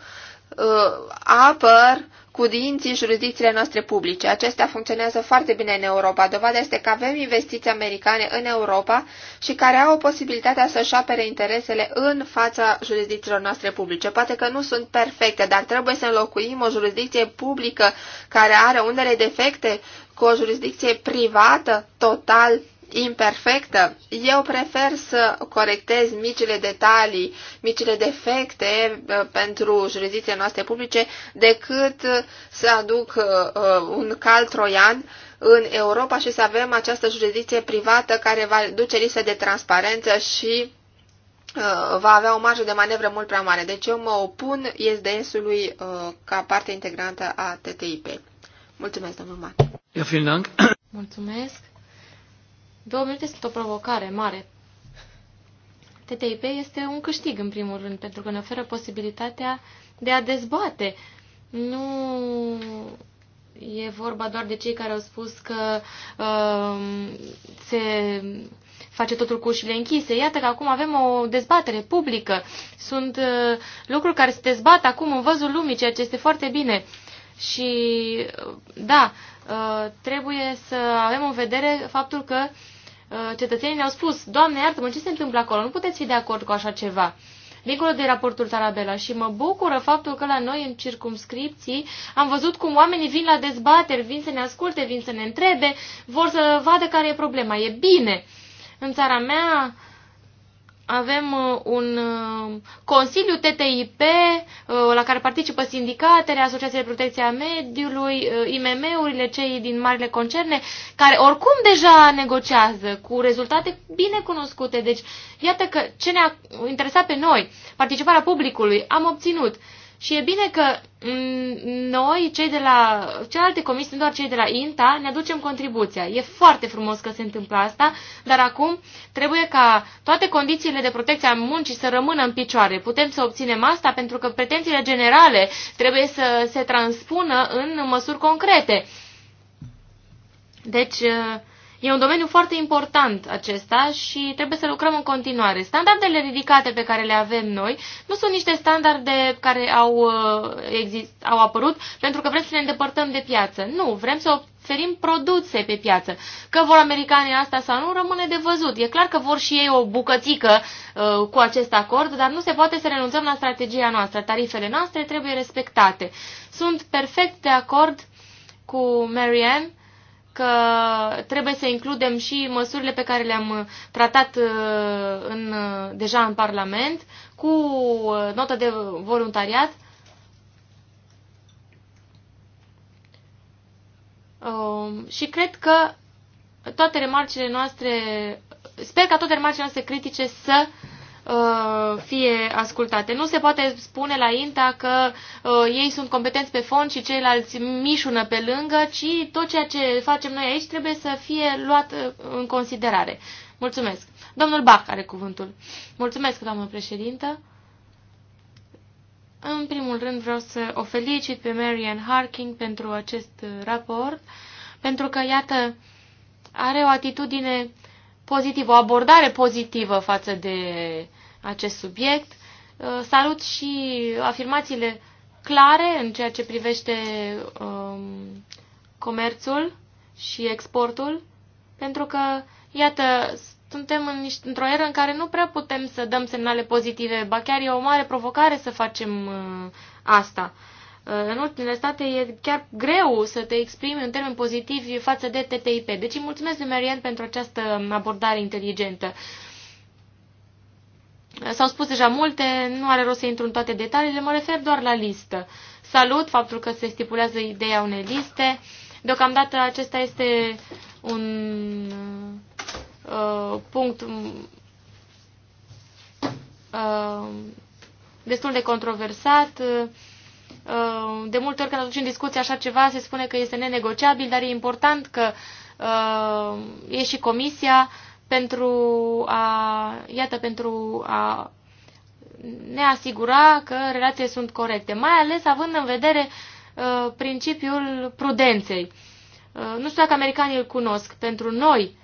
uh, apăr cu dinții jurisdicțiile noastre publice. Acestea funcționează foarte bine în Europa. Dovada este că avem investiții americane în Europa și care au posibilitatea să-și apere interesele în fața jurisdicțiilor noastre publice. Poate că nu sunt perfecte, dar trebuie să înlocuim o jurisdicție publică care are unele defecte cu o jurisdicție privată total imperfectă. Eu prefer să corectez micile detalii, micile defecte eh, pentru jurisdicția noastre publice, decât eh, să aduc eh, un cal troian în Europa și să avem această jurisdicție privată care va duce lipsă de transparență și va avea o marjă de manevră mult prea mare. Deci eu mă opun sds ului ca parte integrantă a TTIP. Mulțumesc, domnul Mat. Eu, vielen Dank. Mulțumesc. Două minute sunt o provocare mare. TTIP este un câștig, în primul rând, pentru că ne oferă posibilitatea de a dezbate. Nu e vorba doar de cei care au spus că uh, se face totul cu ușile închise. Iată că acum avem o dezbatere publică. Sunt uh, lucruri care se dezbat acum în văzul lumii, ceea ce este foarte bine. Și, da, uh, trebuie să avem în vedere faptul că uh, cetățenii ne-au spus, Doamne, iartă-mă, ce se întâmplă acolo? Nu puteți fi de acord cu așa ceva dincolo de raportul Tarabela și mă bucură faptul că la noi în circumscripții am văzut cum oamenii vin la dezbateri, vin să ne asculte, vin să ne întrebe, vor să vadă care e problema. E bine! În țara mea avem uh, un uh, Consiliu TTIP uh, la care participă sindicatele, asociațiile de protecție a mediului, IMM-urile, cei din marile concerne, care oricum deja negociază cu rezultate bine cunoscute. Deci, iată că ce ne-a interesat pe noi, participarea publicului, am obținut. Și e bine că mm, noi, cei de la celelalte comisii, nu doar cei de la INTA, ne aducem contribuția. E foarte frumos că se întâmplă asta, dar acum trebuie ca toate condițiile de protecție a muncii să rămână în picioare. Putem să obținem asta pentru că pretențiile generale trebuie să se transpună în măsuri concrete. Deci, E un domeniu foarte important acesta și trebuie să lucrăm în continuare. Standardele ridicate pe care le avem noi nu sunt niște standarde care au, uh, exist, au apărut pentru că vrem să ne îndepărtăm de piață. Nu, vrem să oferim produse pe piață. Că vor americanii asta sau nu, rămâne de văzut. E clar că vor și ei o bucățică uh, cu acest acord, dar nu se poate să renunțăm la strategia noastră. Tarifele noastre trebuie respectate. Sunt perfect de acord cu Marianne că trebuie să includem și măsurile pe care le-am tratat uh, în, uh, deja în Parlament cu uh, notă de voluntariat. Um, și cred că toate remarcile noastre, sper ca toate remarcile noastre critice să uh, Uh, fie ascultate. Nu se poate spune la INTA că uh, ei sunt competenți pe fond și ceilalți mișună pe lângă, ci tot ceea ce facem noi aici trebuie să fie luat uh, în considerare. Mulțumesc. Domnul Bach are cuvântul. Mulțumesc, doamnă președintă. În primul rând vreau să o felicit pe Marian Harking pentru acest uh, raport, pentru că, iată, are o atitudine pozitiv, o abordare pozitivă față de acest subiect. Uh, salut și afirmațiile clare în ceea ce privește um, comerțul și exportul, pentru că, iată, suntem în, într-o eră în care nu prea putem să dăm semnale pozitive, ba chiar e o mare provocare să facem uh, asta. Uh, Uh, în ultimele state e chiar greu să te exprimi în termeni pozitivi față de TTIP. Deci îi mulțumesc de Marian pentru această abordare inteligentă. Uh, s-au spus deja multe, nu are rost să intru în toate detaliile, mă refer doar la listă. Salut faptul că se stipulează ideea unei liste. Deocamdată acesta este un uh, punct uh, destul de controversat. Uh, Uh, de multe ori când aducem discuții așa ceva, se spune că este nenegociabil, dar e important că uh, e și comisia pentru a, iată, pentru a ne asigura că relațiile sunt corecte, mai ales având în vedere uh, principiul prudenței. Nu știu dacă americanii îl cunosc. Pentru noi,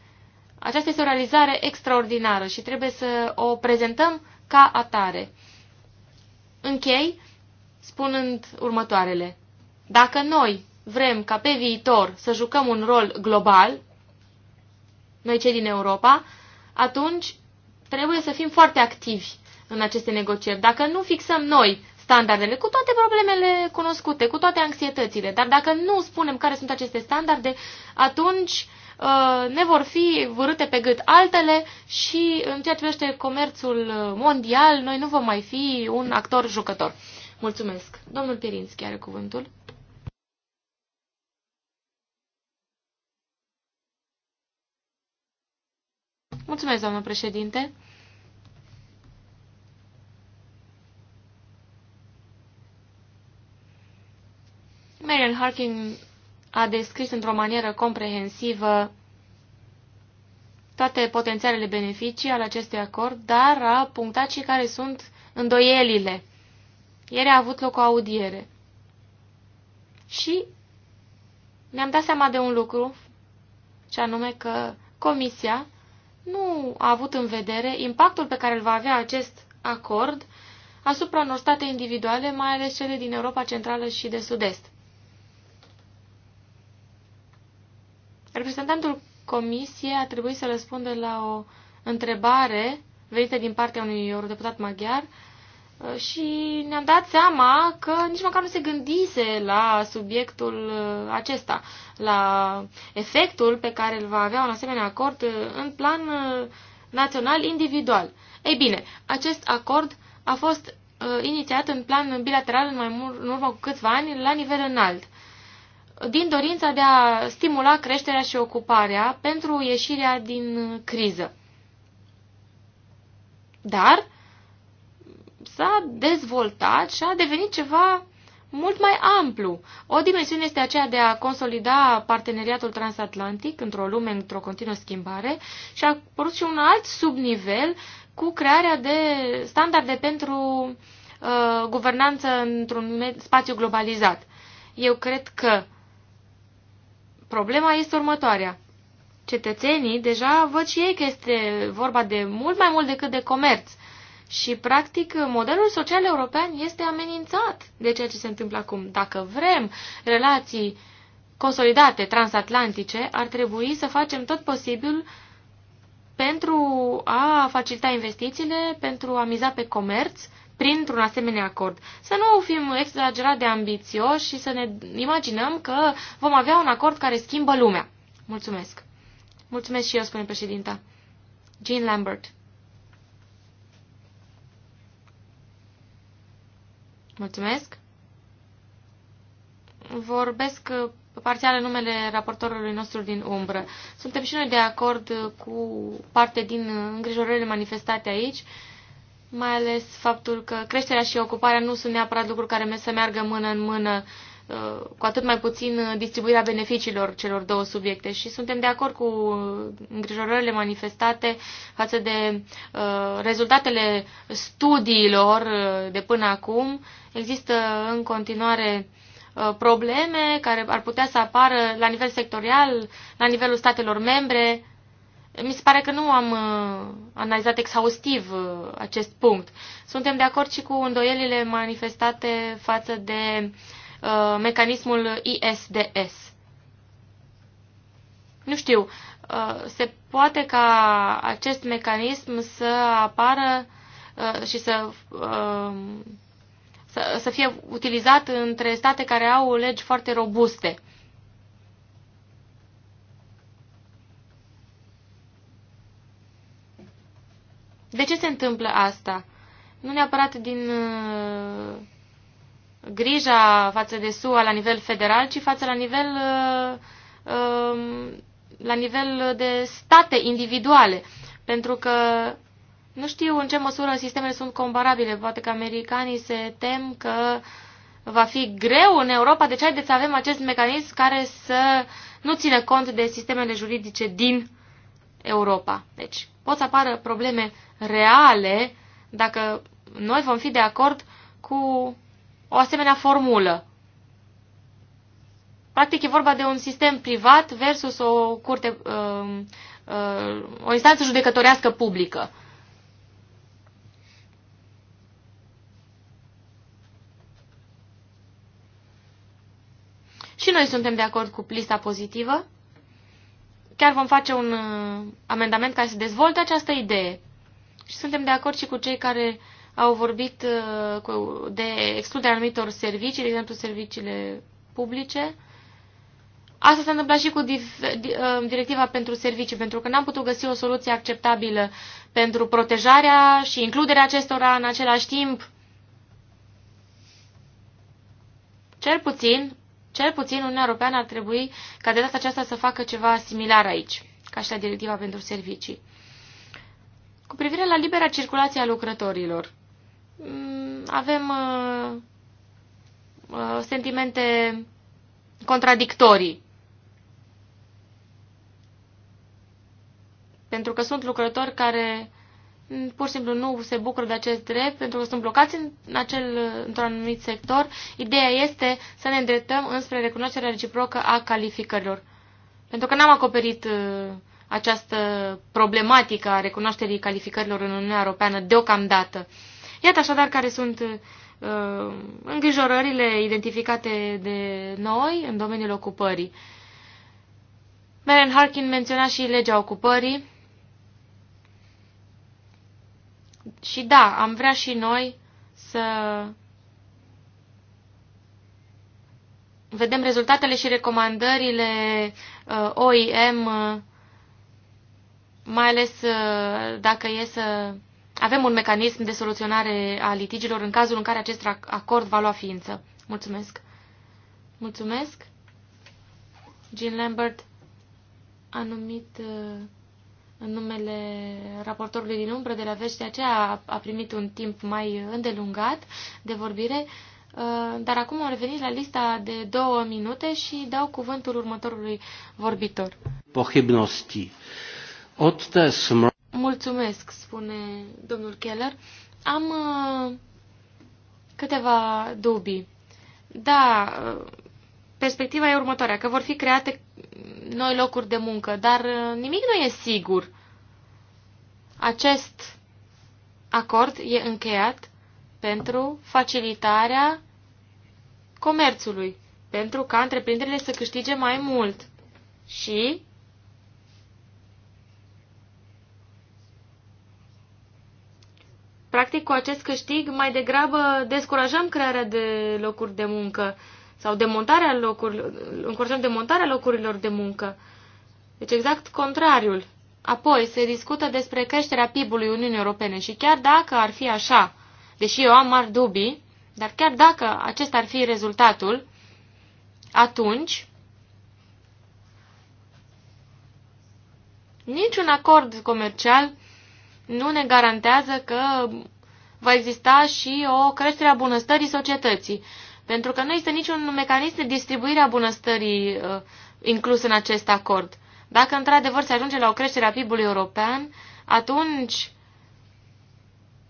aceasta este o realizare extraordinară și trebuie să o prezentăm ca atare. Închei spunând următoarele. Dacă noi vrem ca pe viitor să jucăm un rol global, noi cei din Europa, atunci trebuie să fim foarte activi în aceste negocieri. Dacă nu fixăm noi standardele, cu toate problemele cunoscute, cu toate anxietățile, dar dacă nu spunem care sunt aceste standarde, atunci uh, ne vor fi vârâte pe gât altele și în ceea ce privește comerțul mondial, noi nu vom mai fi un actor jucător. Mulțumesc. Domnul Pirinski are cuvântul. Mulțumesc, doamnă președinte. Marian Harkin a descris într-o manieră comprehensivă toate potențialele beneficii ale acestui acord, dar a punctat și care sunt îndoielile ieri a avut loc o audiere. Și mi-am dat seama de un lucru, și anume că Comisia nu a avut în vedere impactul pe care îl va avea acest acord asupra unor state individuale, mai ales cele din Europa Centrală și de Sud-Est. Reprezentantul Comisiei a trebuit să răspundă la o întrebare venită din partea unui eurodeputat maghiar Uh, și ne-am dat seama că nici măcar nu se gândise la subiectul uh, acesta, la efectul pe care îl va avea un asemenea acord uh, în plan național individual. Ei bine, acest acord a fost inițiat în plan bilateral în, mai mult, în urmă cu câțiva ani la nivel înalt din dorința de a stimula creșterea și ocuparea pentru ieșirea din criză. Dar s-a dezvoltat și a devenit ceva mult mai amplu. O dimensiune este aceea de a consolida parteneriatul transatlantic într-o lume, într-o continuă schimbare și a apărut și un alt subnivel cu crearea de standarde pentru uh, guvernanță într-un spațiu globalizat. Eu cred că problema este următoarea. Cetățenii deja văd și ei că este vorba de mult mai mult decât de comerț. Uh, și, practic, modelul social european este amenințat de ceea ce se întâmplă acum. Dacă vrem relații consolidate transatlantice, ar trebui să facem tot posibil pentru a facilita investițiile, pentru a miza pe comerț, printr-un asemenea acord. Să nu fim exagerat de ambițioși și să ne imaginăm că vom avea un acord care schimbă lumea. Mulțumesc. Mulțumesc și eu, spune președinta. Jean Lambert. Mulțumesc. Vorbesc uh, parțial în numele raportorului nostru din umbră. Suntem și noi de acord uh, cu parte din uh, îngrijorările manifestate aici, mai ales faptul că creșterea și ocuparea nu sunt neapărat lucruri care să meargă mână în mână cu atât mai puțin distribuirea beneficiilor celor două subiecte și suntem de acord cu îngrijorările manifestate față de uh, rezultatele studiilor uh, de până acum. Există în continuare uh, probleme care ar putea să apară la nivel sectorial, la nivelul statelor membre. Mi se pare că nu am analizat exhaustiv acest punct. Suntem de acord și cu îndoielile manifestate față de uh, Uh, mecanismul ISDS. Nu știu, uh, se poate ca acest mecanism să apară uh, și să, să, să fie utilizat între state care au legi foarte robuste. De ce se întâmplă asta? Nu neapărat din grija față de SUA la nivel federal, ci față la nivel, uh, um, la nivel de state individuale. Pentru că nu știu în ce măsură sistemele sunt comparabile. Poate că americanii se tem că va fi greu în Europa, deci haideți să avem acest mecanism care să nu țină cont de sistemele juridice din Europa. Deci pot să apară probleme reale dacă noi vom fi de acord cu o asemenea formulă. Practic e vorba de un sistem privat versus o curte, um, uh, o instanță judecătorească publică. Și noi suntem de acord cu lista pozitivă. Chiar vom face un uh, amendament care să dezvolte această idee. Și suntem de acord și cu cei care au vorbit uh, de excluderea anumitor servicii, de exemplu serviciile publice. Asta s-a întâmplat și cu uh, directiva pentru servicii, pentru că n-am putut găsi o soluție acceptabilă pentru protejarea și includerea acestora în același timp. Cel puțin, cel puțin Uniunea Europeană ar trebui ca de data aceasta să facă ceva similar aici, ca și la directiva pentru servicii. Cu privire la libera circulație a lucrătorilor, Mm, avem uh, uh, sentimente contradictorii. Pentru că sunt lucrători care mm, pur și simplu nu se bucură de acest drept, pentru că sunt blocați în acel, într-un anumit sector. Ideea este să ne îndreptăm înspre recunoașterea reciprocă a calificărilor. Pentru că n-am acoperit uh, această problematică a recunoașterii calificărilor în Uniunea Europeană deocamdată. Iată așadar care sunt uh, îngrijorările identificate de noi în domeniul ocupării. Meren Harkin menționa și legea ocupării. Și da, am vrea și noi să vedem rezultatele și recomandările uh, OIM, uh, mai ales uh, dacă e să avem un mecanism de soluționare a litigilor în cazul în care acest acord va lua ființă. Mulțumesc. Mulțumesc. Jean Lambert a numit uh, în numele raportorului din umbră de la Vești, de aceea a primit un timp mai îndelungat de vorbire, uh, dar acum am revenit la lista de două minute și dau cuvântul următorului vorbitor. Pohibnosti. Od té smr- Mulțumesc, spune domnul Keller. Am uh, câteva dubii. Da, uh, perspectiva e următoarea, că vor fi create noi locuri de muncă, dar uh, nimic nu e sigur. Acest acord e încheiat pentru facilitarea comerțului, pentru ca întreprinderile să câștige mai mult. Și Practic, cu acest câștig, mai degrabă descurajăm crearea de locuri de muncă sau demontarea locurilor, încurajăm demontarea locurilor de muncă. Deci exact contrariul. Apoi se discută despre creșterea PIB-ului Uniunii Europene și chiar dacă ar fi așa, deși eu am mari dubii, dar chiar dacă acesta ar fi rezultatul, atunci niciun acord comercial nu ne garantează că va exista și o creștere a bunăstării societății. Pentru că nu este niciun mecanism de distribuire a bunăstării uh, inclus în acest acord. Dacă într-adevăr se ajunge la o creștere a PIB-ului european, atunci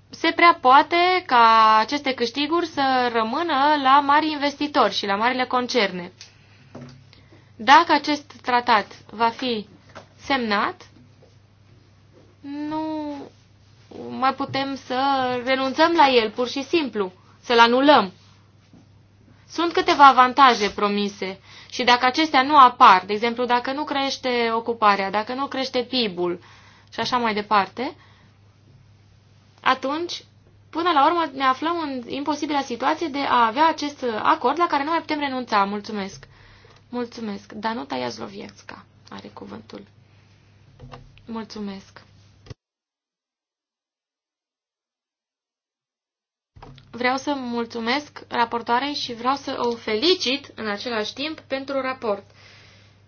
se prea poate ca aceste câștiguri să rămână la mari investitori și la marile concerne. Dacă acest tratat va fi semnat, nu mai putem să renunțăm la el, pur și simplu, să-l anulăm. Sunt câteva avantaje promise și dacă acestea nu apar, de exemplu, dacă nu crește ocuparea, dacă nu crește PIB-ul și așa mai departe, atunci, până la urmă, ne aflăm în imposibila situație de a avea acest acord la care nu mai putem renunța. Mulțumesc! Mulțumesc! Danuta Iazloviecka are cuvântul. Mulțumesc! Vreau să mulțumesc raportoarei și vreau să o felicit în același timp pentru raport.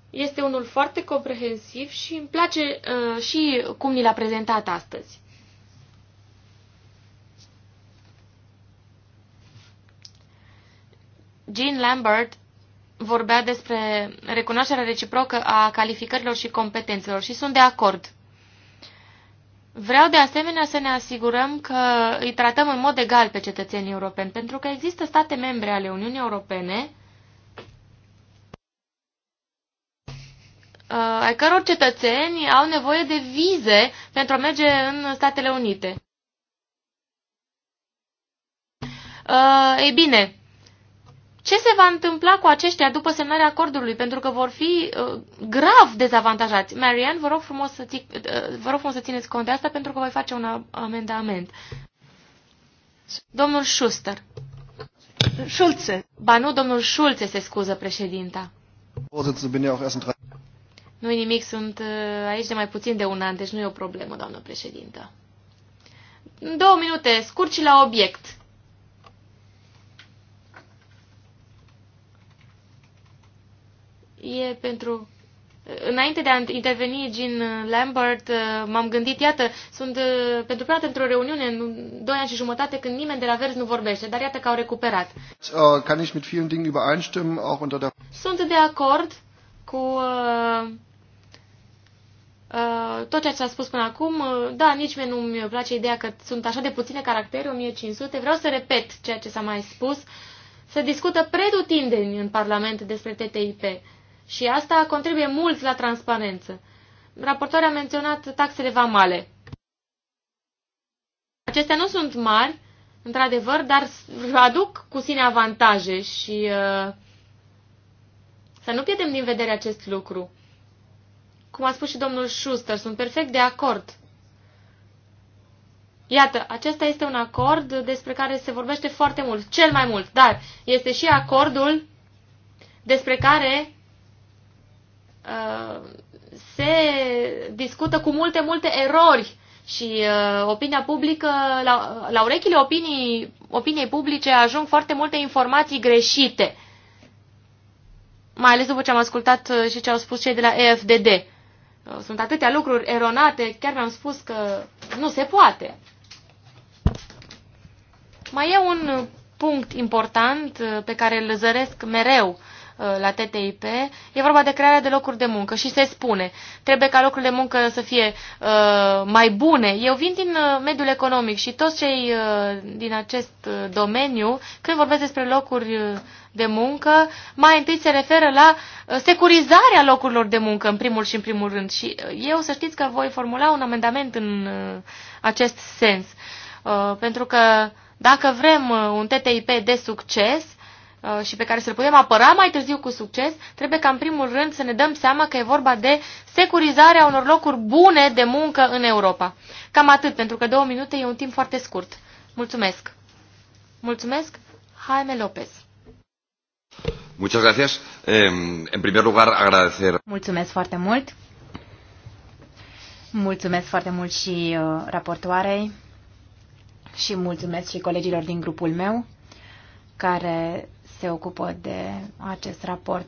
Este unul foarte comprehensiv și îmi place uh, și cum ni l-a prezentat astăzi. Jean Lambert vorbea despre recunoașterea reciprocă a calificărilor și competențelor și sunt de acord. Vreau de asemenea să ne asigurăm că îi tratăm în mod egal pe cetățenii europeni, pentru că există state membre ale Uniunii Europene uh, ai căror cetățeni au nevoie de vize pentru a merge în Statele Unite. Uh, ei bine, ce se va întâmpla cu aceștia după semnarea acordului? Pentru că vor fi uh, grav dezavantajați. Marian, vă rog, frumos să ți, uh, vă rog frumos să țineți cont de asta pentru că voi face un amendament. Domnul Schuster. Schulze. Ba nu, domnul Schulze se scuză președinta. Nu-i nimic, sunt uh, aici de mai puțin de un an, deci nu e o problemă, doamnă președintă. Două minute, scurci la obiect. e pentru... Înainte de a interveni Jean Lambert, uh, m-am gândit, iată, sunt uh, pentru prima într-o reuniune în doi ani și jumătate când nimeni de la Verzi nu vorbește, dar iată că au recuperat. Uh, sunt de acord cu uh, uh, tot ceea ce s-a spus până acum. Da, nici mie nu-mi place ideea că sunt așa de puține caractere, 1500. Vreau să repet ceea ce s-a mai spus. să se discută predutindeni în Parlament despre TTIP. Și asta contribuie mult la transparență. Raportoarea a menționat taxele vamale. Acestea nu sunt mari, într-adevăr, dar aduc cu sine avantaje și uh, să nu pierdem din vedere acest lucru. Cum a spus și domnul Schuster, sunt perfect de acord. Iată, acesta este un acord despre care se vorbește foarte mult, cel mai mult, dar este și acordul despre care Uh, se discută cu multe, multe erori și uh, opinia publică, la, la urechile opinii, opiniei publice ajung foarte multe informații greșite. Mai ales după ce am ascultat uh, și ce au spus cei de la EFDD. Uh, sunt atâtea lucruri eronate, chiar mi-am spus că nu se poate. Mai e un punct important pe care îl zăresc mereu Uh, la TTIP, e vorba de crearea de locuri de muncă și se spune, trebuie ca locurile de muncă să fie uh, mai bune. Eu vin din uh, mediul economic și toți cei uh, din acest uh, domeniu, când vorbesc despre locuri uh, de muncă, mai întâi se referă la uh, securizarea locurilor de muncă, în primul și în primul rând. Și uh, eu să știți că voi formula un amendament în uh, acest sens. Uh, pentru că dacă vrem uh, un TTIP de succes, Uh, și pe care să-l putem apăra mai târziu cu succes, trebuie ca în primul rând să ne dăm seama că e vorba de securizarea unor locuri bune de muncă în Europa. Cam atât, pentru că două minute e un timp foarte scurt. Mulțumesc! Mulțumesc, Jaime López. Muchas gracias. Eh, en primer lugar, agradecer. Mulțumesc foarte mult. Mulțumesc foarte mult și uh, raportoarei și mulțumesc și colegilor din grupul meu care se ocupă de acest raport.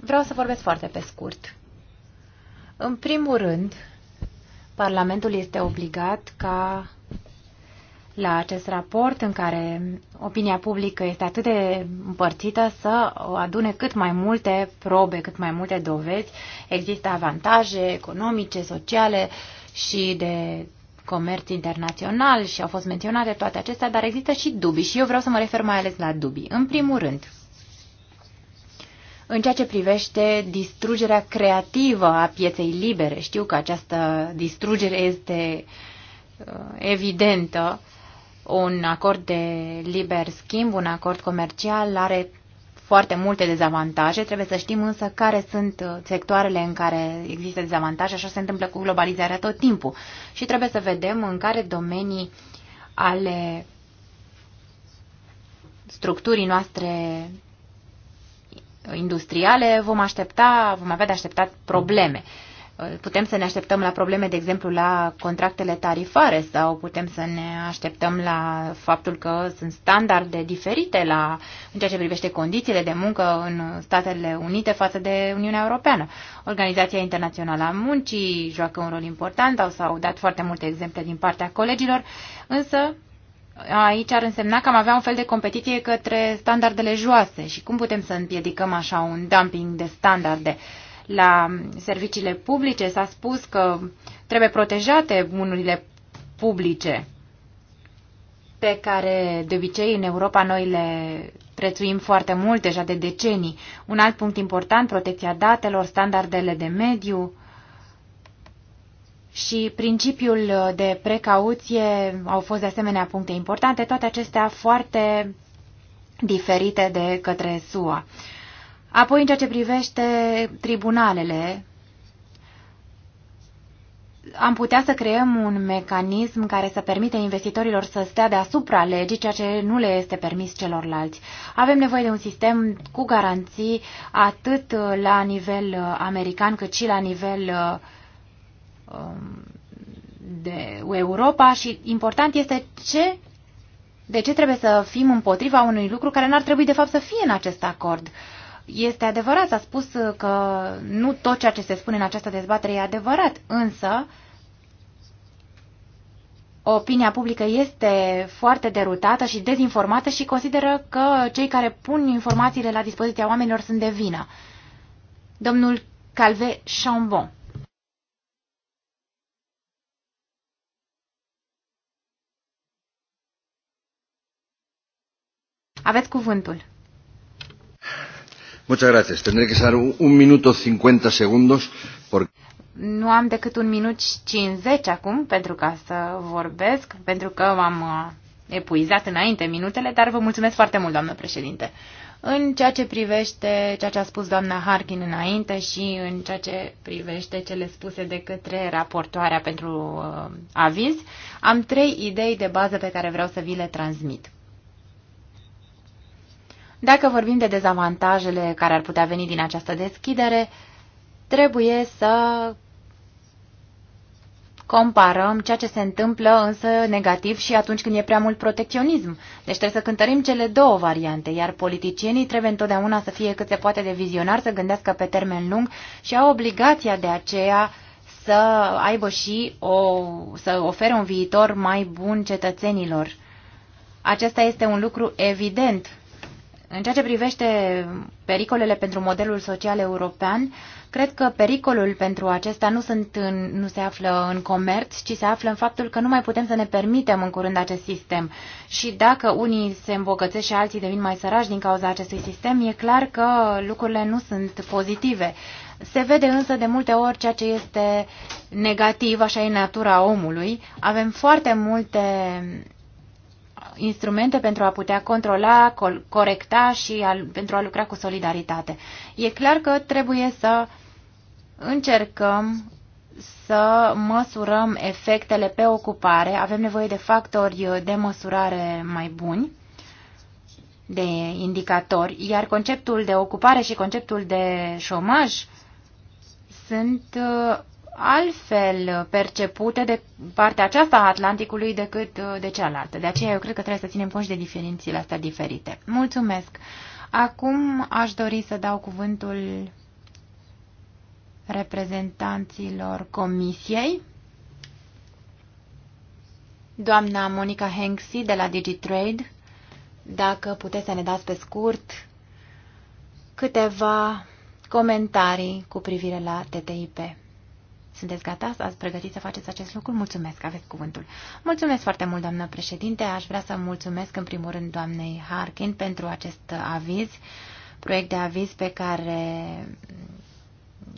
Vreau să vorbesc foarte pe scurt. În primul rând, Parlamentul este obligat ca la acest raport în care opinia publică este atât de împărțită să adune cât mai multe probe, cât mai multe dovezi. Există avantaje economice, sociale și de comerț internațional și au fost menționate toate acestea, dar există și dubii și eu vreau să mă refer mai ales la dubii. În primul rând, în ceea ce privește distrugerea creativă a pieței libere. Știu că această distrugere este uh, evidentă. Un acord de liber schimb, un acord comercial are foarte multe dezavantaje. Trebuie să știm însă care sunt uh, sectoarele în care există dezavantaje. Așa se întâmplă cu globalizarea tot timpul. Și trebuie să vedem în care domenii ale structurii noastre industriale, vom aștepta, vom avea de așteptat probleme. Uh, putem să ne așteptăm la probleme, de exemplu, la contractele tarifare sau putem să ne așteptăm la faptul că sunt standarde diferite la, în ceea ce privește condițiile de muncă în Statele Unite față de Uniunea Europeană. Organizația Internațională a Muncii joacă un rol important, sau s-au dat foarte multe exemple din partea colegilor, însă aici ar însemna că am avea un fel de competiție către standardele joase și cum putem să împiedicăm așa un dumping de standarde la serviciile publice. S-a spus că trebuie protejate bunurile publice pe care de obicei în Europa noi le prețuim foarte mult deja de decenii. Un alt punct important, protecția datelor, standardele de mediu, și principiul de precauție au fost de asemenea puncte importante, toate acestea foarte diferite de către SUA. Apoi, în ceea ce privește tribunalele, am putea să creăm un mecanism care să permite investitorilor să stea deasupra legii, ceea ce nu le este permis celorlalți. Avem nevoie de un sistem cu garanții atât la nivel uh, american cât și la nivel uh, Um, de Europa și important este ce, de ce trebuie să fim împotriva unui lucru care n-ar trebui de fapt să fie în acest acord. Este adevărat, s-a spus că nu tot ceea ce se spune în această dezbatere e adevărat, însă opinia publică este foarte derutată și dezinformată și consideră că cei care pun informațiile la dispoziția oamenilor sunt de vină. Domnul Calve Chambon. Aveți cuvântul. Muchas gracias. Tendré que ser un minuto 50 segundos. Porque... Nu am decât un minut 50 acum pentru ca să vorbesc, pentru că m-am uh, epuizat înainte minutele, dar vă mulțumesc foarte mult, doamnă președinte. În ceea ce privește ceea ce a spus doamna Harkin înainte și în ceea ce privește cele spuse de către raportoarea pentru uh, aviz, am trei idei de bază pe care vreau să vi le transmit. Dacă vorbim de dezavantajele care ar putea veni din această deschidere, trebuie să comparăm ceea ce se întâmplă însă negativ și atunci când e prea mult protecționism. Deci trebuie să cântărim cele două variante, iar politicienii trebuie întotdeauna să fie cât se poate de vizionar, să gândească pe termen lung și au obligația de aceea să aibă și o, să ofere un viitor mai bun cetățenilor. Acesta este un lucru evident în ceea ce privește pericolele pentru modelul social european, cred că pericolul pentru acesta nu, sunt în, nu se află în comerț, ci se află în faptul că nu mai putem să ne permitem în curând acest sistem. Și dacă unii se îmbogățesc și alții devin mai sărași din cauza acestui sistem, e clar că lucrurile nu sunt pozitive. Se vede însă de multe ori ceea ce este negativ, așa e natura omului. Avem foarte multe instrumente pentru a putea controla, corecta și a, pentru a lucra cu solidaritate. E clar că trebuie să încercăm să măsurăm efectele pe ocupare. Avem nevoie de factori de măsurare mai buni, de indicatori, iar conceptul de ocupare și conceptul de șomaj sunt altfel percepute de partea aceasta a Atlanticului decât uh, de cealaltă. De aceea eu cred că trebuie să ținem conști de diferențiile astea diferite. Mulțumesc! Acum aș dori să dau cuvântul reprezentanților comisiei. Doamna Monica Hengsi de la DigiTrade, dacă puteți să ne dați pe scurt câteva comentarii cu privire la TTIP. Sunteți gata? Ați pregătit să faceți acest lucru? Mulțumesc, aveți cuvântul. Mulțumesc foarte mult, doamnă președinte. Aș vrea să mulțumesc în primul rând doamnei Harkin pentru acest aviz, proiect de aviz pe care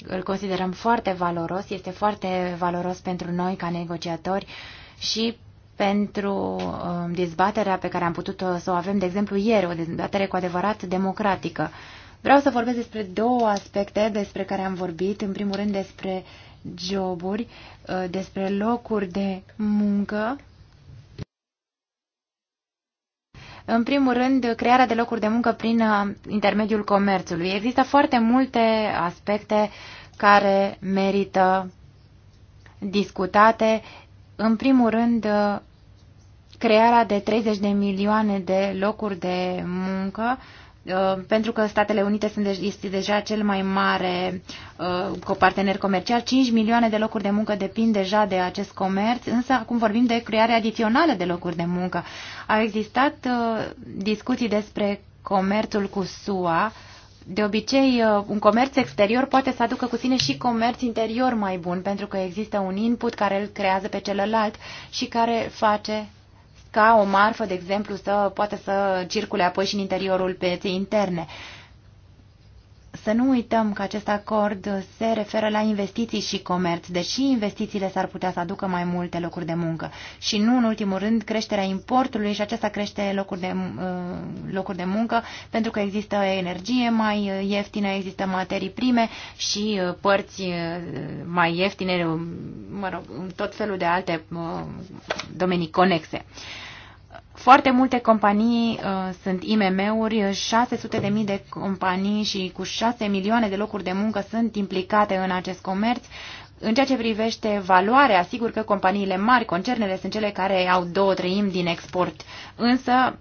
îl considerăm foarte valoros, este foarte valoros pentru noi ca negociatori și pentru um, dezbaterea pe care am putut să o avem, de exemplu, ieri, o dezbatere cu adevărat democratică. Vreau să vorbesc despre două aspecte despre care am vorbit. În primul rând despre joburi, uh, despre locuri de muncă. În primul rând, crearea de locuri de muncă prin uh, intermediul comerțului. Există foarte multe aspecte care merită discutate. În primul rând, uh, crearea de 30 de milioane de locuri de muncă Uh, pentru că Statele Unite sunt de, este deja cel mai mare uh, partener comercial, 5 milioane de locuri de muncă depind deja de acest comerț, însă acum vorbim de crearea adițională de locuri de muncă. Au existat uh, discuții despre comerțul cu SUA. De obicei, uh, un comerț exterior poate să aducă cu sine și comerț interior mai bun, pentru că există un input care îl creează pe celălalt și care face ca o marfă, de exemplu, să poată să circule apoi și în interiorul pieței interne. Să nu uităm că acest acord se referă la investiții și comerț, deși investițiile s-ar putea să aducă mai multe locuri de muncă. Și nu în ultimul rând creșterea importului și acesta crește locuri de, uh, locuri de muncă pentru că există energie mai ieftină, există materii prime și uh, părți uh, mai ieftine, mă rog, tot felul de alte domenii conexe. Foarte multe companii uh, sunt IMM-uri, 600.000 de, de companii și cu 6 milioane de locuri de muncă sunt implicate în acest comerț. În ceea ce privește valoarea, sigur că companiile mari, concernele, sunt cele care au două treimi din export. Însă,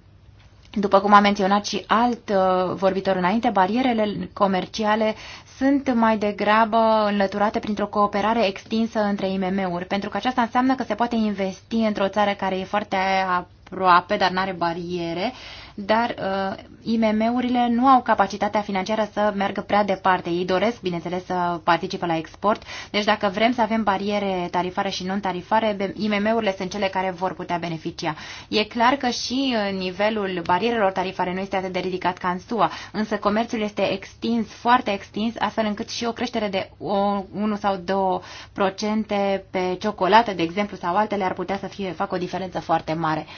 după cum a menționat și alt uh, vorbitor înainte, barierele comerciale sunt mai degrabă înlăturate printr-o cooperare extinsă între IMM-uri, pentru că aceasta înseamnă că se poate investi într-o țară care e foarte aproape, dar nu are bariere, dar uh, IMM-urile nu au capacitatea financiară să meargă prea departe. Ei doresc, bineînțeles, să participe la export, deci dacă vrem să avem bariere tarifare și non-tarifare, IMM-urile sunt cele care vor putea beneficia. E clar că și uh, nivelul barierelor tarifare nu este atât de ridicat ca în SUA, însă comerțul este extins, foarte extins, astfel încât și o creștere de 1 sau 2% pe ciocolată, de exemplu, sau altele ar putea să fie, facă o diferență foarte mare. Uh,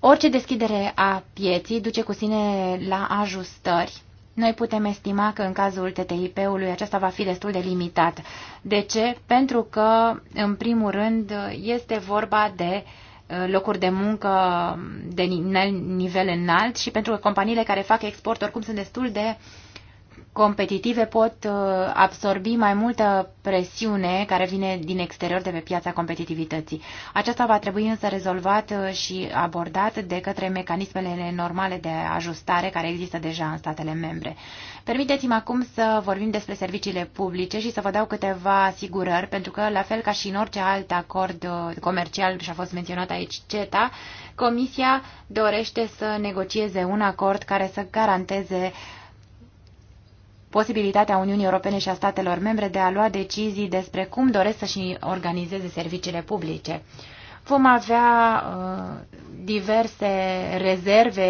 Orice deschidere a pieții duce cu sine la ajustări. Noi putem estima că în cazul TTIP-ului aceasta va fi destul de limitat. De ce? Pentru că, în primul rând, este vorba de uh, locuri de muncă de nivel înalt și pentru că companiile care fac export oricum sunt destul de uh, competitive pot uh, absorbi mai multă presiune care vine din exterior de pe piața competitivității. Aceasta va trebui însă rezolvat uh, și abordat de către mecanismele normale de ajustare care există deja în statele membre. Permiteți-mi acum să vorbim despre serviciile publice și să vă dau câteva asigurări, pentru că, la fel ca și în orice alt acord uh, comercial, și a fost menționat aici CETA, Comisia dorește să negocieze un acord care să garanteze uh, posibilitatea Uniunii Europene și a statelor membre de a lua decizii despre cum doresc să-și organizeze serviciile publice. Vom avea uh, diverse rezerve,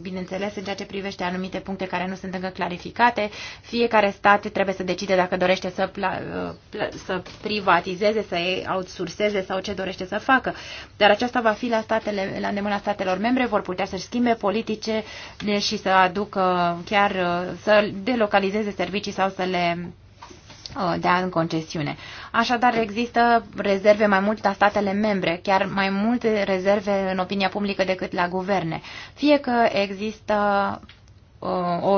bineînțeles, în ceea ce privește anumite puncte care nu sunt încă clarificate. Fiecare stat trebuie să decide dacă dorește să, uh, să privatizeze, să outsourceze sau ce dorește să facă. Dar aceasta va fi la, statele, la îndemâna statelor membre, vor putea să-și schimbe politice și să aducă chiar uh, să delocalizeze servicii sau să le Uh, de a în concesiune. Așadar, există rezerve mai mult la statele membre, chiar mai multe rezerve în opinia publică decât la guverne. Fie că există uh, o,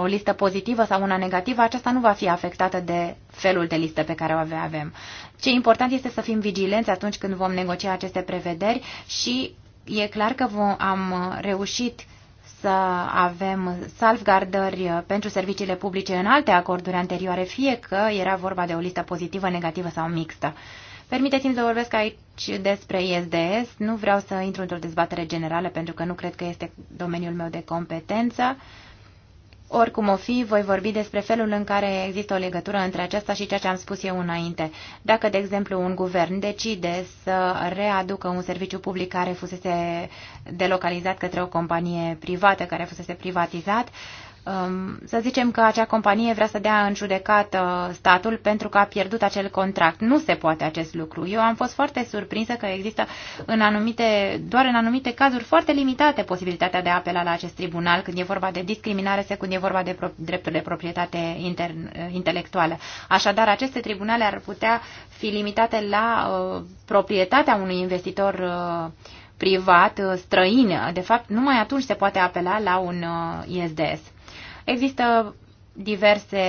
o listă pozitivă sau una negativă, aceasta nu va fi afectată de felul de listă pe care o avem. Ce important este să fim vigilenți atunci când vom negocia aceste prevederi și e clar că vom, am reușit să avem salvgardări uh, pentru serviciile publice în alte acorduri anterioare, fie că era vorba de o listă pozitivă, negativă sau mixtă. Permiteți-mi să vorbesc aici despre ISDS. Nu vreau să intru într-o dezbatere generală pentru că nu cred că este domeniul meu de competență oricum o fi, voi vorbi despre felul în care există o legătură între aceasta și ceea ce am spus eu înainte. Dacă, de exemplu, un guvern decide să readucă un serviciu public care fusese delocalizat către o companie privată, care fusese privatizat, uh, Um, să zicem că acea companie vrea să dea în judecată uh, statul pentru că a pierdut acel contract. Nu se poate acest lucru. Eu am fost foarte surprinsă că există în anumite, doar în anumite cazuri foarte limitate posibilitatea de a apela la acest tribunal când e vorba de discriminare sau când e vorba de pro- de proprietate inter- uh, intelectuală. Așadar, aceste tribunale ar putea fi limitate la uh, proprietatea unui investitor uh, privat, uh, străin. De fapt, numai atunci se poate apela la un ISDS. Există diverse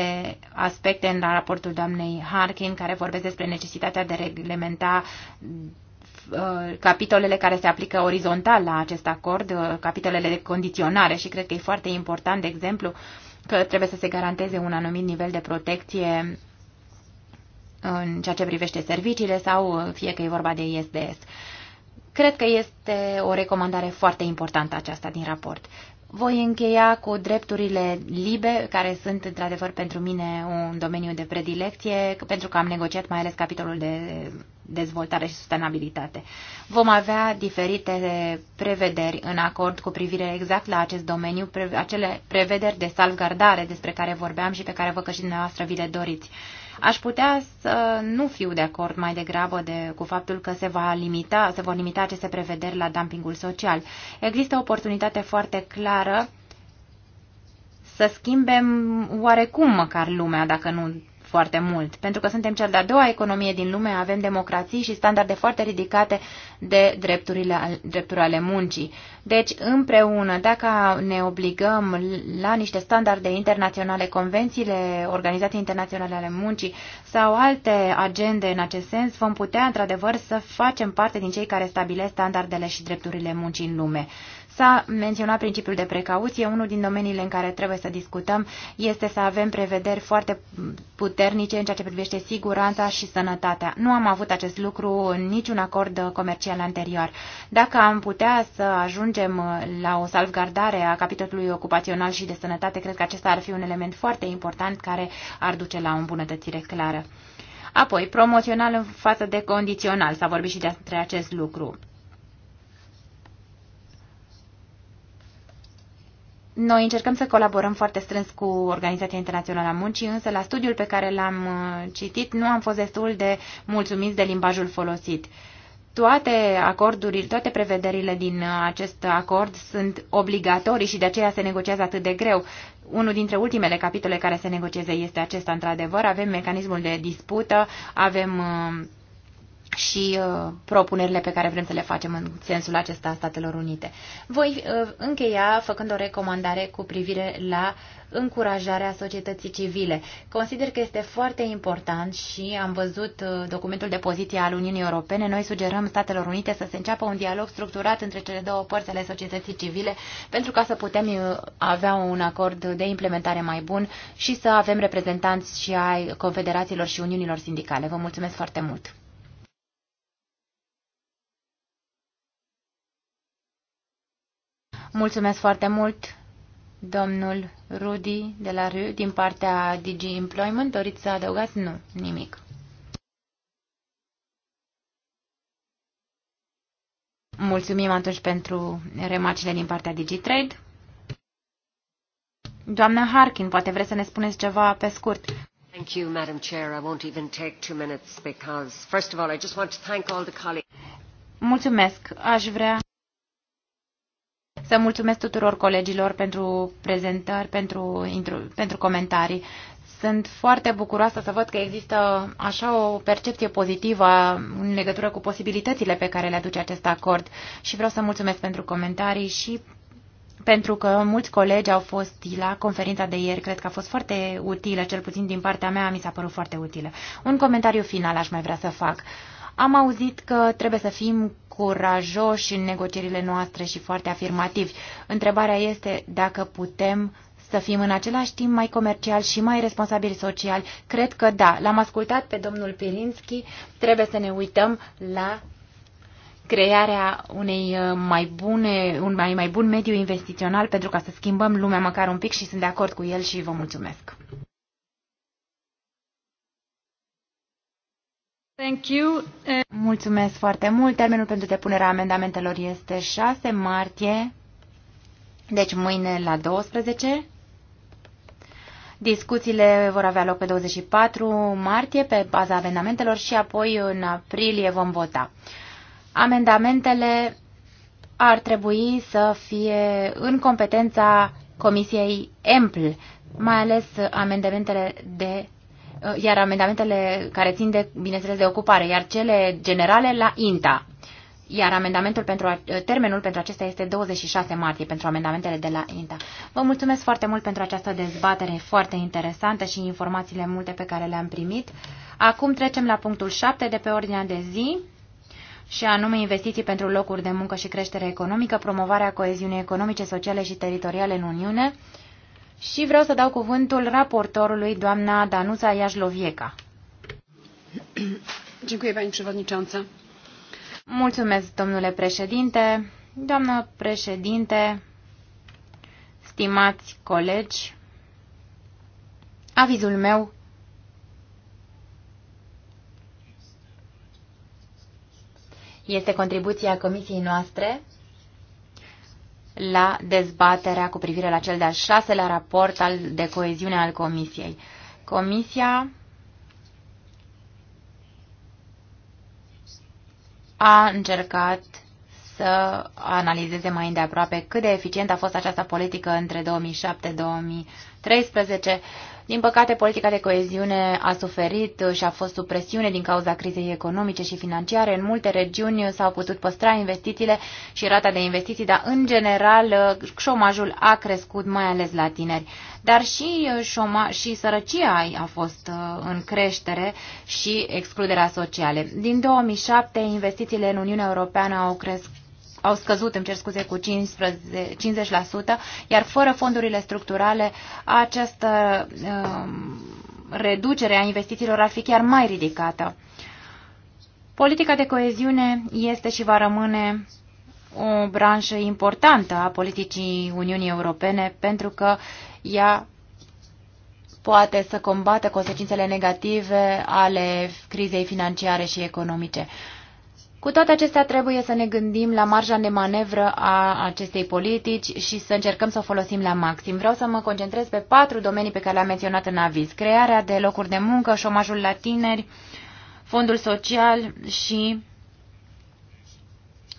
aspecte în raportul doamnei Harkin care vorbesc despre necesitatea de reglementa uh, capitolele care se aplică orizontal la acest acord, uh, capitolele de condiționare și cred că e foarte important, de exemplu, că trebuie să se garanteze un anumit nivel de protecție în ceea ce privește serviciile sau uh, fie că e vorba de ISDS. Cred că este o recomandare foarte importantă aceasta din raport. Voi încheia cu drepturile libe, care sunt într-adevăr pentru mine un domeniu de predilecție, pentru că am negociat mai ales capitolul de dezvoltare și sustenabilitate. Vom avea diferite prevederi în acord cu privire exact la acest domeniu, pre acele prevederi de salvgardare despre care vorbeam și pe care vă că și dumneavoastră vi le doriți. Aș putea să nu fiu de acord mai degrabă de, cu faptul că se, va limita, se vor limita aceste prevederi la dumpingul social. Există o oportunitate foarte clară să schimbem oarecum măcar lumea, dacă nu foarte mult. Pentru că suntem cel de-a doua economie din lume, avem democrații și standarde foarte ridicate de drepturile, drepturile ale muncii. Deci, împreună, dacă ne obligăm la niște standarde internaționale, convențiile Organizației Internaționale ale Muncii sau alte agende în acest sens, vom putea, într-adevăr, să facem parte din cei care stabilesc standardele și drepturile muncii în lume. S-a menționat principiul de precauție. Unul din domeniile în care trebuie să discutăm este să avem prevederi foarte puternice în ceea ce privește siguranța și sănătatea. Nu am avut acest lucru în niciun acord comercial anterior. Dacă am putea să ajungem la o salvgardare a capitolului ocupațional și de sănătate, cred că acesta ar fi un element foarte important care ar duce la o îmbunătățire clară. Apoi, promoțional în față de condițional, s-a vorbit și despre acest lucru. Noi încercăm să colaborăm foarte strâns cu Organizația Internațională a Muncii, însă la studiul pe care l-am uh, citit nu am fost destul de mulțumiți de limbajul folosit. Toate acordurile, toate prevederile din uh, acest acord sunt obligatorii și de aceea se negociază atât de greu. Unul dintre ultimele capitole care se negocieze este acesta, într-adevăr. Avem mecanismul de dispută, avem uh, și uh, propunerile pe care vrem să le facem în sensul acesta a Statelor Unite. Voi uh, încheia făcând o recomandare cu privire la încurajarea societății civile. Consider că este foarte important și am văzut uh, documentul de poziție al Uniunii Europene. Noi sugerăm Statelor Unite să se înceapă un dialog structurat între cele două părți ale societății civile pentru ca să putem uh, avea un acord de implementare mai bun și să avem reprezentanți și ai confederațiilor și uniunilor sindicale. Vă mulțumesc foarte mult! Mulțumesc foarte mult, domnul Rudi de la Rue, din partea DG Employment. Doriți să adăugați? Nu, nimic. Mulțumim atunci pentru remarcile din partea DigiTrade. Doamna Harkin, poate vreți să ne spuneți ceva pe scurt. Thank you, Madam Chair. I won't even take two minutes because, first of all, I just want to thank all the colleagues. Mulțumesc. Aș vrea să mulțumesc tuturor colegilor pentru prezentări, pentru, pentru comentarii. Sunt foarte bucuroasă să văd că există așa o percepție pozitivă în legătură cu posibilitățile pe care le aduce acest acord și vreau să mulțumesc pentru comentarii și pentru că mulți colegi au fost la conferința de ieri, cred că a fost foarte utilă, cel puțin din partea mea mi s-a părut foarte utilă. Un comentariu final aș mai vrea să fac. Am auzit că trebuie să fim curajoși în negocierile noastre și foarte afirmativi. Întrebarea este dacă putem să fim în același timp mai comercial și mai responsabili social. Cred că da. L-am ascultat pe domnul Pirinski. Trebuie să ne uităm la crearea unei uh, mai bune, un mai, mai bun mediu investițional pentru ca să schimbăm lumea măcar un pic și sunt de acord cu el și vă mulțumesc. Thank you. Mulțumesc foarte mult. Termenul pentru depunerea amendamentelor este 6 martie, deci mâine la 12. Discuțiile vor avea loc pe 24 martie pe baza amendamentelor și apoi în aprilie vom vota. Amendamentele ar trebui să fie în competența Comisiei EMPL, mai ales amendamentele de Uh, iar amendamentele care țin de, bineînțeles, de ocupare, iar cele generale la INTA. Iar amendamentul pentru, uh, termenul pentru acesta este 26 martie pentru amendamentele de la INTA. Vă mulțumesc foarte mult pentru această dezbatere foarte interesantă și informațiile multe pe care le-am primit. Acum trecem la punctul 7 de pe ordinea de zi și anume investiții pentru locuri de muncă și creștere economică, promovarea coeziunii economice, sociale și teritoriale în Uniune și vreau să dau cuvântul raportorului, doamna Danuța Iașlovieca. Mulțumesc, domnule președinte. Doamnă președinte, stimați colegi, avizul meu este contribuția comisiei noastre la dezbaterea cu privire la cel de-al șaselea raport al de coeziune al Comisiei. Comisia a încercat să analizeze mai îndeaproape cât de eficient a fost această politică între 2007-2013 din păcate, politica de coeziune a suferit și a fost sub presiune din cauza crizei economice și financiare. În multe regiuni s-au putut păstra investițiile și rata de investiții, dar în general șomajul a crescut, mai ales la tineri. Dar și, șoma, și sărăcia a fost uh, în creștere și excluderea sociale. Din 2007, investițiile în Uniunea Europeană au crescut au scăzut, îmi cer scuze, cu 15, 50%, iar fără fondurile structurale această um, reducere a investițiilor ar fi chiar mai ridicată. Politica de coeziune este și va rămâne o branșă importantă a politicii Uniunii Europene pentru că ea poate să combată consecințele negative ale crizei financiare și economice. Cu toate acestea trebuie să ne gândim la marja de manevră a acestei politici și să încercăm să o folosim la maxim. Vreau să mă concentrez pe patru domenii pe care le-am menționat în aviz. Crearea de locuri de muncă, șomajul la tineri, fondul social și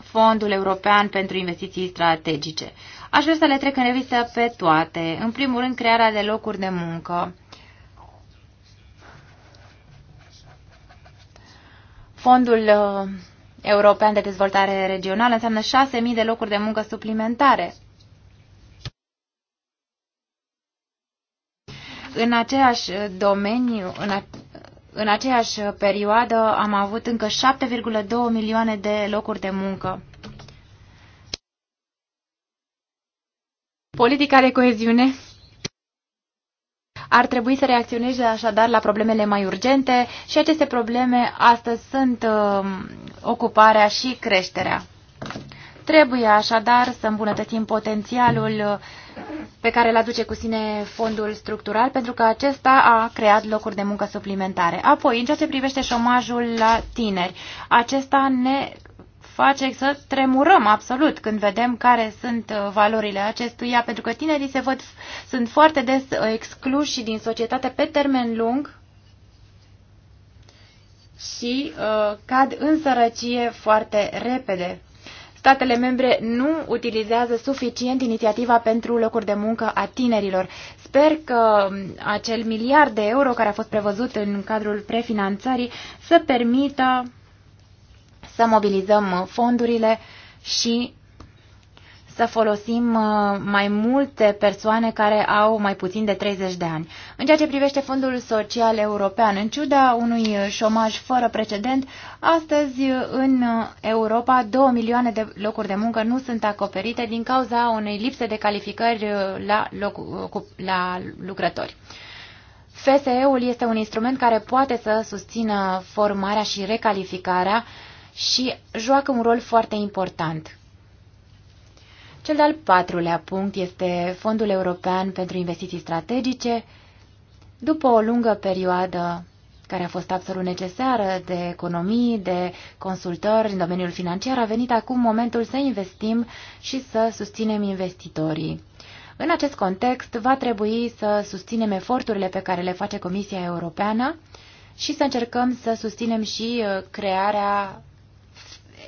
Fondul European pentru Investiții Strategice. Aș vrea să le trec în revistă pe toate. În primul rând, crearea de locuri de muncă. Fondul uh, European de Dezvoltare Regională înseamnă 6.000 de locuri de muncă suplimentare. În aceeași uh, domeniu, în, a, în aceeași uh, perioadă, am avut încă 7,2 milioane de locuri de muncă. Politica de coeziune ar trebui să reacționeze așadar la problemele mai urgente și aceste probleme astăzi sunt uh, ocuparea și creșterea. Trebuie așadar să îmbunătățim potențialul uh, pe care îl aduce cu sine fondul structural, pentru că acesta a creat locuri de muncă suplimentare. Apoi, în ceea ce privește șomajul la tineri, acesta ne face să tremurăm absolut când vedem care sunt uh, valorile acestuia, pentru că tinerii se văd, sunt foarte des uh, excluși din societate pe termen lung și uh, cad în sărăcie foarte repede. Statele membre nu utilizează suficient inițiativa pentru locuri de muncă a tinerilor. Sper că um, acel miliard de euro care a fost prevăzut în cadrul prefinanțării să permită să mobilizăm uh, fondurile și să folosim uh, mai multe persoane care au mai puțin de 30 de ani. În ceea ce privește Fondul Social European, în ciuda unui uh, șomaj fără precedent, astăzi în Europa 2 milioane de locuri de muncă nu sunt acoperite din cauza unei lipse de calificări la, loc, la lucrători. FSE-ul este un instrument care poate să susțină formarea și recalificarea uh, și joacă un rol foarte important. Cel de-al patrulea punct este Fondul European pentru Investiții Strategice. După o lungă perioadă care a fost absolut necesară de economii, de consultări în domeniul financiar, a venit acum momentul să investim și să susținem investitorii. În acest context, va trebui să susținem eforturile pe care le face Comisia Europeană și să încercăm să susținem și uh, crearea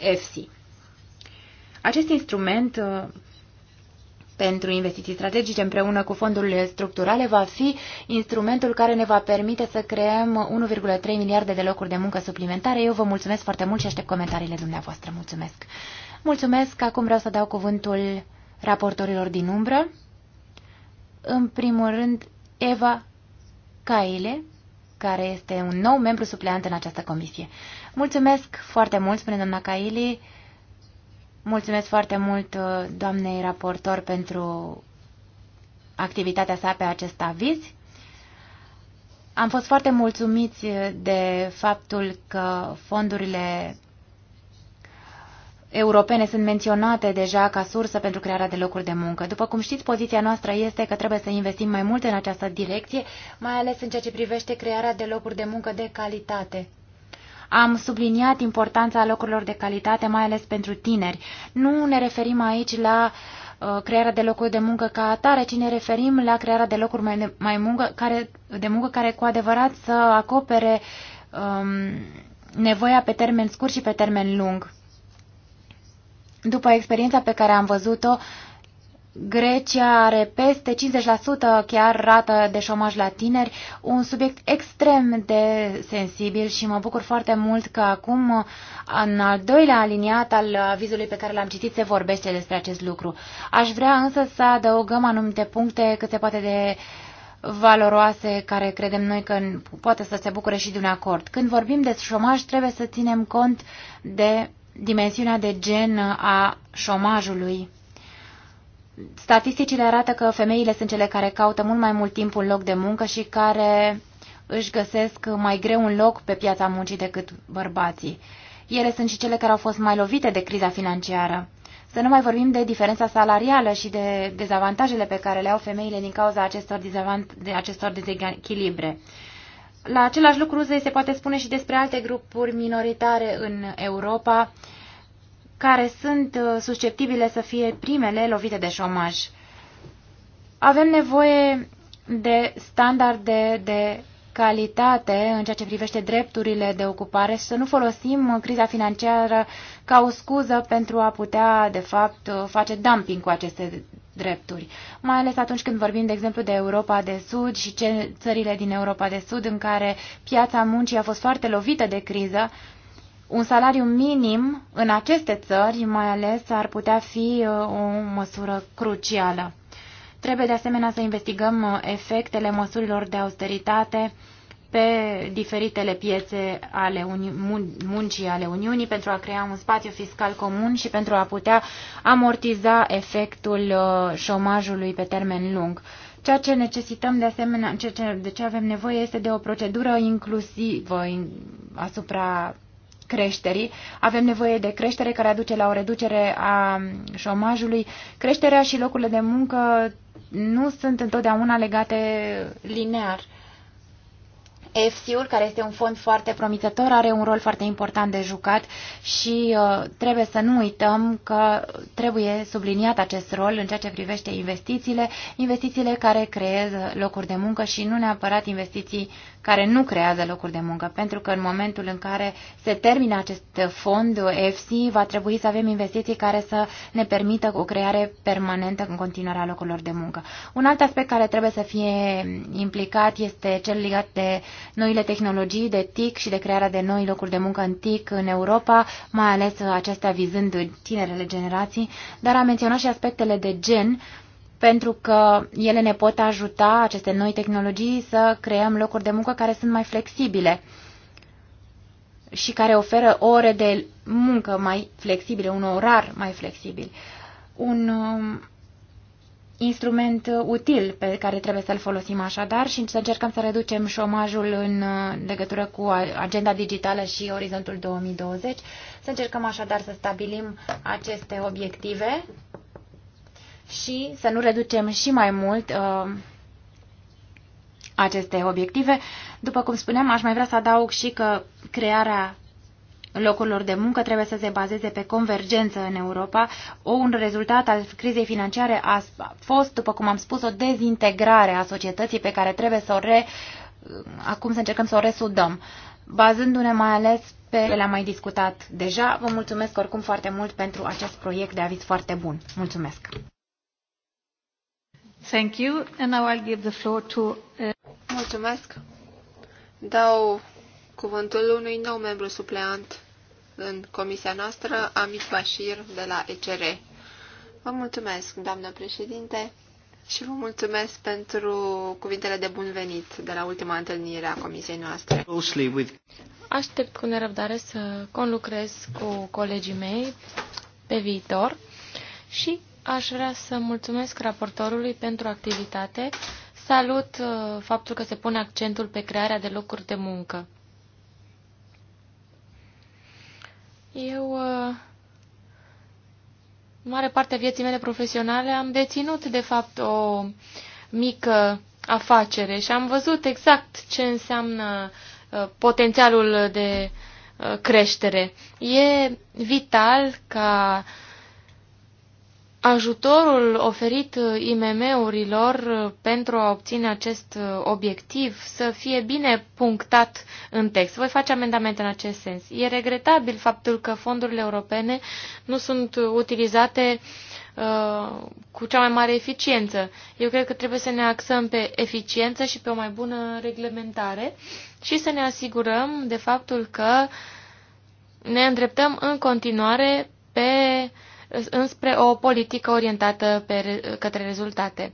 FC. Acest instrument uh, pentru investiții strategice împreună cu fondurile structurale va fi instrumentul care ne va permite să creăm 1,3 miliarde de locuri de muncă suplimentare. Eu vă mulțumesc foarte mult și aștept comentariile dumneavoastră. Mulțumesc! Mulțumesc! Acum vreau să dau cuvântul raportorilor din umbră. În primul rând, Eva Caile, care este un nou membru supleant în această comisie. Mulțumesc foarte mult, spune doamna Caili. Mulțumesc foarte mult uh, doamnei raportor pentru activitatea sa pe acest aviz. Am fost foarte mulțumiți uh, de faptul că fondurile europene sunt menționate deja ca sursă pentru crearea de locuri de muncă. După cum știți, poziția noastră este că trebuie să investim mai mult în această direcție, mai ales în ceea ce privește crearea de locuri de muncă de calitate. Am subliniat importanța locurilor de calitate, mai ales pentru tineri. Nu ne referim aici la uh, crearea de locuri de muncă ca atare, ci ne referim la crearea de locuri mai, de, mai muncă, care, de muncă care cu adevărat să acopere um, nevoia pe termen scurt și pe termen lung. După experiența pe care am văzut-o, Grecia are peste 50% chiar rată de șomaj la tineri, un subiect extrem de sensibil și mă bucur foarte mult că acum, în al doilea aliniat al avizului pe care l-am citit, se vorbește despre acest lucru. Aș vrea însă să adăugăm anumite puncte cât se poate de valoroase care credem noi că poate să se bucure și de un acord. Când vorbim de șomaj, trebuie să ținem cont de dimensiunea de gen a șomajului Statisticile arată că femeile sunt cele care caută mult mai mult timp un loc de muncă și care își găsesc mai greu un loc pe piața muncii decât bărbații. Ele sunt și cele care au fost mai lovite de criza financiară. Să nu mai vorbim de diferența salarială și de dezavantajele pe care le au femeile din cauza acestor, de acestor dezechilibre. La același lucru se poate spune și despre alte grupuri minoritare în Europa, care sunt uh, susceptibile să fie primele lovite de șomaj. Avem nevoie de standarde de calitate în ceea ce privește drepturile de ocupare și să nu folosim uh, criza financiară ca o scuză pentru a putea, de fapt, uh, face dumping cu aceste drepturi. Mai ales atunci când vorbim, de exemplu, de Europa de Sud și țările din Europa de Sud în care piața muncii a fost foarte lovită de criză un salariu minim în aceste țări, mai ales, ar putea fi uh, o măsură crucială. Trebuie de asemenea să investigăm uh, efectele măsurilor de austeritate pe diferitele piețe ale Uni- muncii ale Uniunii pentru a crea un spațiu fiscal comun și pentru a putea amortiza efectul uh, șomajului pe termen lung. Ceea ce necesităm de asemenea, ceea ce, de ce avem nevoie este de o procedură inclusivă asupra creșterii. Avem nevoie de creștere care aduce la o reducere a șomajului. Creșterea și locurile de muncă nu sunt întotdeauna legate linear. EFSI-ul, care este un fond foarte promițător, are un rol foarte important de jucat și uh, trebuie să nu uităm că trebuie subliniat acest rol în ceea ce privește investițiile, investițiile care creează locuri de muncă și nu neapărat investiții care nu creează locuri de muncă, pentru că în momentul în care se termină acest fond EFSI, va trebui să avem investiții care să ne permită o creare permanentă în continuarea locurilor de muncă. Un alt aspect care trebuie să fie implicat este cel legat de uh, noile tehnologii de TIC și de crearea de noi locuri de muncă în TIC în Europa, mai ales acestea vizând tinerele generații, dar a menționat și aspectele de gen, pentru că ele ne pot ajuta, aceste noi tehnologii, să creăm locuri de muncă care sunt mai flexibile și care oferă ore de muncă mai flexibile, un orar mai flexibil. Un um, instrument util pe care trebuie să-l folosim așadar și să încercăm să reducem șomajul în uh, legătură cu agenda digitală și orizontul 2020. Să încercăm așadar să stabilim aceste obiective și să nu reducem și mai mult uh, aceste obiective. După cum spuneam, aș mai vrea să adaug și că crearea locurilor de muncă trebuie să se bazeze pe convergență în Europa. O, un rezultat al crizei financiare a fost, după cum am spus, o dezintegrare a societății pe care trebuie să o re... acum să încercăm să o resudăm. Bazându-ne mai ales pe le-am mai discutat deja, vă mulțumesc oricum foarte mult pentru acest proiect de aviz foarte bun. Mulțumesc! Thank you, and now I'll give the floor to... Uh, mulțumesc! Dau cuvântul unui nou membru supleant în comisia noastră, Amit Bashir de la ECR. Vă mulțumesc, doamnă președinte, și vă mulțumesc pentru cuvintele de bun venit de la ultima întâlnire a comisiei noastre. Aștept cu nerăbdare să conlucrez cu colegii mei pe viitor și aș vrea să mulțumesc raportorului pentru activitate. Salut uh, faptul că se pune accentul pe crearea de locuri de muncă. Eu, uh, mare parte a vieții mele profesionale, am deținut, de fapt, o mică afacere și am văzut exact ce înseamnă uh, potențialul de uh, creștere. E vital ca uh, ajutorul oferit uh, IMM-urilor uh, pentru a obține acest uh, obiectiv să fie bine punctat în text. Voi face amendamente în acest sens. E regretabil faptul că fondurile europene nu sunt utilizate uh, cu cea mai mare eficiență. Eu cred că trebuie să ne axăm pe eficiență și pe o mai bună reglementare și să ne asigurăm de faptul că ne îndreptăm în continuare pe uh, înspre o politică orientată pe, către rezultate.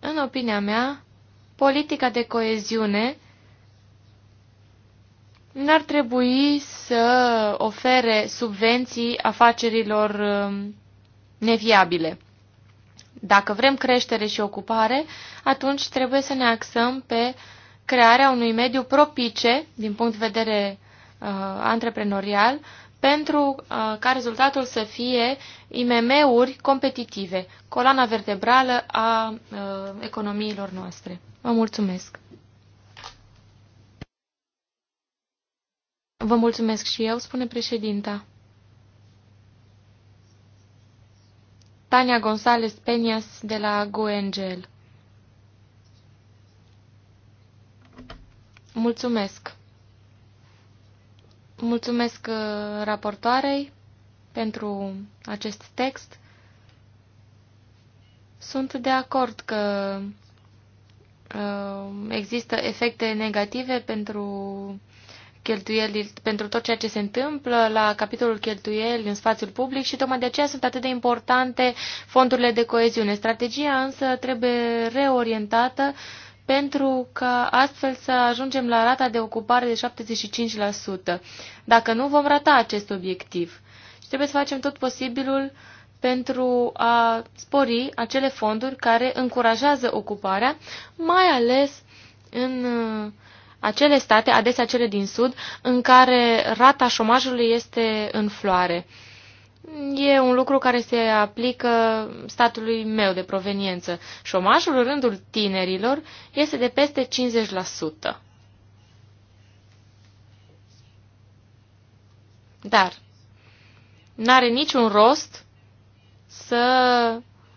În opinia mea, politica de coeziune n-ar trebui să ofere subvenții afacerilor um, neviabile. Dacă vrem creștere și ocupare, atunci trebuie să ne axăm pe crearea unui mediu propice, din punct de vedere uh, antreprenorial, pentru uh, ca rezultatul să fie IMM-uri competitive, colana vertebrală a uh, economiilor noastre. Vă mulțumesc! Vă mulțumesc și eu, spune președinta. Tania González Peñas de la Goengel. Mulțumesc! Mulțumesc uh, raportoarei pentru acest text. Sunt de acord că uh, există efecte negative pentru cheltuieli, pentru tot ceea ce se întâmplă la capitolul cheltuieli în spațiul public și tocmai de aceea sunt atât de importante fondurile de coeziune. Strategia însă trebuie reorientată uh, pentru că astfel să ajungem la rata de ocupare de 75%, dacă nu vom rata acest obiectiv. Și trebuie să facem tot posibilul pentru a spori acele fonduri care încurajează ocuparea, mai ales în uh, acele state, adesea cele din Sud, în care rata șomajului este în floare. E un lucru care se aplică statului meu de proveniență. Șomajul în rândul tinerilor este de peste 50%. Dar n-are niciun rost să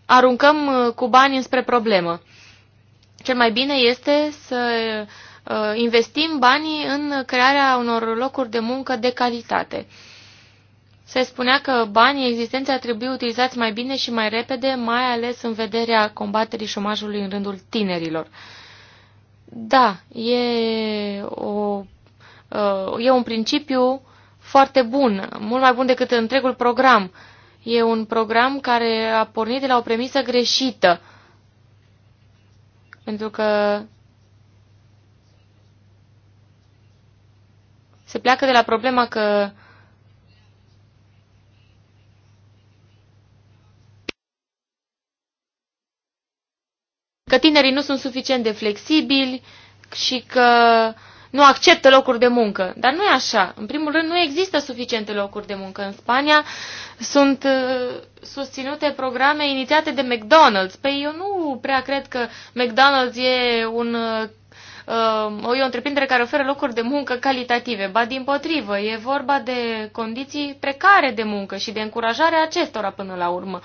aruncăm uh, cu bani înspre problemă. Cel mai bine este să uh, investim banii în crearea unor locuri de muncă de calitate se spunea că banii existenței ar trebui utilizați mai bine și mai repede, mai ales în vederea combaterii șomajului în rândul tinerilor. Da, e, o, uh, e un principiu foarte bun, mult mai bun decât întregul program. E un program care a pornit de la o premisă greșită, pentru că se pleacă de la problema că că tinerii nu sunt suficient de flexibili și că nu acceptă locuri de muncă. Dar nu e așa. În primul rând, nu există suficiente locuri de muncă. În Spania sunt uh, susținute programe inițiate de McDonald's. Pe păi eu nu prea cred că McDonald's e un uh, e o întreprindere care oferă locuri de muncă calitative. Ba din potrivă, e vorba de condiții precare de muncă și de încurajarea acestora până la urmă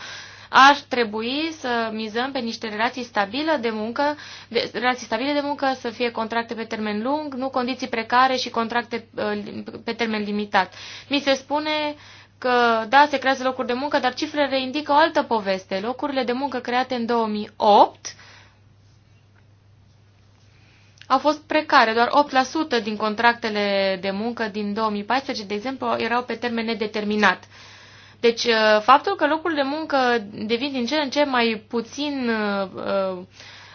ar trebui să mizăm pe niște relații stabile de muncă, de, relații stabile de muncă, să fie contracte pe termen lung, nu condiții precare și contracte uh, pe termen limitat. Mi se spune că, da, se creează locuri de muncă, dar cifrele indică o altă poveste. Locurile de muncă create în 2008 au fost precare. Doar 8% din contractele de muncă din 2014, de exemplu, erau pe termen nedeterminat. Deci, uh, faptul că locul de muncă devin din ce în ce mai puțin uh,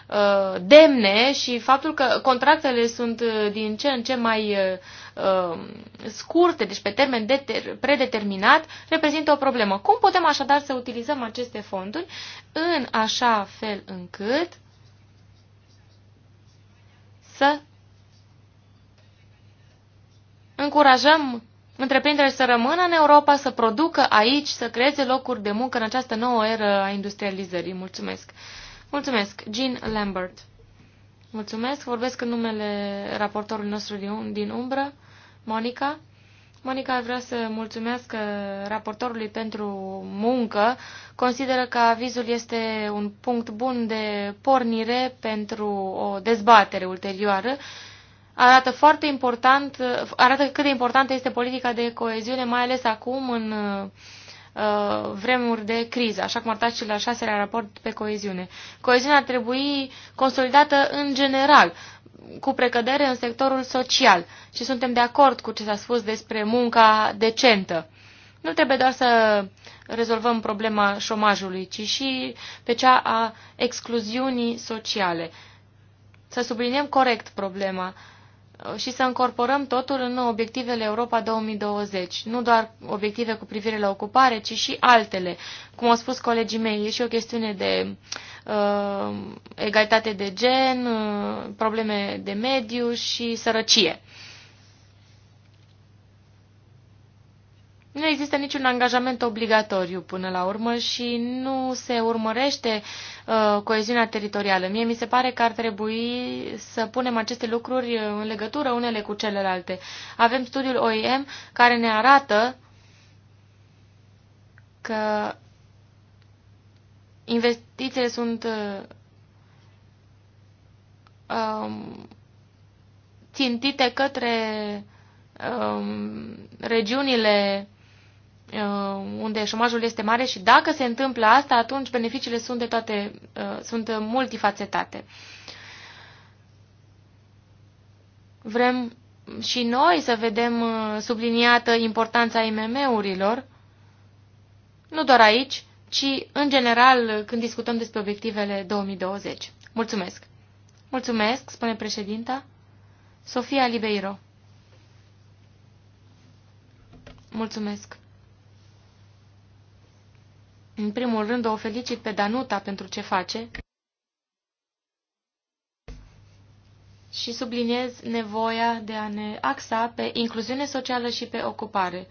uh, demne și faptul că contractele sunt din ce în ce mai scurte, deci pe termen predeterminat, reprezintă o problemă. Cum putem așadar să utilizăm aceste fonduri în așa fel încât să încurajăm întreprinderi să rămână în Europa, să producă aici, să creeze locuri de muncă în această nouă eră a industrializării. Mulțumesc! Mulțumesc, Jean Lambert. Mulțumesc, vorbesc în numele raportorului nostru din, um- din umbră, Monica. Monica vrea să mulțumesc uh, raportorului pentru muncă. Consideră că avizul este un punct bun de pornire pentru o dezbatere ulterioară arată foarte important, arată cât de importantă este politica de coeziune, mai ales acum în uh, vremuri de criză, așa cum arătați și la șaselea raport pe coeziune. Coeziunea ar trebui consolidată în general, cu precădere în sectorul social și suntem de acord cu ce s-a spus despre munca decentă. Nu trebuie doar să rezolvăm problema șomajului, ci și pe cea a excluziunii sociale. Să subliniem corect problema și să încorporăm totul în obiectivele Europa 2020. Nu doar obiective cu privire la ocupare, ci și altele. Cum au spus colegii mei, e și o chestiune de uh, egalitate de gen, uh, probleme de mediu și sărăcie. Uh, Nu există niciun angajament obligatoriu până la urmă și nu se urmărește uh, coeziunea teritorială. Mie mi se pare că ar trebui să punem aceste lucruri uh, în legătură unele cu celelalte. Avem studiul OIM care ne arată că investițiile sunt uh, um, țintite către um, regiunile Uh, unde șomajul este mare și dacă se întâmplă asta, atunci beneficiile sunt, de toate, uh, sunt multifacetate. Vrem și noi să vedem uh, subliniată importanța IMM-urilor, nu doar aici, ci în general când discutăm despre obiectivele 2020. Mulțumesc! Mulțumesc, spune președinta. Sofia Libeiro. Mulțumesc! În primul rând, o felicit pe Danuta pentru ce face și subliniez nevoia de a ne axa pe incluziune socială și pe ocupare.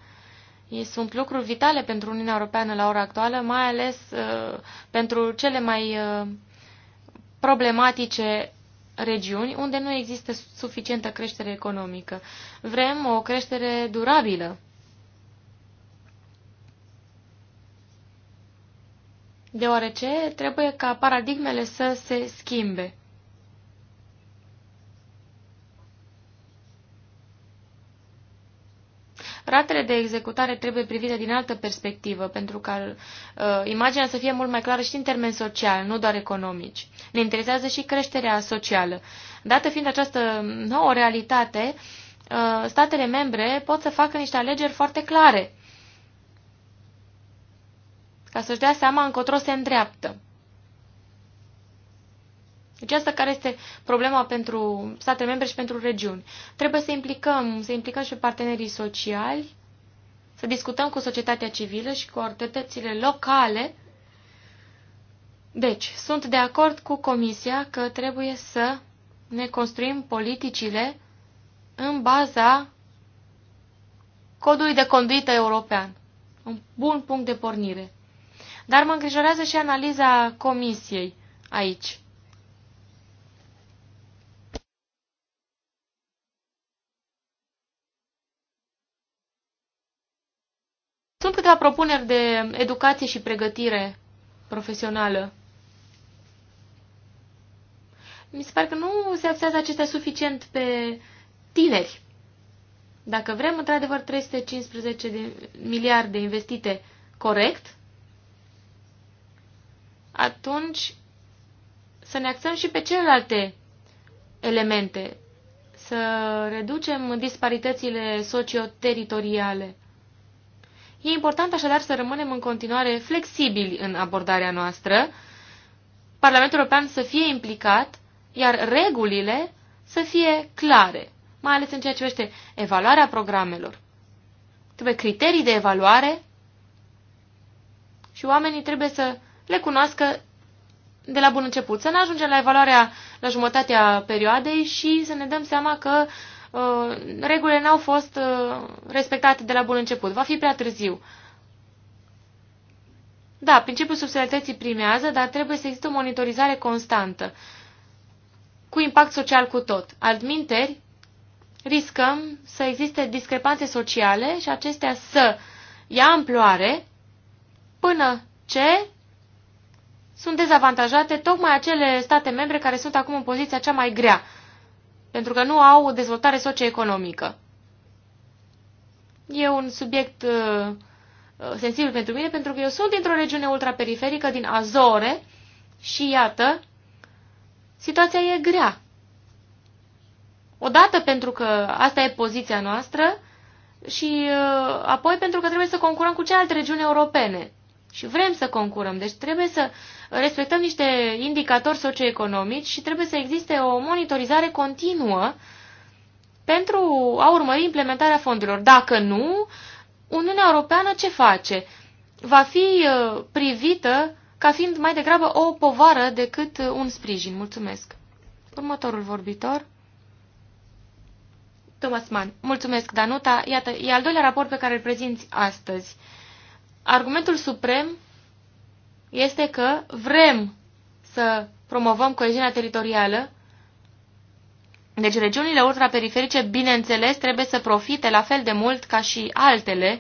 Ei sunt lucruri vitale pentru Uniunea Europeană la ora actuală, mai ales uh, pentru cele mai uh, problematice regiuni unde nu există suficientă creștere economică. Vrem o creștere durabilă deoarece trebuie ca paradigmele să se schimbe. Ratele de executare trebuie privite din altă perspectivă, pentru ca uh, imaginea să fie mult mai clară și în termeni social, nu doar economici. Ne interesează și creșterea socială. Dată fiind această nouă realitate, uh, statele membre pot să facă niște alegeri foarte clare ca să-și dea seama încotro se îndreaptă. Deci asta care este problema pentru statele membre și pentru regiuni. Trebuie să implicăm, să implicăm și partenerii sociali, să discutăm cu societatea civilă și cu autoritățile locale. Deci, sunt de acord cu Comisia că trebuie să ne construim politicile în baza codului de conduită european. Un bun punct de pornire. Dar mă îngrijorează și analiza comisiei aici. Sunt câteva propuneri de educație și pregătire profesională. Mi se pare că nu se axează acestea suficient pe tineri. Dacă vrem, într-adevăr, 315 de miliarde investite corect, atunci să ne axăm și pe celelalte elemente, să reducem disparitățile socioteritoriale. E important așadar să rămânem în continuare flexibili în abordarea noastră, Parlamentul European să fie implicat, iar regulile să fie clare, mai ales în ceea ce privește evaluarea programelor. Trebuie criterii de evaluare și oamenii trebuie să le cunoască de la bun început. Să ne ajungem la evaluarea la jumătatea perioadei și să ne dăm seama că uh, regulile n-au fost uh, respectate de la bun început. Va fi prea târziu. Da, principiul subsidiarității primează, dar trebuie să existe o monitorizare constantă, cu impact social cu tot. Adminteri, riscăm să existe discrepanțe sociale și acestea să ia amploare până ce sunt dezavantajate tocmai acele state membre care sunt acum în poziția cea mai grea, pentru că nu au o dezvoltare socioeconomică. E un subiect uh, uh, sensibil pentru mine, pentru că eu sunt dintr-o regiune ultraperiferică din Azore și iată, situația e grea. Odată pentru că asta e poziția noastră și uh, apoi pentru că trebuie să concurăm cu celelalte regiuni europene. Și vrem să concurăm, deci trebuie să uh, respectăm niște indicatori socioeconomici și trebuie să existe o monitorizare continuă pentru a urmări implementarea fondurilor. Dacă nu, Uniunea Europeană ce face? Va fi uh, privită ca fiind mai degrabă o povară decât un sprijin. Mulțumesc. Următorul vorbitor. Thomas Mann. Mulțumesc, Danuta. Iată, e al doilea raport pe care îl prezinți astăzi. Argumentul suprem este că vrem să promovăm coeziunea teritorială. Deci regiunile ultraperiferice, bineînțeles, trebuie să profite la fel de mult ca și altele,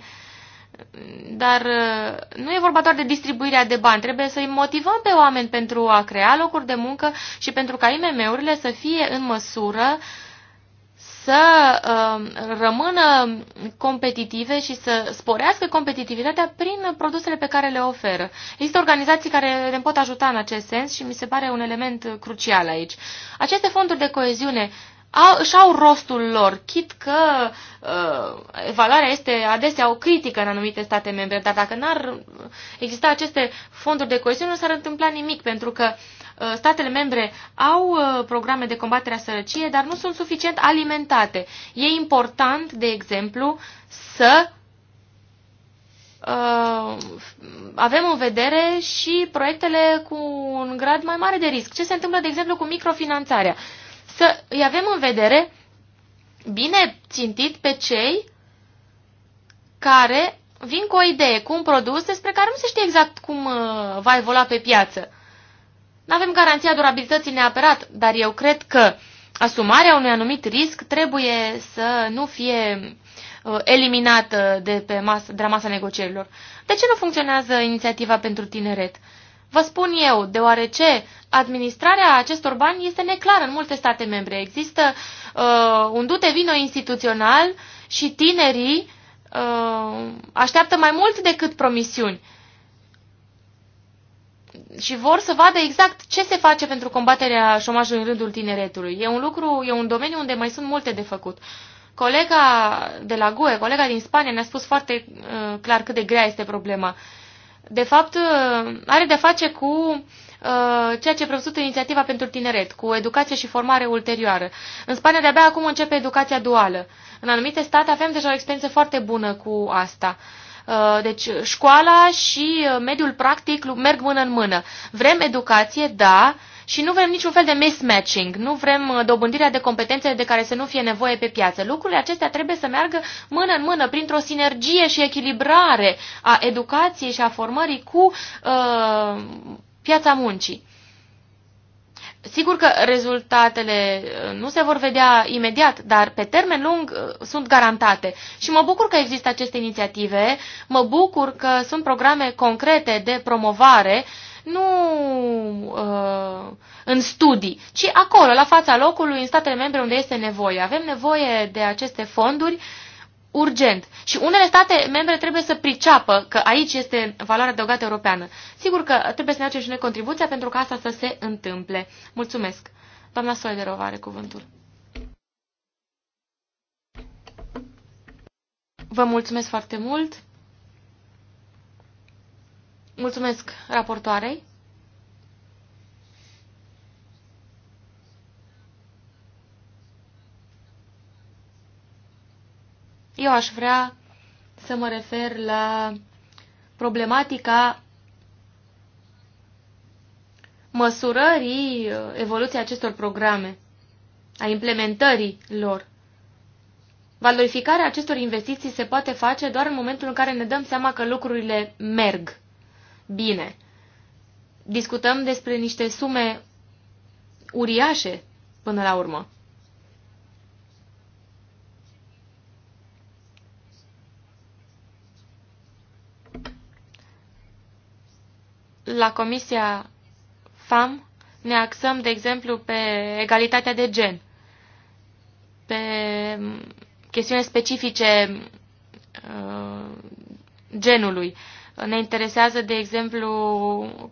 dar uh, nu e vorba doar de distribuirea de bani, trebuie să-i motivăm pe oameni pentru a crea locuri de muncă și pentru ca IMM-urile să fie în măsură uh, să um, rămână competitive și să sporească competitivitatea prin produsele pe care le oferă. Există organizații care ne pot ajuta în acest sens și mi se pare un element crucial aici. Aceste fonduri de coeziune au, își au rostul lor, chit că uh, evaluarea este adesea o critică în anumite state membre, dar dacă n-ar exista aceste fonduri de coeziune, nu s-ar întâmpla nimic, pentru că uh, Uh, statele membre au uh, programe de combatere a sărăciei, dar nu sunt suficient alimentate. E important, de exemplu, să uh, avem în vedere și proiectele cu un grad mai mare de risc. Ce se întâmplă, de exemplu, cu microfinanțarea? Să îi avem în vedere bine țintit pe cei care vin cu o idee, cu un produs despre care nu se știe exact cum uh, va evolua pe piață. Nu avem garanția durabilității neapărat, dar eu cred că asumarea unui anumit risc trebuie să nu fie uh, eliminată de, pe masă, de la masa negocierilor. De ce nu funcționează inițiativa pentru tineret? Vă spun eu, deoarece administrarea acestor bani este neclară în multe state membre. Există uh, un dute vino instituțional și tinerii uh, așteaptă mai mult decât promisiuni. Uh, și vor să vadă exact ce se face pentru combaterea șomajului în rândul tineretului. E un lucru, e un domeniu unde mai sunt multe de făcut. Colega de la GUE, colega din Spania, ne-a spus foarte uh, clar cât de grea este problema. De fapt, uh, are de-a face cu uh, ceea ce prevăzut inițiativa pentru tineret, cu educație și formare ulterioară. În Spania de-abia acum începe educația duală. În anumite state avem deja o experiență foarte bună cu asta. Uh, Uh, deci școala și uh, mediul practic merg mână în mână. Vrem educație, da, și nu vrem niciun fel de mismatching, nu vrem uh, dobândirea de competențe de care să nu fie nevoie pe piață. Lucrurile acestea trebuie să meargă mână în mână, printr-o sinergie și echilibrare a educației și a formării cu uh, piața muncii. Sigur că rezultatele uh, nu se vor vedea imediat, dar pe termen lung uh, sunt garantate. Și mă bucur că există aceste inițiative, mă bucur că sunt programe concrete de promovare, nu uh, în studii, ci acolo, la fața locului, în statele membre unde este nevoie. Avem nevoie de aceste fonduri uh, urgent. Și unele state membre trebuie să priceapă că aici este valoarea adăugată europeană. Sigur că trebuie să ne aducem și noi contribuția pentru ca asta să se întâmple. Mulțumesc. Doamna Soiderova are cuvântul. Vă mulțumesc foarte mult. Mulțumesc raportoarei. eu aș vrea să mă refer la problematica măsurării evoluției acestor programe, a implementării lor. Valorificarea acestor investiții se poate face doar în momentul în care ne dăm seama că lucrurile merg bine. Discutăm despre niște sume uriașe până la urmă. la Comisia FAM ne axăm, de exemplu, pe egalitatea de gen, pe chestiuni specifice uh, genului. Ne interesează, de exemplu,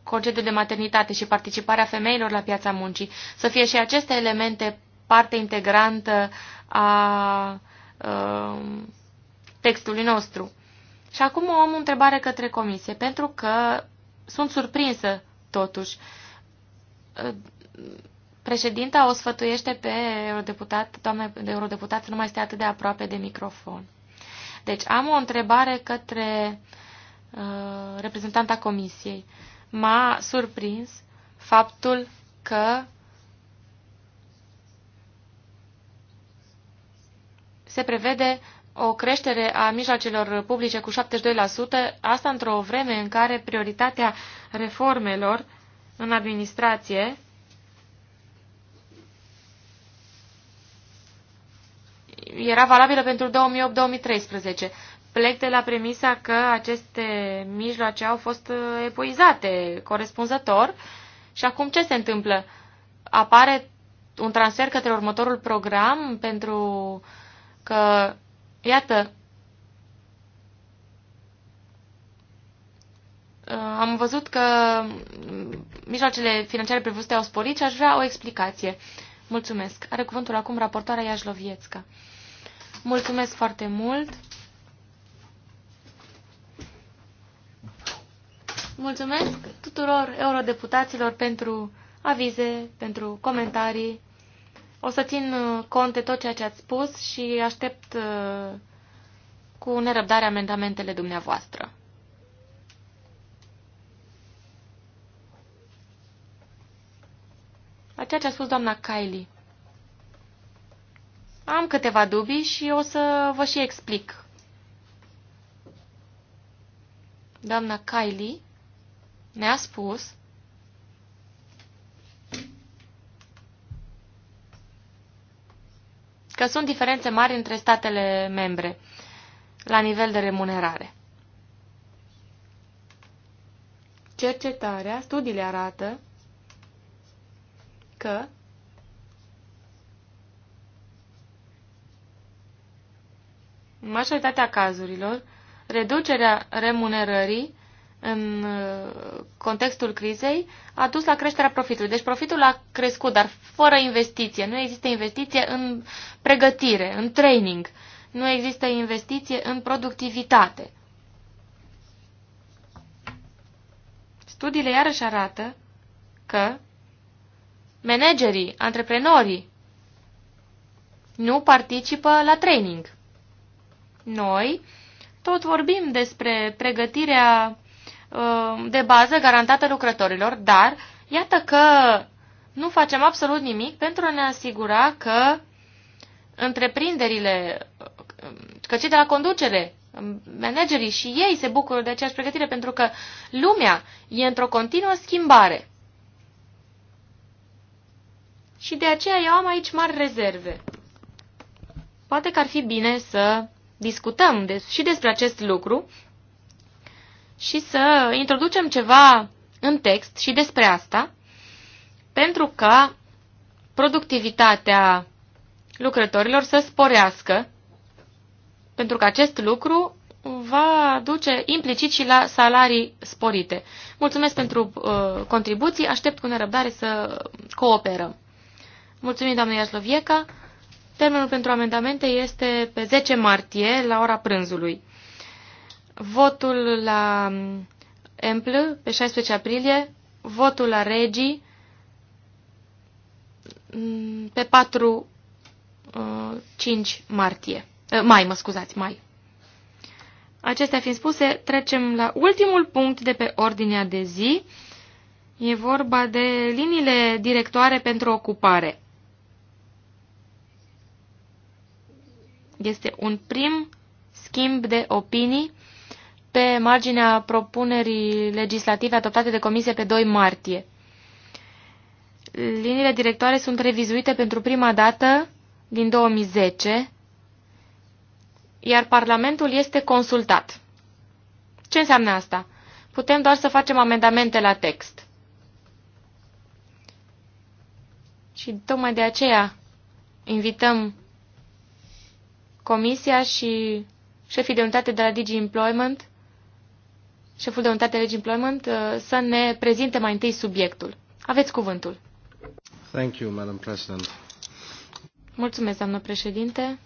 concediul de maternitate și participarea femeilor la piața muncii. Să fie și aceste elemente parte integrantă a uh, textului nostru. Și acum o am o întrebare către comisie, pentru că sunt surprinsă, totuși. Uh, președinta o sfătuiește pe eurodeputat, doamne de eurodeputat să nu mai stea atât de aproape de microfon. Deci am o întrebare către uh, reprezentanta comisiei. M-a surprins faptul că se prevede o creștere a mijloacelor publice cu 72%, asta într-o vreme în care prioritatea reformelor în administrație era valabilă pentru 2008-2013. Plec de la premisa că aceste mijloace au fost uh, epuizate corespunzător și acum ce se întâmplă? Apare un transfer către următorul program pentru că Iată, uh, am văzut că mijloacele financiare prevăzute au sporit și aș vrea o explicație. Mulțumesc. Are cuvântul acum raportoarea Iașloviețca. Mulțumesc foarte mult. Mulțumesc tuturor eurodeputaților pentru avize, pentru comentarii. O să țin uh, cont de tot ceea ce ați spus și aștept uh, cu nerăbdare amendamentele dumneavoastră. La ceea ce a spus doamna Kylie. Am câteva dubii și o să vă și explic. Doamna Kylie ne-a spus că sunt diferențe mari între statele membre la nivel de remunerare. Cercetarea, studiile arată că în majoritatea cazurilor, reducerea remunerării în uh, contextul crizei a dus la creșterea profitului. Deci profitul a crescut, dar fără investiție. Nu există investiție în pregătire, în training. Nu există investiție în productivitate. Studiile iarăși arată că managerii, antreprenorii nu participă la training. Noi tot vorbim despre pregătirea Uh, de bază garantată lucrătorilor, dar iată că nu facem absolut nimic pentru a ne asigura că întreprinderile, că cei de la conducere, managerii și ei se bucură de aceeași pregătire pentru că lumea e într-o continuă schimbare. Și de aceea eu am aici mari rezerve. Poate că ar fi bine să discutăm și despre acest lucru și să introducem ceva în text și despre asta, pentru ca productivitatea lucrătorilor să sporească, pentru că acest lucru va duce implicit și la salarii sporite. Mulțumesc pentru uh, contribuții, aștept cu nerăbdare să cooperăm. Mulțumim, doamna Iașlovieca. Termenul pentru amendamente este pe 10 martie, la ora prânzului votul la EMPL um, pe 16 aprilie, votul la regii mm, pe 4 5 uh, martie. Uh, mai, mă scuzați, mai. Acestea fiind spuse, trecem la ultimul punct de pe ordinea de zi. E vorba de liniile directoare pentru ocupare. Este un prim schimb de opinii pe marginea propunerii legislative adoptate de Comisie pe 2 martie. Liniile directoare sunt revizuite pentru prima dată din 2010, iar Parlamentul este consultat. Ce înseamnă asta? Putem doar să facem amendamente la text. Și tocmai de aceea invităm Comisia și șefii de unitate de la Digi Employment șeful de unitate Regi Employment, uh, să ne prezinte mai întâi subiectul. Aveți cuvântul. Thank you, Madam President. Mulțumesc, doamnă președinte.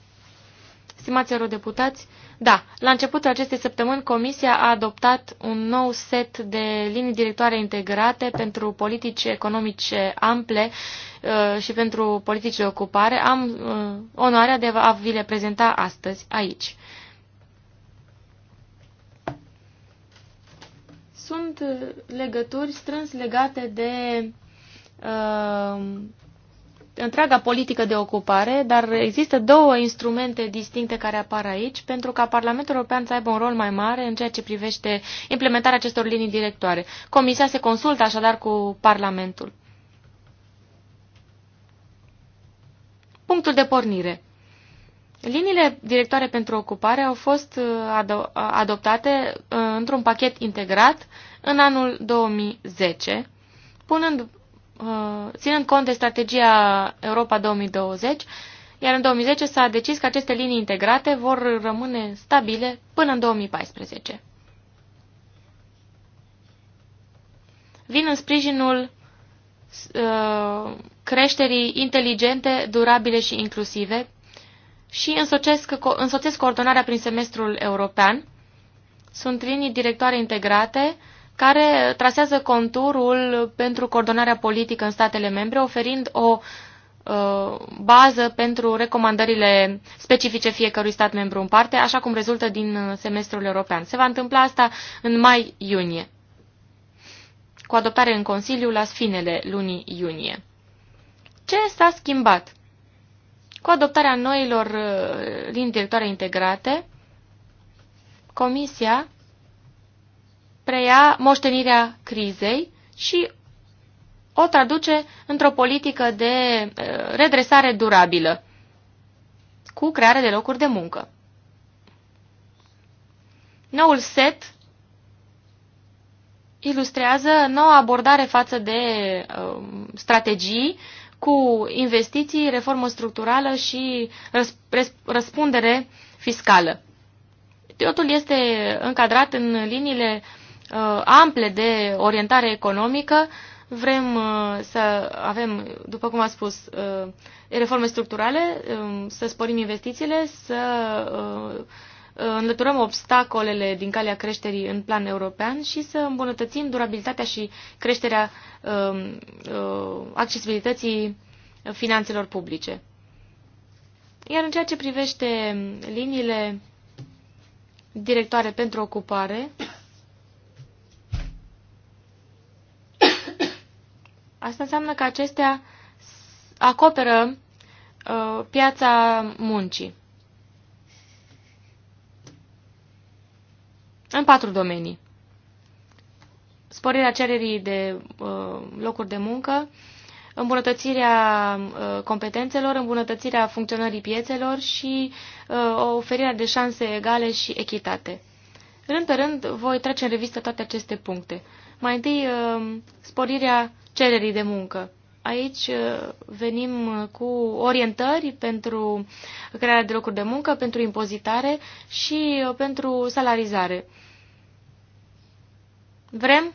Stimați eurodeputați, da, la începutul acestei săptămâni Comisia a adoptat un nou set de linii directoare integrate pentru politici economice ample uh, și pentru politici de ocupare. Am uh, onoarea de a vi le prezenta astăzi aici. sunt uh, legături strâns legate de uh, întreaga politică de ocupare, dar există două instrumente distincte care apar aici pentru ca Parlamentul European să aibă un rol mai mare în ceea ce privește implementarea acestor linii directoare. Comisia se consultă așadar cu Parlamentul. Punctul de pornire. Liniile directoare pentru ocupare au fost uh, ado uh, adoptate uh, într-un pachet integrat în anul 2010, punând, ținând cont de strategia Europa 2020, iar în 2010 s-a decis că aceste linii integrate vor rămâne stabile până în 2014. Vin în sprijinul creșterii inteligente, durabile și inclusive, și însoțesc, însoțesc coordonarea prin semestrul european. Sunt linii directoare integrate care trasează conturul pentru coordonarea politică în statele membre, oferind o uh, bază pentru recomandările specifice fiecărui stat membru în parte, așa cum rezultă din semestrul european. Se va întâmpla asta în mai-iunie, cu adoptare în Consiliu la finele lunii iunie. Ce s-a schimbat? Cu adoptarea noilor uh, linii directoare integrate, Comisia preia moștenirea crizei și o traduce într-o politică de uh, redresare durabilă cu creare de locuri de muncă. Noul set ilustrează noua abordare față de uh, strategii cu investiții, reformă structurală și răspundere fiscală. Totul este încadrat în liniile uh, ample de orientare economică. Vrem uh, să avem, după cum am spus, uh, reforme structurale, um, să sporim investițiile, să Uh, înlăturăm obstacolele din calea creșterii în plan european și să îmbunătățim durabilitatea și creșterea um, uh, accesibilității finanțelor publice. Iar în ceea ce privește liniile directoare pentru ocupare, asta înseamnă că acestea acoperă uh, piața muncii. în patru domenii. Sporirea cererii de uh, locuri de muncă, îmbunătățirea uh, competențelor, îmbunătățirea funcționării piețelor și uh, oferirea de șanse egale și echitate. Rând pe rând voi trece în revistă toate aceste puncte. Mai întâi, uh, sporirea cererii de muncă. Aici uh, venim uh, cu orientări pentru crearea de locuri de muncă, pentru impozitare și uh, pentru salarizare. Vrem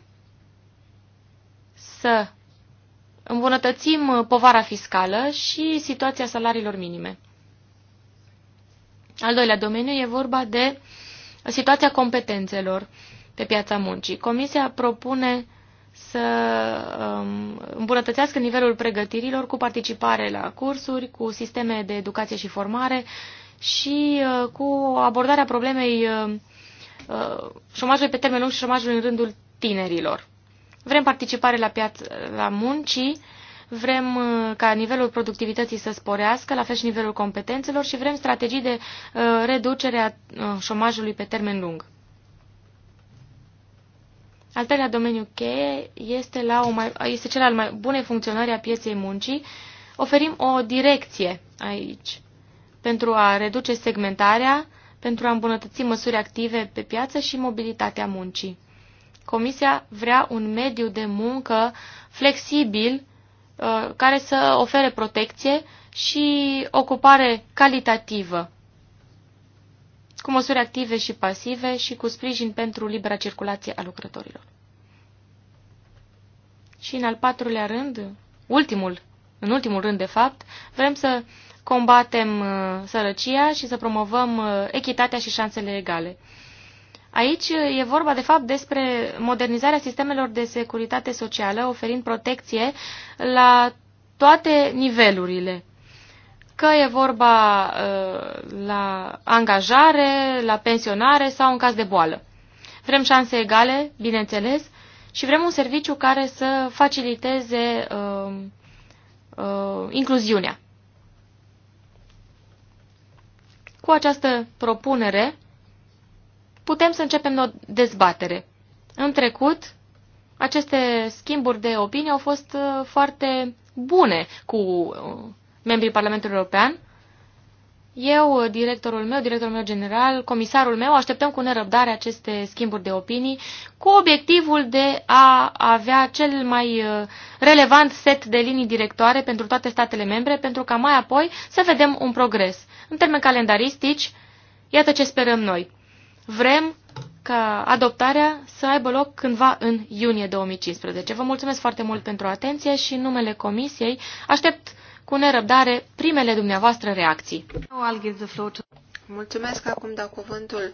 să îmbunătățim povara fiscală și situația salariilor minime. Al doilea domeniu e vorba de situația competențelor pe piața muncii. Comisia propune să um, îmbunătățească nivelul pregătirilor cu participare la cursuri, cu sisteme de educație și formare și uh, cu abordarea problemei uh, uh, șomajului pe termen lung și șomajului în rândul tinerilor. Vrem participare la piață, la muncii, vrem ca nivelul productivității să sporească, la fel și nivelul competențelor și vrem strategii de reducere a șomajului pe termen lung. Al treilea domeniu cheie este, la o mai, este cel al mai bunei funcționări a pieței muncii. Oferim o direcție aici pentru a reduce segmentarea, pentru a îmbunătăți măsuri active pe piață și mobilitatea muncii. Comisia vrea un mediu de muncă flexibil uh, care să ofere protecție și ocupare calitativă cu măsuri active și pasive și cu sprijin pentru libera circulație a lucrătorilor. Și în al patrulea rând, ultimul, în ultimul rând de fapt, vrem să combatem uh, sărăcia și să promovăm uh, echitatea și șansele egale. Aici uh, e vorba, de fapt, despre modernizarea sistemelor de securitate socială, oferind protecție la toate nivelurile că e vorba uh, la angajare, la pensionare sau în caz de boală. Vrem șanse egale, bineînțeles, și vrem un serviciu care să faciliteze uh, uh, incluziunea. Cu această propunere putem să începem o dezbatere. În trecut, aceste schimburi de opinie au fost uh, foarte bune cu uh, membrii Parlamentului European. Eu, directorul meu, directorul meu general, comisarul meu, așteptăm cu nerăbdare aceste schimburi de opinii cu obiectivul de a avea cel mai uh, relevant set de linii directoare pentru toate statele membre, pentru ca mai apoi să vedem un progres. În termeni calendaristici, iată ce sperăm noi. Vrem ca adoptarea să aibă loc cândva în iunie 2015. Vă mulțumesc foarte mult pentru atenție și în numele Comisiei aștept cu nerăbdare primele dumneavoastră reacții. Mulțumesc, acum dau cuvântul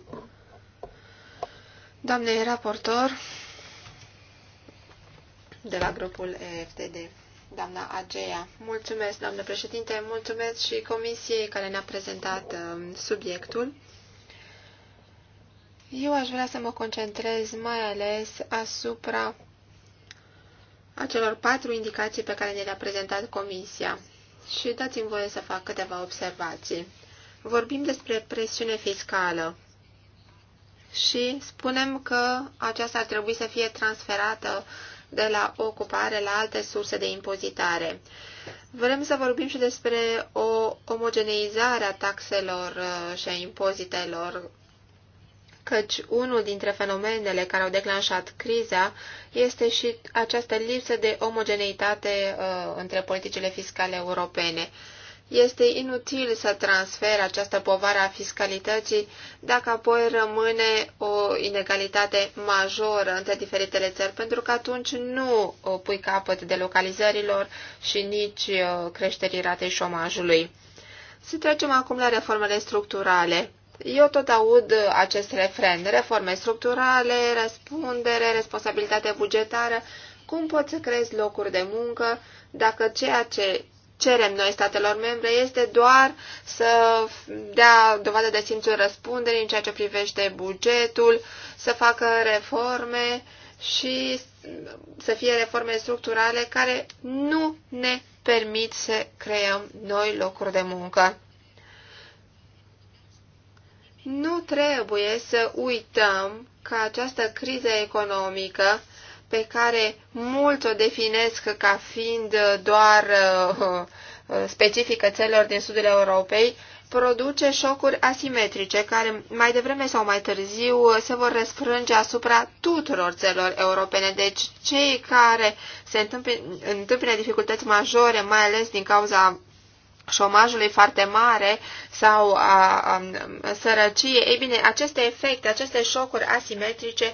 doamnei raportor de la grupul EFTD, doamna Ageia. Mulțumesc, doamnă președinte, mulțumesc și comisiei care ne-a prezentat um, subiectul. Eu aș vrea să mă concentrez mai ales asupra acelor patru indicații pe care ne le-a prezentat Comisia și dați-mi voie să fac câteva observații. Vorbim despre presiune fiscală și spunem că aceasta ar trebui să fie transferată de la ocupare la alte surse de impozitare. Vrem să vorbim și despre o omogeneizare a taxelor uh, și a impozitelor căci unul dintre fenomenele care au declanșat criza este și această lipsă de omogeneitate uh, între politicile fiscale europene. Este inutil să transfer această povară a fiscalității dacă apoi rămâne o inegalitate majoră între diferitele țări, pentru că atunci nu uh, pui capăt de localizărilor și nici uh, creșterii ratei șomajului. Să trecem acum la reformele structurale eu tot aud uh, acest refren, reforme structurale, răspundere, responsabilitate bugetară. Cum poți să creezi locuri de muncă dacă ceea ce cerem noi statelor membre este doar să dea dovadă de simțul răspunderii în ceea ce privește bugetul, să facă reforme și să fie reforme structurale care nu ne permit să creăm noi locuri de muncă. Nu trebuie să uităm că această criză economică pe care mulți o definesc ca fiind doar uh, uh, specifică țelor din sudul Europei, produce șocuri asimetrice care mai devreme sau mai târziu se vor răsfrânge asupra tuturor țelor europene. Deci cei care se întâmpină, întâmpină dificultăți majore, mai ales din cauza șomajului foarte mare sau a, a sărăciei, ei bine, aceste efecte, aceste șocuri asimetrice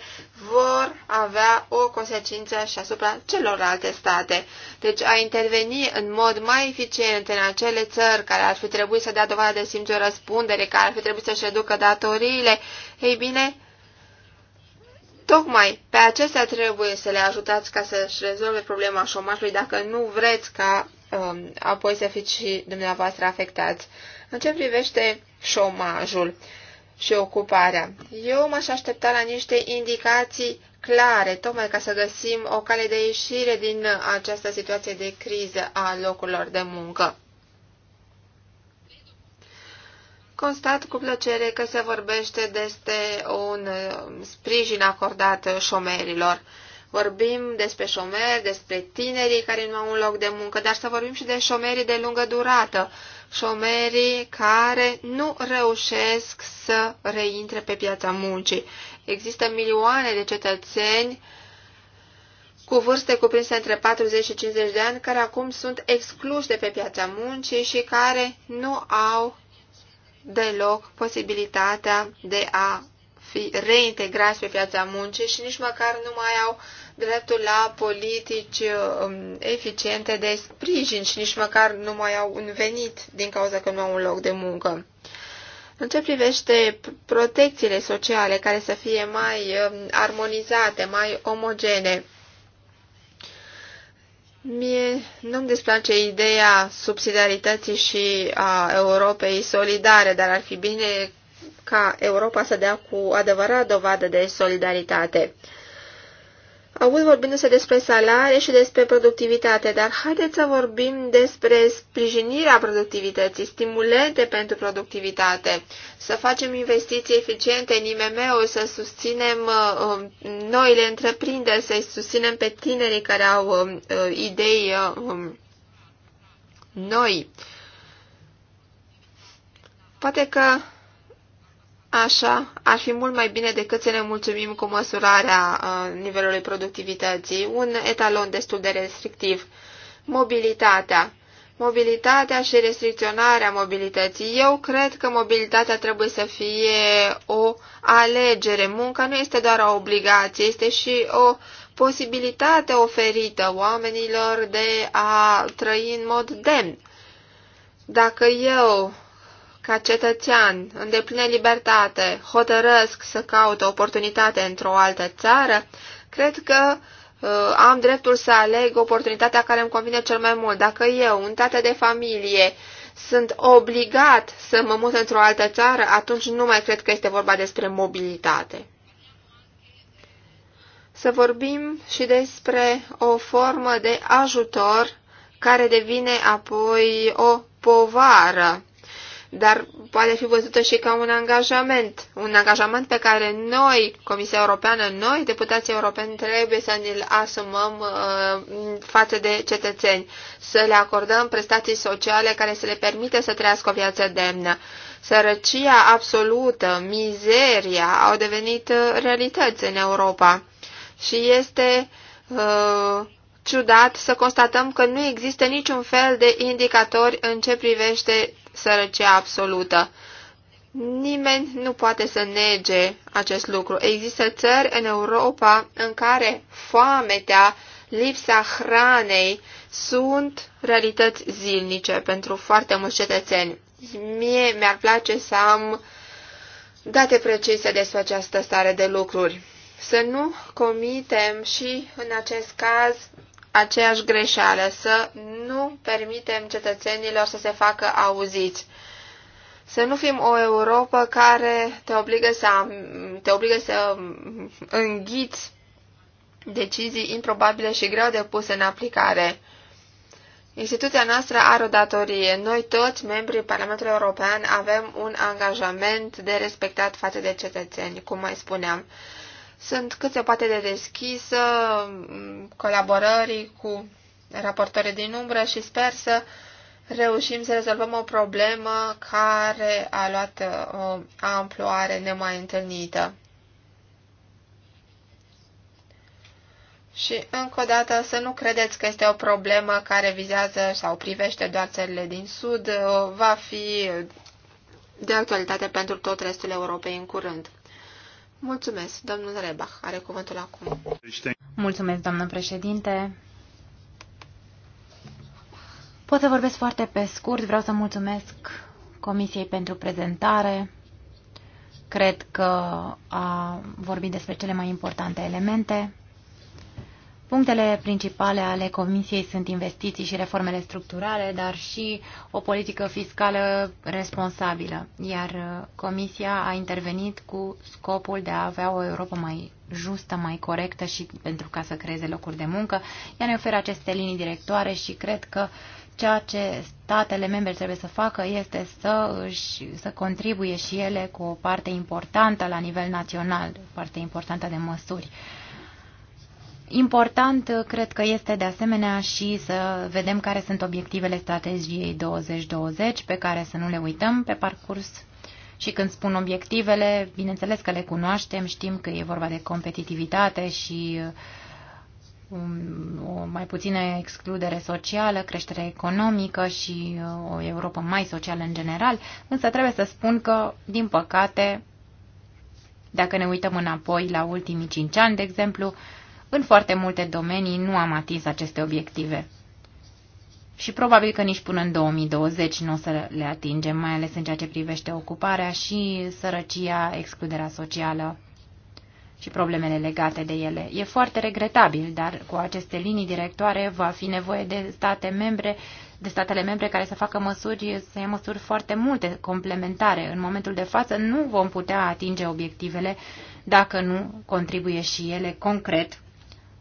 vor avea o consecință și asupra celorlalte state. Deci a interveni în mod mai eficient în acele țări care ar fi trebuit să dea dovadă de simțul răspundere, care ar fi trebuit să-și reducă datoriile, ei bine, Tocmai pe acestea trebuie să le ajutați ca să-și rezolve problema șomajului dacă nu vreți ca Um, apoi să fiți și dumneavoastră afectați. În ce privește șomajul și ocuparea, eu m-aș aștepta la niște indicații clare, tocmai ca să găsim o cale de ieșire din această situație de criză a locurilor de muncă. Constat cu plăcere că se vorbește despre un um, sprijin acordat șomerilor. Vorbim despre șomeri, despre tinerii care nu au un loc de muncă, dar să vorbim și de șomerii de lungă durată, șomerii care nu reușesc să reintre pe piața muncii. Există milioane de cetățeni cu vârste cuprinse între 40 și 50 de ani, care acum sunt excluși de pe piața muncii și care nu au deloc posibilitatea de a fi reintegrați pe piața muncii și nici măcar nu mai au dreptul la politici um, eficiente de sprijin și nici măcar nu mai au un venit din cauza că nu au un loc de muncă. În ce privește protecțiile sociale care să fie mai um, armonizate, mai omogene, Mie nu-mi desplace ideea subsidiarității și a Europei solidare, dar ar fi bine ca Europa să dea cu adevărat dovadă de solidaritate. Aud vorbindu-se despre salarii și despre productivitate, dar haideți să vorbim despre sprijinirea productivității, stimulente pentru productivitate, să facem investiții eficiente în IMM-uri, să susținem uh, um, noile întreprinderi, să-i susținem pe tinerii care au um, uh, idei uh, um, noi. Poate că Așa, ar fi mult mai bine decât să ne mulțumim cu măsurarea uh, nivelului productivității, un etalon destul de restrictiv. Mobilitatea. Mobilitatea și restricționarea mobilității. Eu cred că mobilitatea trebuie să fie o alegere. Munca nu este doar o obligație, este și o posibilitate oferită oamenilor de a trăi în mod demn. Dacă eu ca cetățean în deplină libertate hotărăsc să caut o oportunitate într-o altă țară, cred că uh, am dreptul să aleg oportunitatea care îmi convine cel mai mult. Dacă eu, un tată de familie, sunt obligat să mă mut într-o altă țară, atunci nu mai cred că este vorba despre mobilitate. Să vorbim și despre o formă de ajutor care devine apoi o povară dar poate fi văzută și ca un angajament, un angajament pe care noi, Comisia Europeană, noi, deputații europeni, trebuie să ne-l asumăm uh, față de cetățeni, să le acordăm prestații sociale care să le permită să trăiască o viață demnă. Sărăcia absolută, mizeria au devenit uh, realități în Europa și este uh, ciudat să constatăm că nu există niciun fel de indicatori în ce privește sărăcia absolută. Nimeni nu poate să nege acest lucru. Există țări în Europa în care foametea, lipsa hranei sunt realități zilnice pentru foarte mulți cetățeni. Mie mi-ar place să am date precise despre această stare de lucruri. Să nu comitem și în acest caz aceeași greșeală, să nu permitem cetățenilor să se facă auziți. Să nu fim o Europa care te obligă să, te obligă să înghiți decizii improbabile și greu de pus în aplicare. Instituția noastră are o datorie. Noi toți, membrii Parlamentului European, avem un angajament de respectat față de cetățeni, cum mai spuneam sunt cât se poate de deschisă mm, colaborării cu raportorii din umbră și sper să reușim să rezolvăm o problemă care a luat o amploare nemai întâlnită. Și încă o dată să nu credeți că este o problemă care vizează sau privește doar țările din Sud, va fi de actualitate pentru tot restul Europei în curând. Mulțumesc, domnul Rebach. Are cuvântul acum. Mulțumesc, doamnă președinte. Pot să vorbesc foarte pe scurt. Vreau să mulțumesc Comisiei pentru prezentare. Cred că a vorbit despre cele mai importante elemente. Punctele principale ale Comisiei sunt investiții și reformele structurale, dar și o politică fiscală responsabilă, iar uh, Comisia a intervenit cu scopul de a avea o Europa mai justă, mai corectă și pentru ca să creeze locuri de muncă. Ea ne oferă aceste linii directoare și cred că ceea ce statele membre trebuie să facă este să, își, să contribuie și ele cu o parte importantă la nivel național, o parte importantă de măsuri. Uh, Important cred că este de asemenea și să vedem care sunt obiectivele strategiei 2020 pe care să nu le uităm pe parcurs și când spun obiectivele, bineînțeles că le cunoaștem, știm că e vorba de competitivitate și um, o mai puțină excludere socială, creștere economică și uh, o Europa mai socială în general, însă trebuie să spun că, din păcate, dacă ne uităm înapoi la ultimii cinci ani, de exemplu, în foarte multe domenii nu am atins aceste obiective. Și probabil că nici până în 2020 nu o să le atingem, mai ales în ceea ce privește ocuparea și sărăcia, excluderea socială și problemele legate de ele. E foarte regretabil, dar cu aceste linii directoare va fi nevoie de state membre de statele membre care să facă măsuri, să ia măsuri foarte multe complementare. În momentul de față nu vom putea atinge obiectivele dacă nu contribuie și ele concret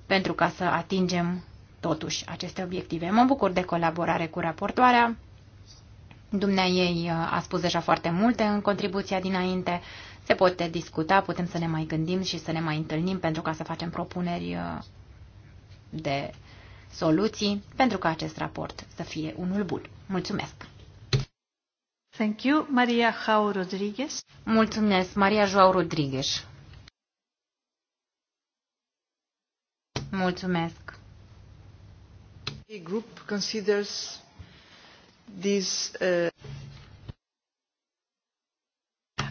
pentru ca să atingem totuși aceste obiective. Mă bucur de colaborare cu raportoarea. Dumnea ei uh, a spus deja foarte multe în contribuția dinainte. Se poate discuta, putem să ne mai gândim și să ne mai întâlnim pentru ca să facem propuneri uh, de soluții pentru ca acest raport să fie unul bun. Mulțumesc! Thank you, Maria Jau Rodriguez. Mulțumesc, Maria Joao Rodriguez. Mulțumesc. group considers this, uh...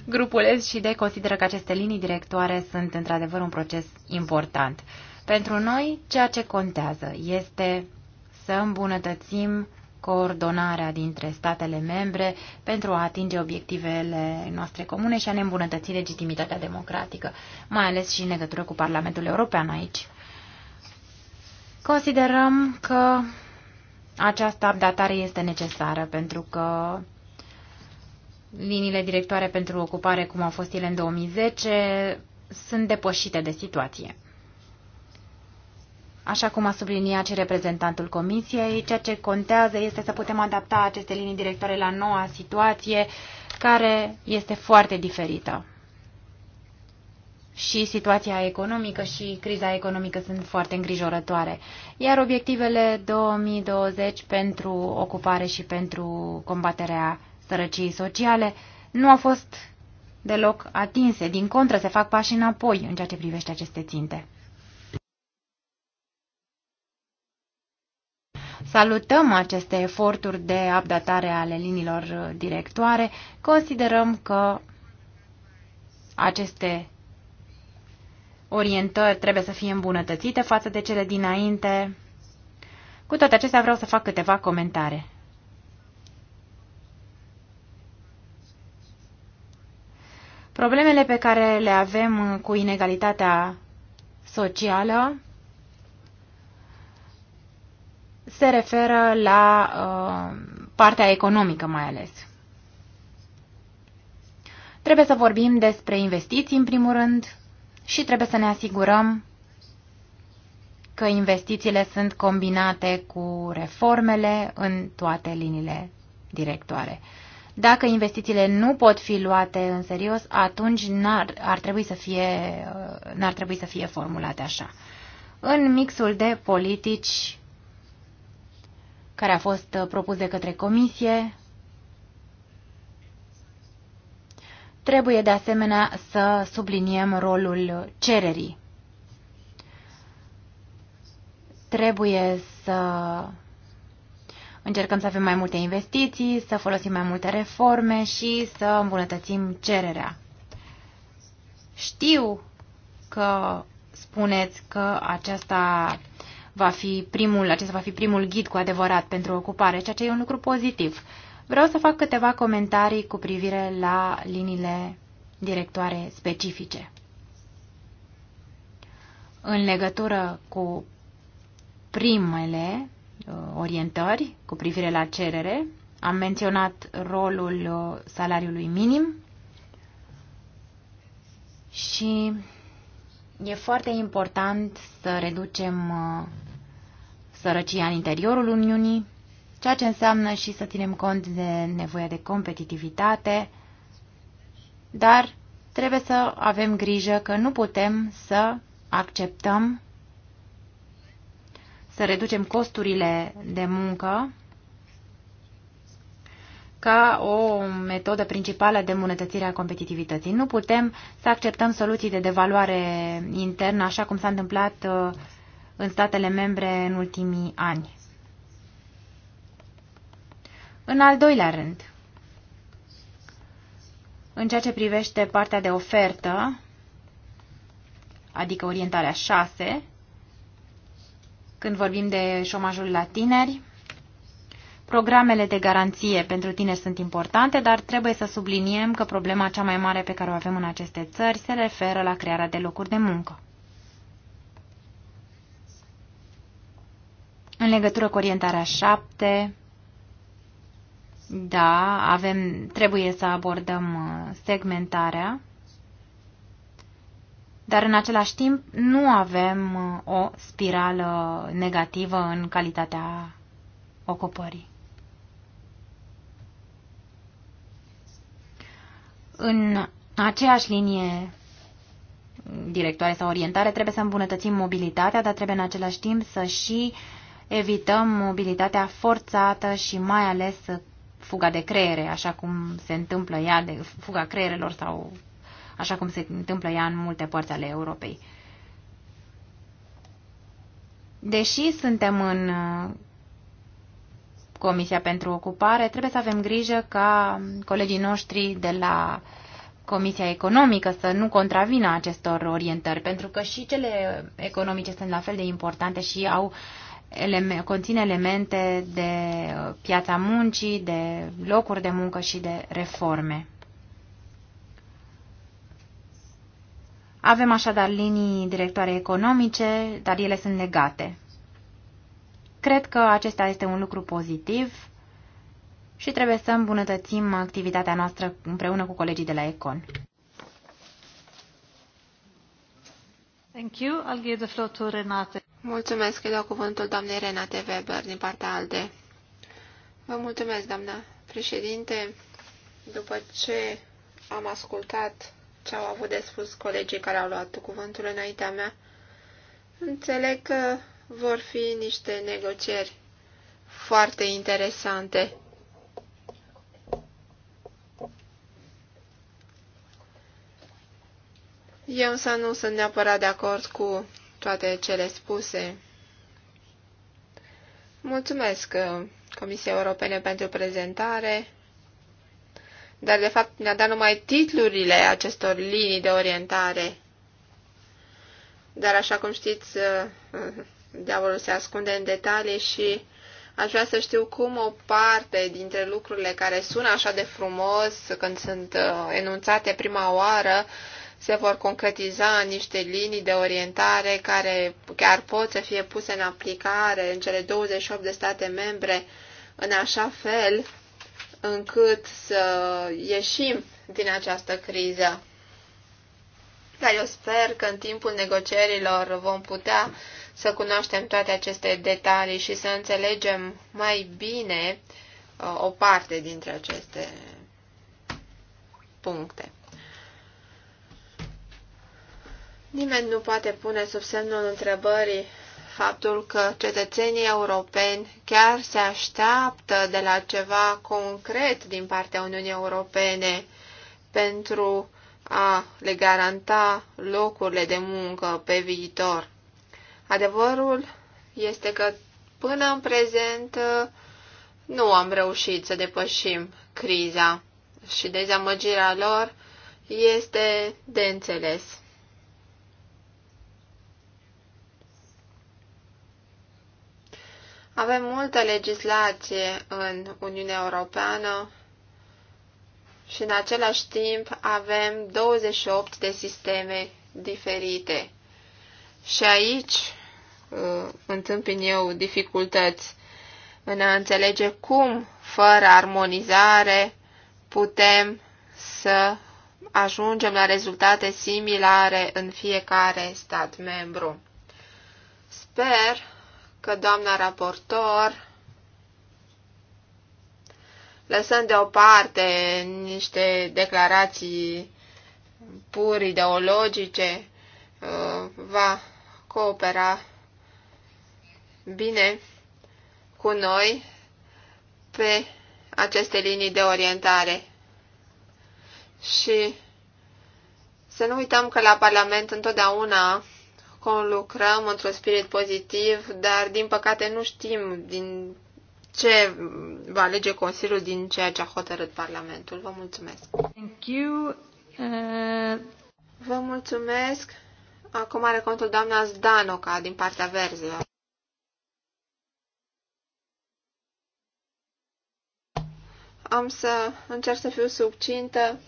Grupul S și D consideră că aceste linii directoare sunt într-adevăr un proces important. Pentru noi, ceea ce contează este să îmbunătățim coordonarea dintre statele membre pentru a atinge obiectivele noastre comune și a ne îmbunătăți legitimitatea democratică, mai ales și în legătură cu Parlamentul European aici. Considerăm că această updatare este necesară pentru că liniile directoare pentru ocupare, cum au fost ele în 2010, sunt depășite de situație. Așa cum a subliniat și reprezentantul Comisiei, ceea ce contează este să putem adapta aceste linii directoare la noua situație, care este foarte diferită și situația economică și criza economică sunt foarte îngrijorătoare. Iar obiectivele 2020 pentru ocupare și pentru combaterea sărăciei sociale nu au fost deloc atinse. Din contră, se fac pași înapoi în ceea ce privește aceste ținte. Salutăm aceste eforturi de updatare ale liniilor directoare. Considerăm că aceste orientări trebuie să fie îmbunătățite față de cele dinainte. Cu toate acestea vreau să fac câteva comentare. Problemele pe care le avem cu inegalitatea socială se referă la uh, partea economică mai ales. Trebuie să vorbim despre investiții, în primul rând, și trebuie să ne asigurăm că investițiile sunt combinate cu reformele în toate liniile directoare. Dacă investițiile nu pot fi luate în serios, atunci n-ar ar trebui, să fie, uh, n-ar trebui să fie formulate așa. În mixul de politici care a fost uh, propus de către comisie, Trebuie de asemenea să subliniem rolul cererii. Trebuie să încercăm să avem mai multe investiții, să folosim mai multe reforme și să îmbunătățim cererea. Știu că spuneți că aceasta va fi primul, acesta va fi primul ghid cu adevărat pentru ocupare, ceea ce e un lucru pozitiv. Vreau să fac câteva comentarii cu privire la liniile directoare specifice. În legătură cu primele uh, orientări cu privire la cerere, am menționat rolul uh, salariului minim și e foarte important să reducem uh, sărăcia în interiorul Uniunii, ceea ce înseamnă și să ținem cont de nevoia de competitivitate, dar trebuie să avem grijă că nu putem să acceptăm să reducem costurile de muncă ca o metodă principală de îmbunătățire a competitivității. Nu putem să acceptăm soluții de devaluare internă, așa cum s-a întâmplat uh, în statele membre în ultimii ani. În al doilea rând, în ceea ce privește partea de ofertă, adică orientarea 6, când vorbim de șomajul la tineri, programele de garanție pentru tineri sunt importante, dar trebuie să subliniem că problema cea mai mare pe care o avem în aceste țări se referă la crearea de locuri de muncă. În legătură cu orientarea 7, da, avem, trebuie să abordăm uh, segmentarea, dar în același timp nu avem uh, o spirală negativă în calitatea ocupării. În aceeași linie directoare sau orientare trebuie să îmbunătățim mobilitatea, dar trebuie în același timp să și evităm mobilitatea forțată și mai ales fuga de creiere, așa cum se întâmplă ea, de fuga creierelor sau așa cum se întâmplă ea în multe părți ale Europei. Deși suntem în uh, Comisia pentru Ocupare, trebuie să avem grijă ca colegii noștri de la Comisia Economică să nu contravină acestor orientări, pentru că și cele economice sunt la fel de importante și au uh, eleme, conține elemente de uh, piața muncii, de locuri de muncă și de reforme. Avem așadar linii directoare economice, dar ele sunt legate. Cred că acesta este un lucru pozitiv și trebuie să îmbunătățim activitatea noastră împreună cu colegii de la Econ. Thank you. I'll give the floor to Renate. Mulțumesc, îi dau cuvântul doamnei Renate Weber din partea ALDE. Vă mulțumesc, doamna președinte. După ce am ascultat ce au avut de spus colegii care au luat cuvântul înaintea mea, înțeleg că vor fi niște negocieri foarte interesante. Eu însă nu sunt neapărat de acord cu toate cele spuse. Mulțumesc uh, Comisiei Europene pentru prezentare, dar de fapt ne-a dat numai titlurile acestor linii de orientare. Dar așa cum știți, uh, uh, diavolul se ascunde în detalii și aș vrea să știu cum o parte dintre lucrurile care sună așa de frumos când sunt enunțate prima oară se vor concretiza niște linii de orientare care chiar pot să fie puse în aplicare în cele 28 de state membre în așa fel încât să ieșim din această criză. Dar eu sper că în timpul negocierilor vom putea să cunoaștem toate aceste detalii și să înțelegem mai bine uh, o parte dintre aceste puncte. Nimeni nu poate pune sub semnul întrebării faptul că cetățenii europeni chiar se așteaptă de la ceva concret din partea Uniunii Europene pentru a le garanta locurile de muncă pe viitor. Adevărul este că până în prezent nu am reușit să depășim criza și dezamăgirea lor este de înțeles. Avem multă legislație în Uniunea Europeană și în același timp avem 28 de sisteme diferite. Și aici uh, întâmpin eu dificultăți în a înțelege cum, fără armonizare, putem să ajungem la rezultate similare în fiecare stat membru. Sper că doamna raportor, lăsând deoparte niște declarații pur ideologice, uh, va coopera bine cu noi pe aceste linii de orientare. Și să nu uităm că la Parlament întotdeauna conlucrăm într-un spirit pozitiv, dar din păcate nu știm din ce va alege Consiliul din ceea ce a hotărât Parlamentul. Vă mulțumesc. Thank you. Uh... Vă mulțumesc. Acum are contul doamna Zdanoca din partea verzilor. Am să încerc să fiu subcintă.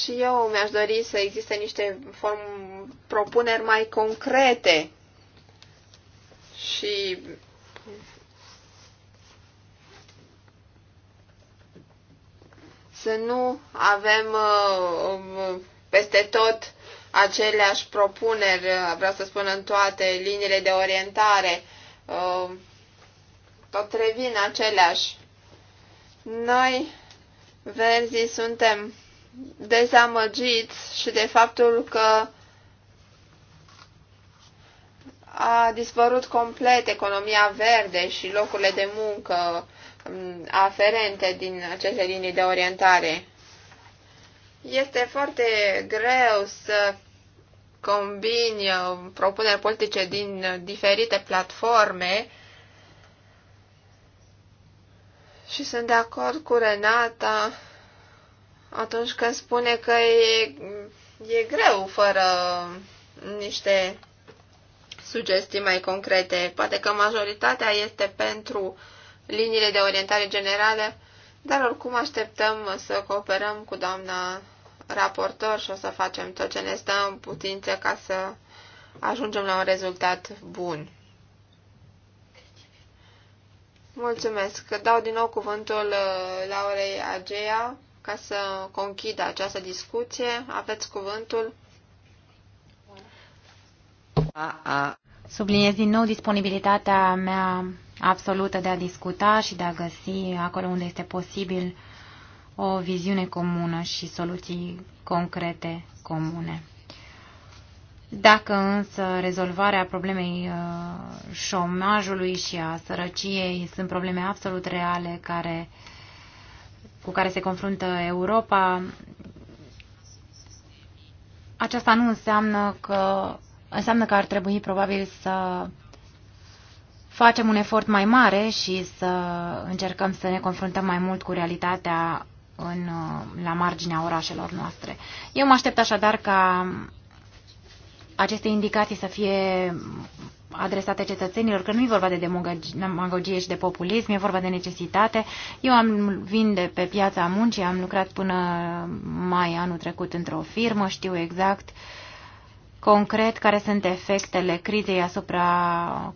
Și eu mi-aș dori să existe niște form, propuneri mai concrete și să nu avem uh, peste tot aceleași propuneri, uh, vreau să spun în toate liniile de orientare, uh, tot revin aceleași. Noi, verzii, suntem dezamăgiți și de faptul că a dispărut complet economia verde și locurile de muncă um, aferente din aceste linii de orientare. Este foarte greu să combini uh, propuneri politice din uh, diferite platforme și sunt de acord cu Renata atunci când spune că e, e greu fără niște sugestii mai concrete. Poate că majoritatea este pentru liniile de orientare generale, dar oricum așteptăm să cooperăm cu doamna raportor și o să facem tot ce ne stă în putință ca să ajungem la un rezultat bun. Mulțumesc. Dau din nou cuvântul uh, Laurei Agea ca să conchid această discuție, aveți cuvântul. A, a. Subliniez din nou disponibilitatea mea absolută de a discuta și de a găsi acolo unde este posibil o viziune comună și soluții concrete comune. Dacă însă rezolvarea problemei uh, șomajului și a sărăciei sunt probleme absolut reale care uh, cu care se confruntă Europa, aceasta nu înseamnă că, înseamnă că ar trebui probabil să facem un efort mai mare și să încercăm să ne confruntăm mai mult cu realitatea în, la marginea orașelor noastre. Eu mă aștept așadar ca aceste indicații să fie adresate cetățenilor, că nu e vorba de demagogie și de populism, e vorba de necesitate. Eu am vin de pe piața muncii, am lucrat până mai anul trecut într-o firmă, știu exact concret care sunt efectele crizei asupra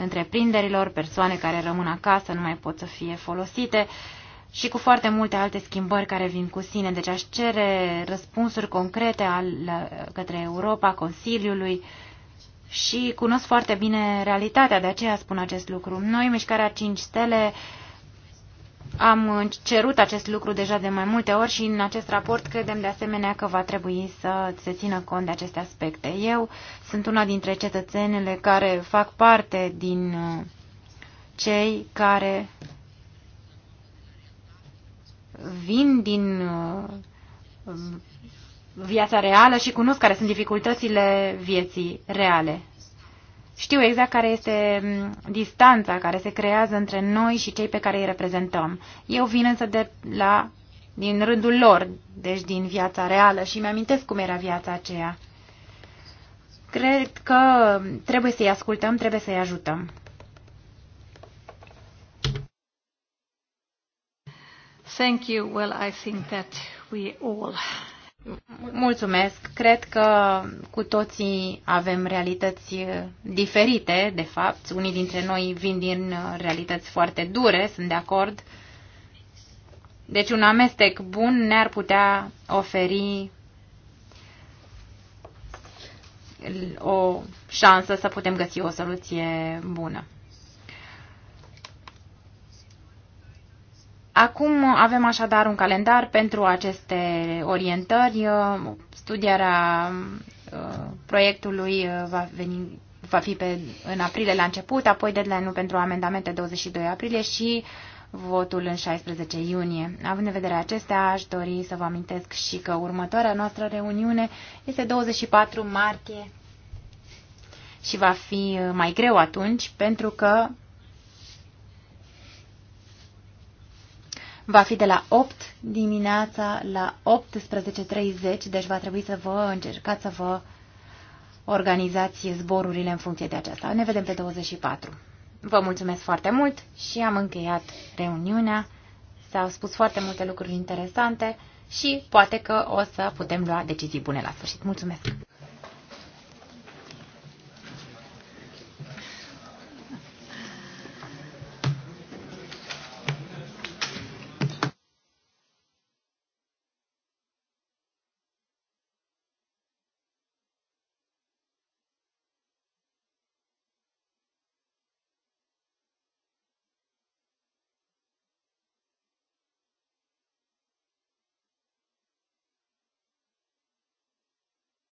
întreprinderilor, persoane care rămân acasă, nu mai pot să fie folosite și cu foarte multe alte schimbări care vin cu sine. Deci aș cere răspunsuri concrete al, către Europa, Consiliului, uh, și cunosc foarte bine realitatea, de aceea spun acest lucru. Noi, Mișcarea 5 Stele, am cerut acest lucru deja de mai multe ori și în acest raport credem de asemenea că va trebui să se țină cont de aceste aspecte. Eu sunt una dintre cetățenele care fac parte din uh, cei care vin din uh, viața reală și cunosc care sunt dificultățile vieții reale. Știu exact care este distanța care se creează între noi și cei pe care îi reprezentăm. Eu vin însă de la, din rândul lor, deci din viața reală și mi-amintesc cum era viața aceea. Cred că trebuie să-i ascultăm, trebuie să-i ajutăm. Thank you. Well, I think that we all Mulțumesc. Cred că cu toții avem realități uh, diferite, de fapt. Unii dintre noi vin din uh, realități foarte dure, sunt de acord. Deci un amestec bun ne-ar putea oferi uh, o șansă să putem găsi o soluție bună. Acum avem așadar un calendar pentru aceste orientări. Uh, studierea uh, proiectului uh, va, veni, va fi pe, în aprilie la început, apoi deadline-ul pentru amendamente 22 aprilie și votul în 16 iunie. Având în vedere acestea, aș dori să vă amintesc și că următoarea noastră reuniune este 24 martie și va fi mai greu atunci pentru că va fi de la 8 dimineața la 18.30, deci va trebui să vă încercați să vă organizați zborurile în funcție de aceasta. Ne vedem pe 24. Vă mulțumesc foarte mult și am încheiat reuniunea. S-au spus foarte multe lucruri interesante și poate că o să putem lua decizii bune la sfârșit. Mulțumesc!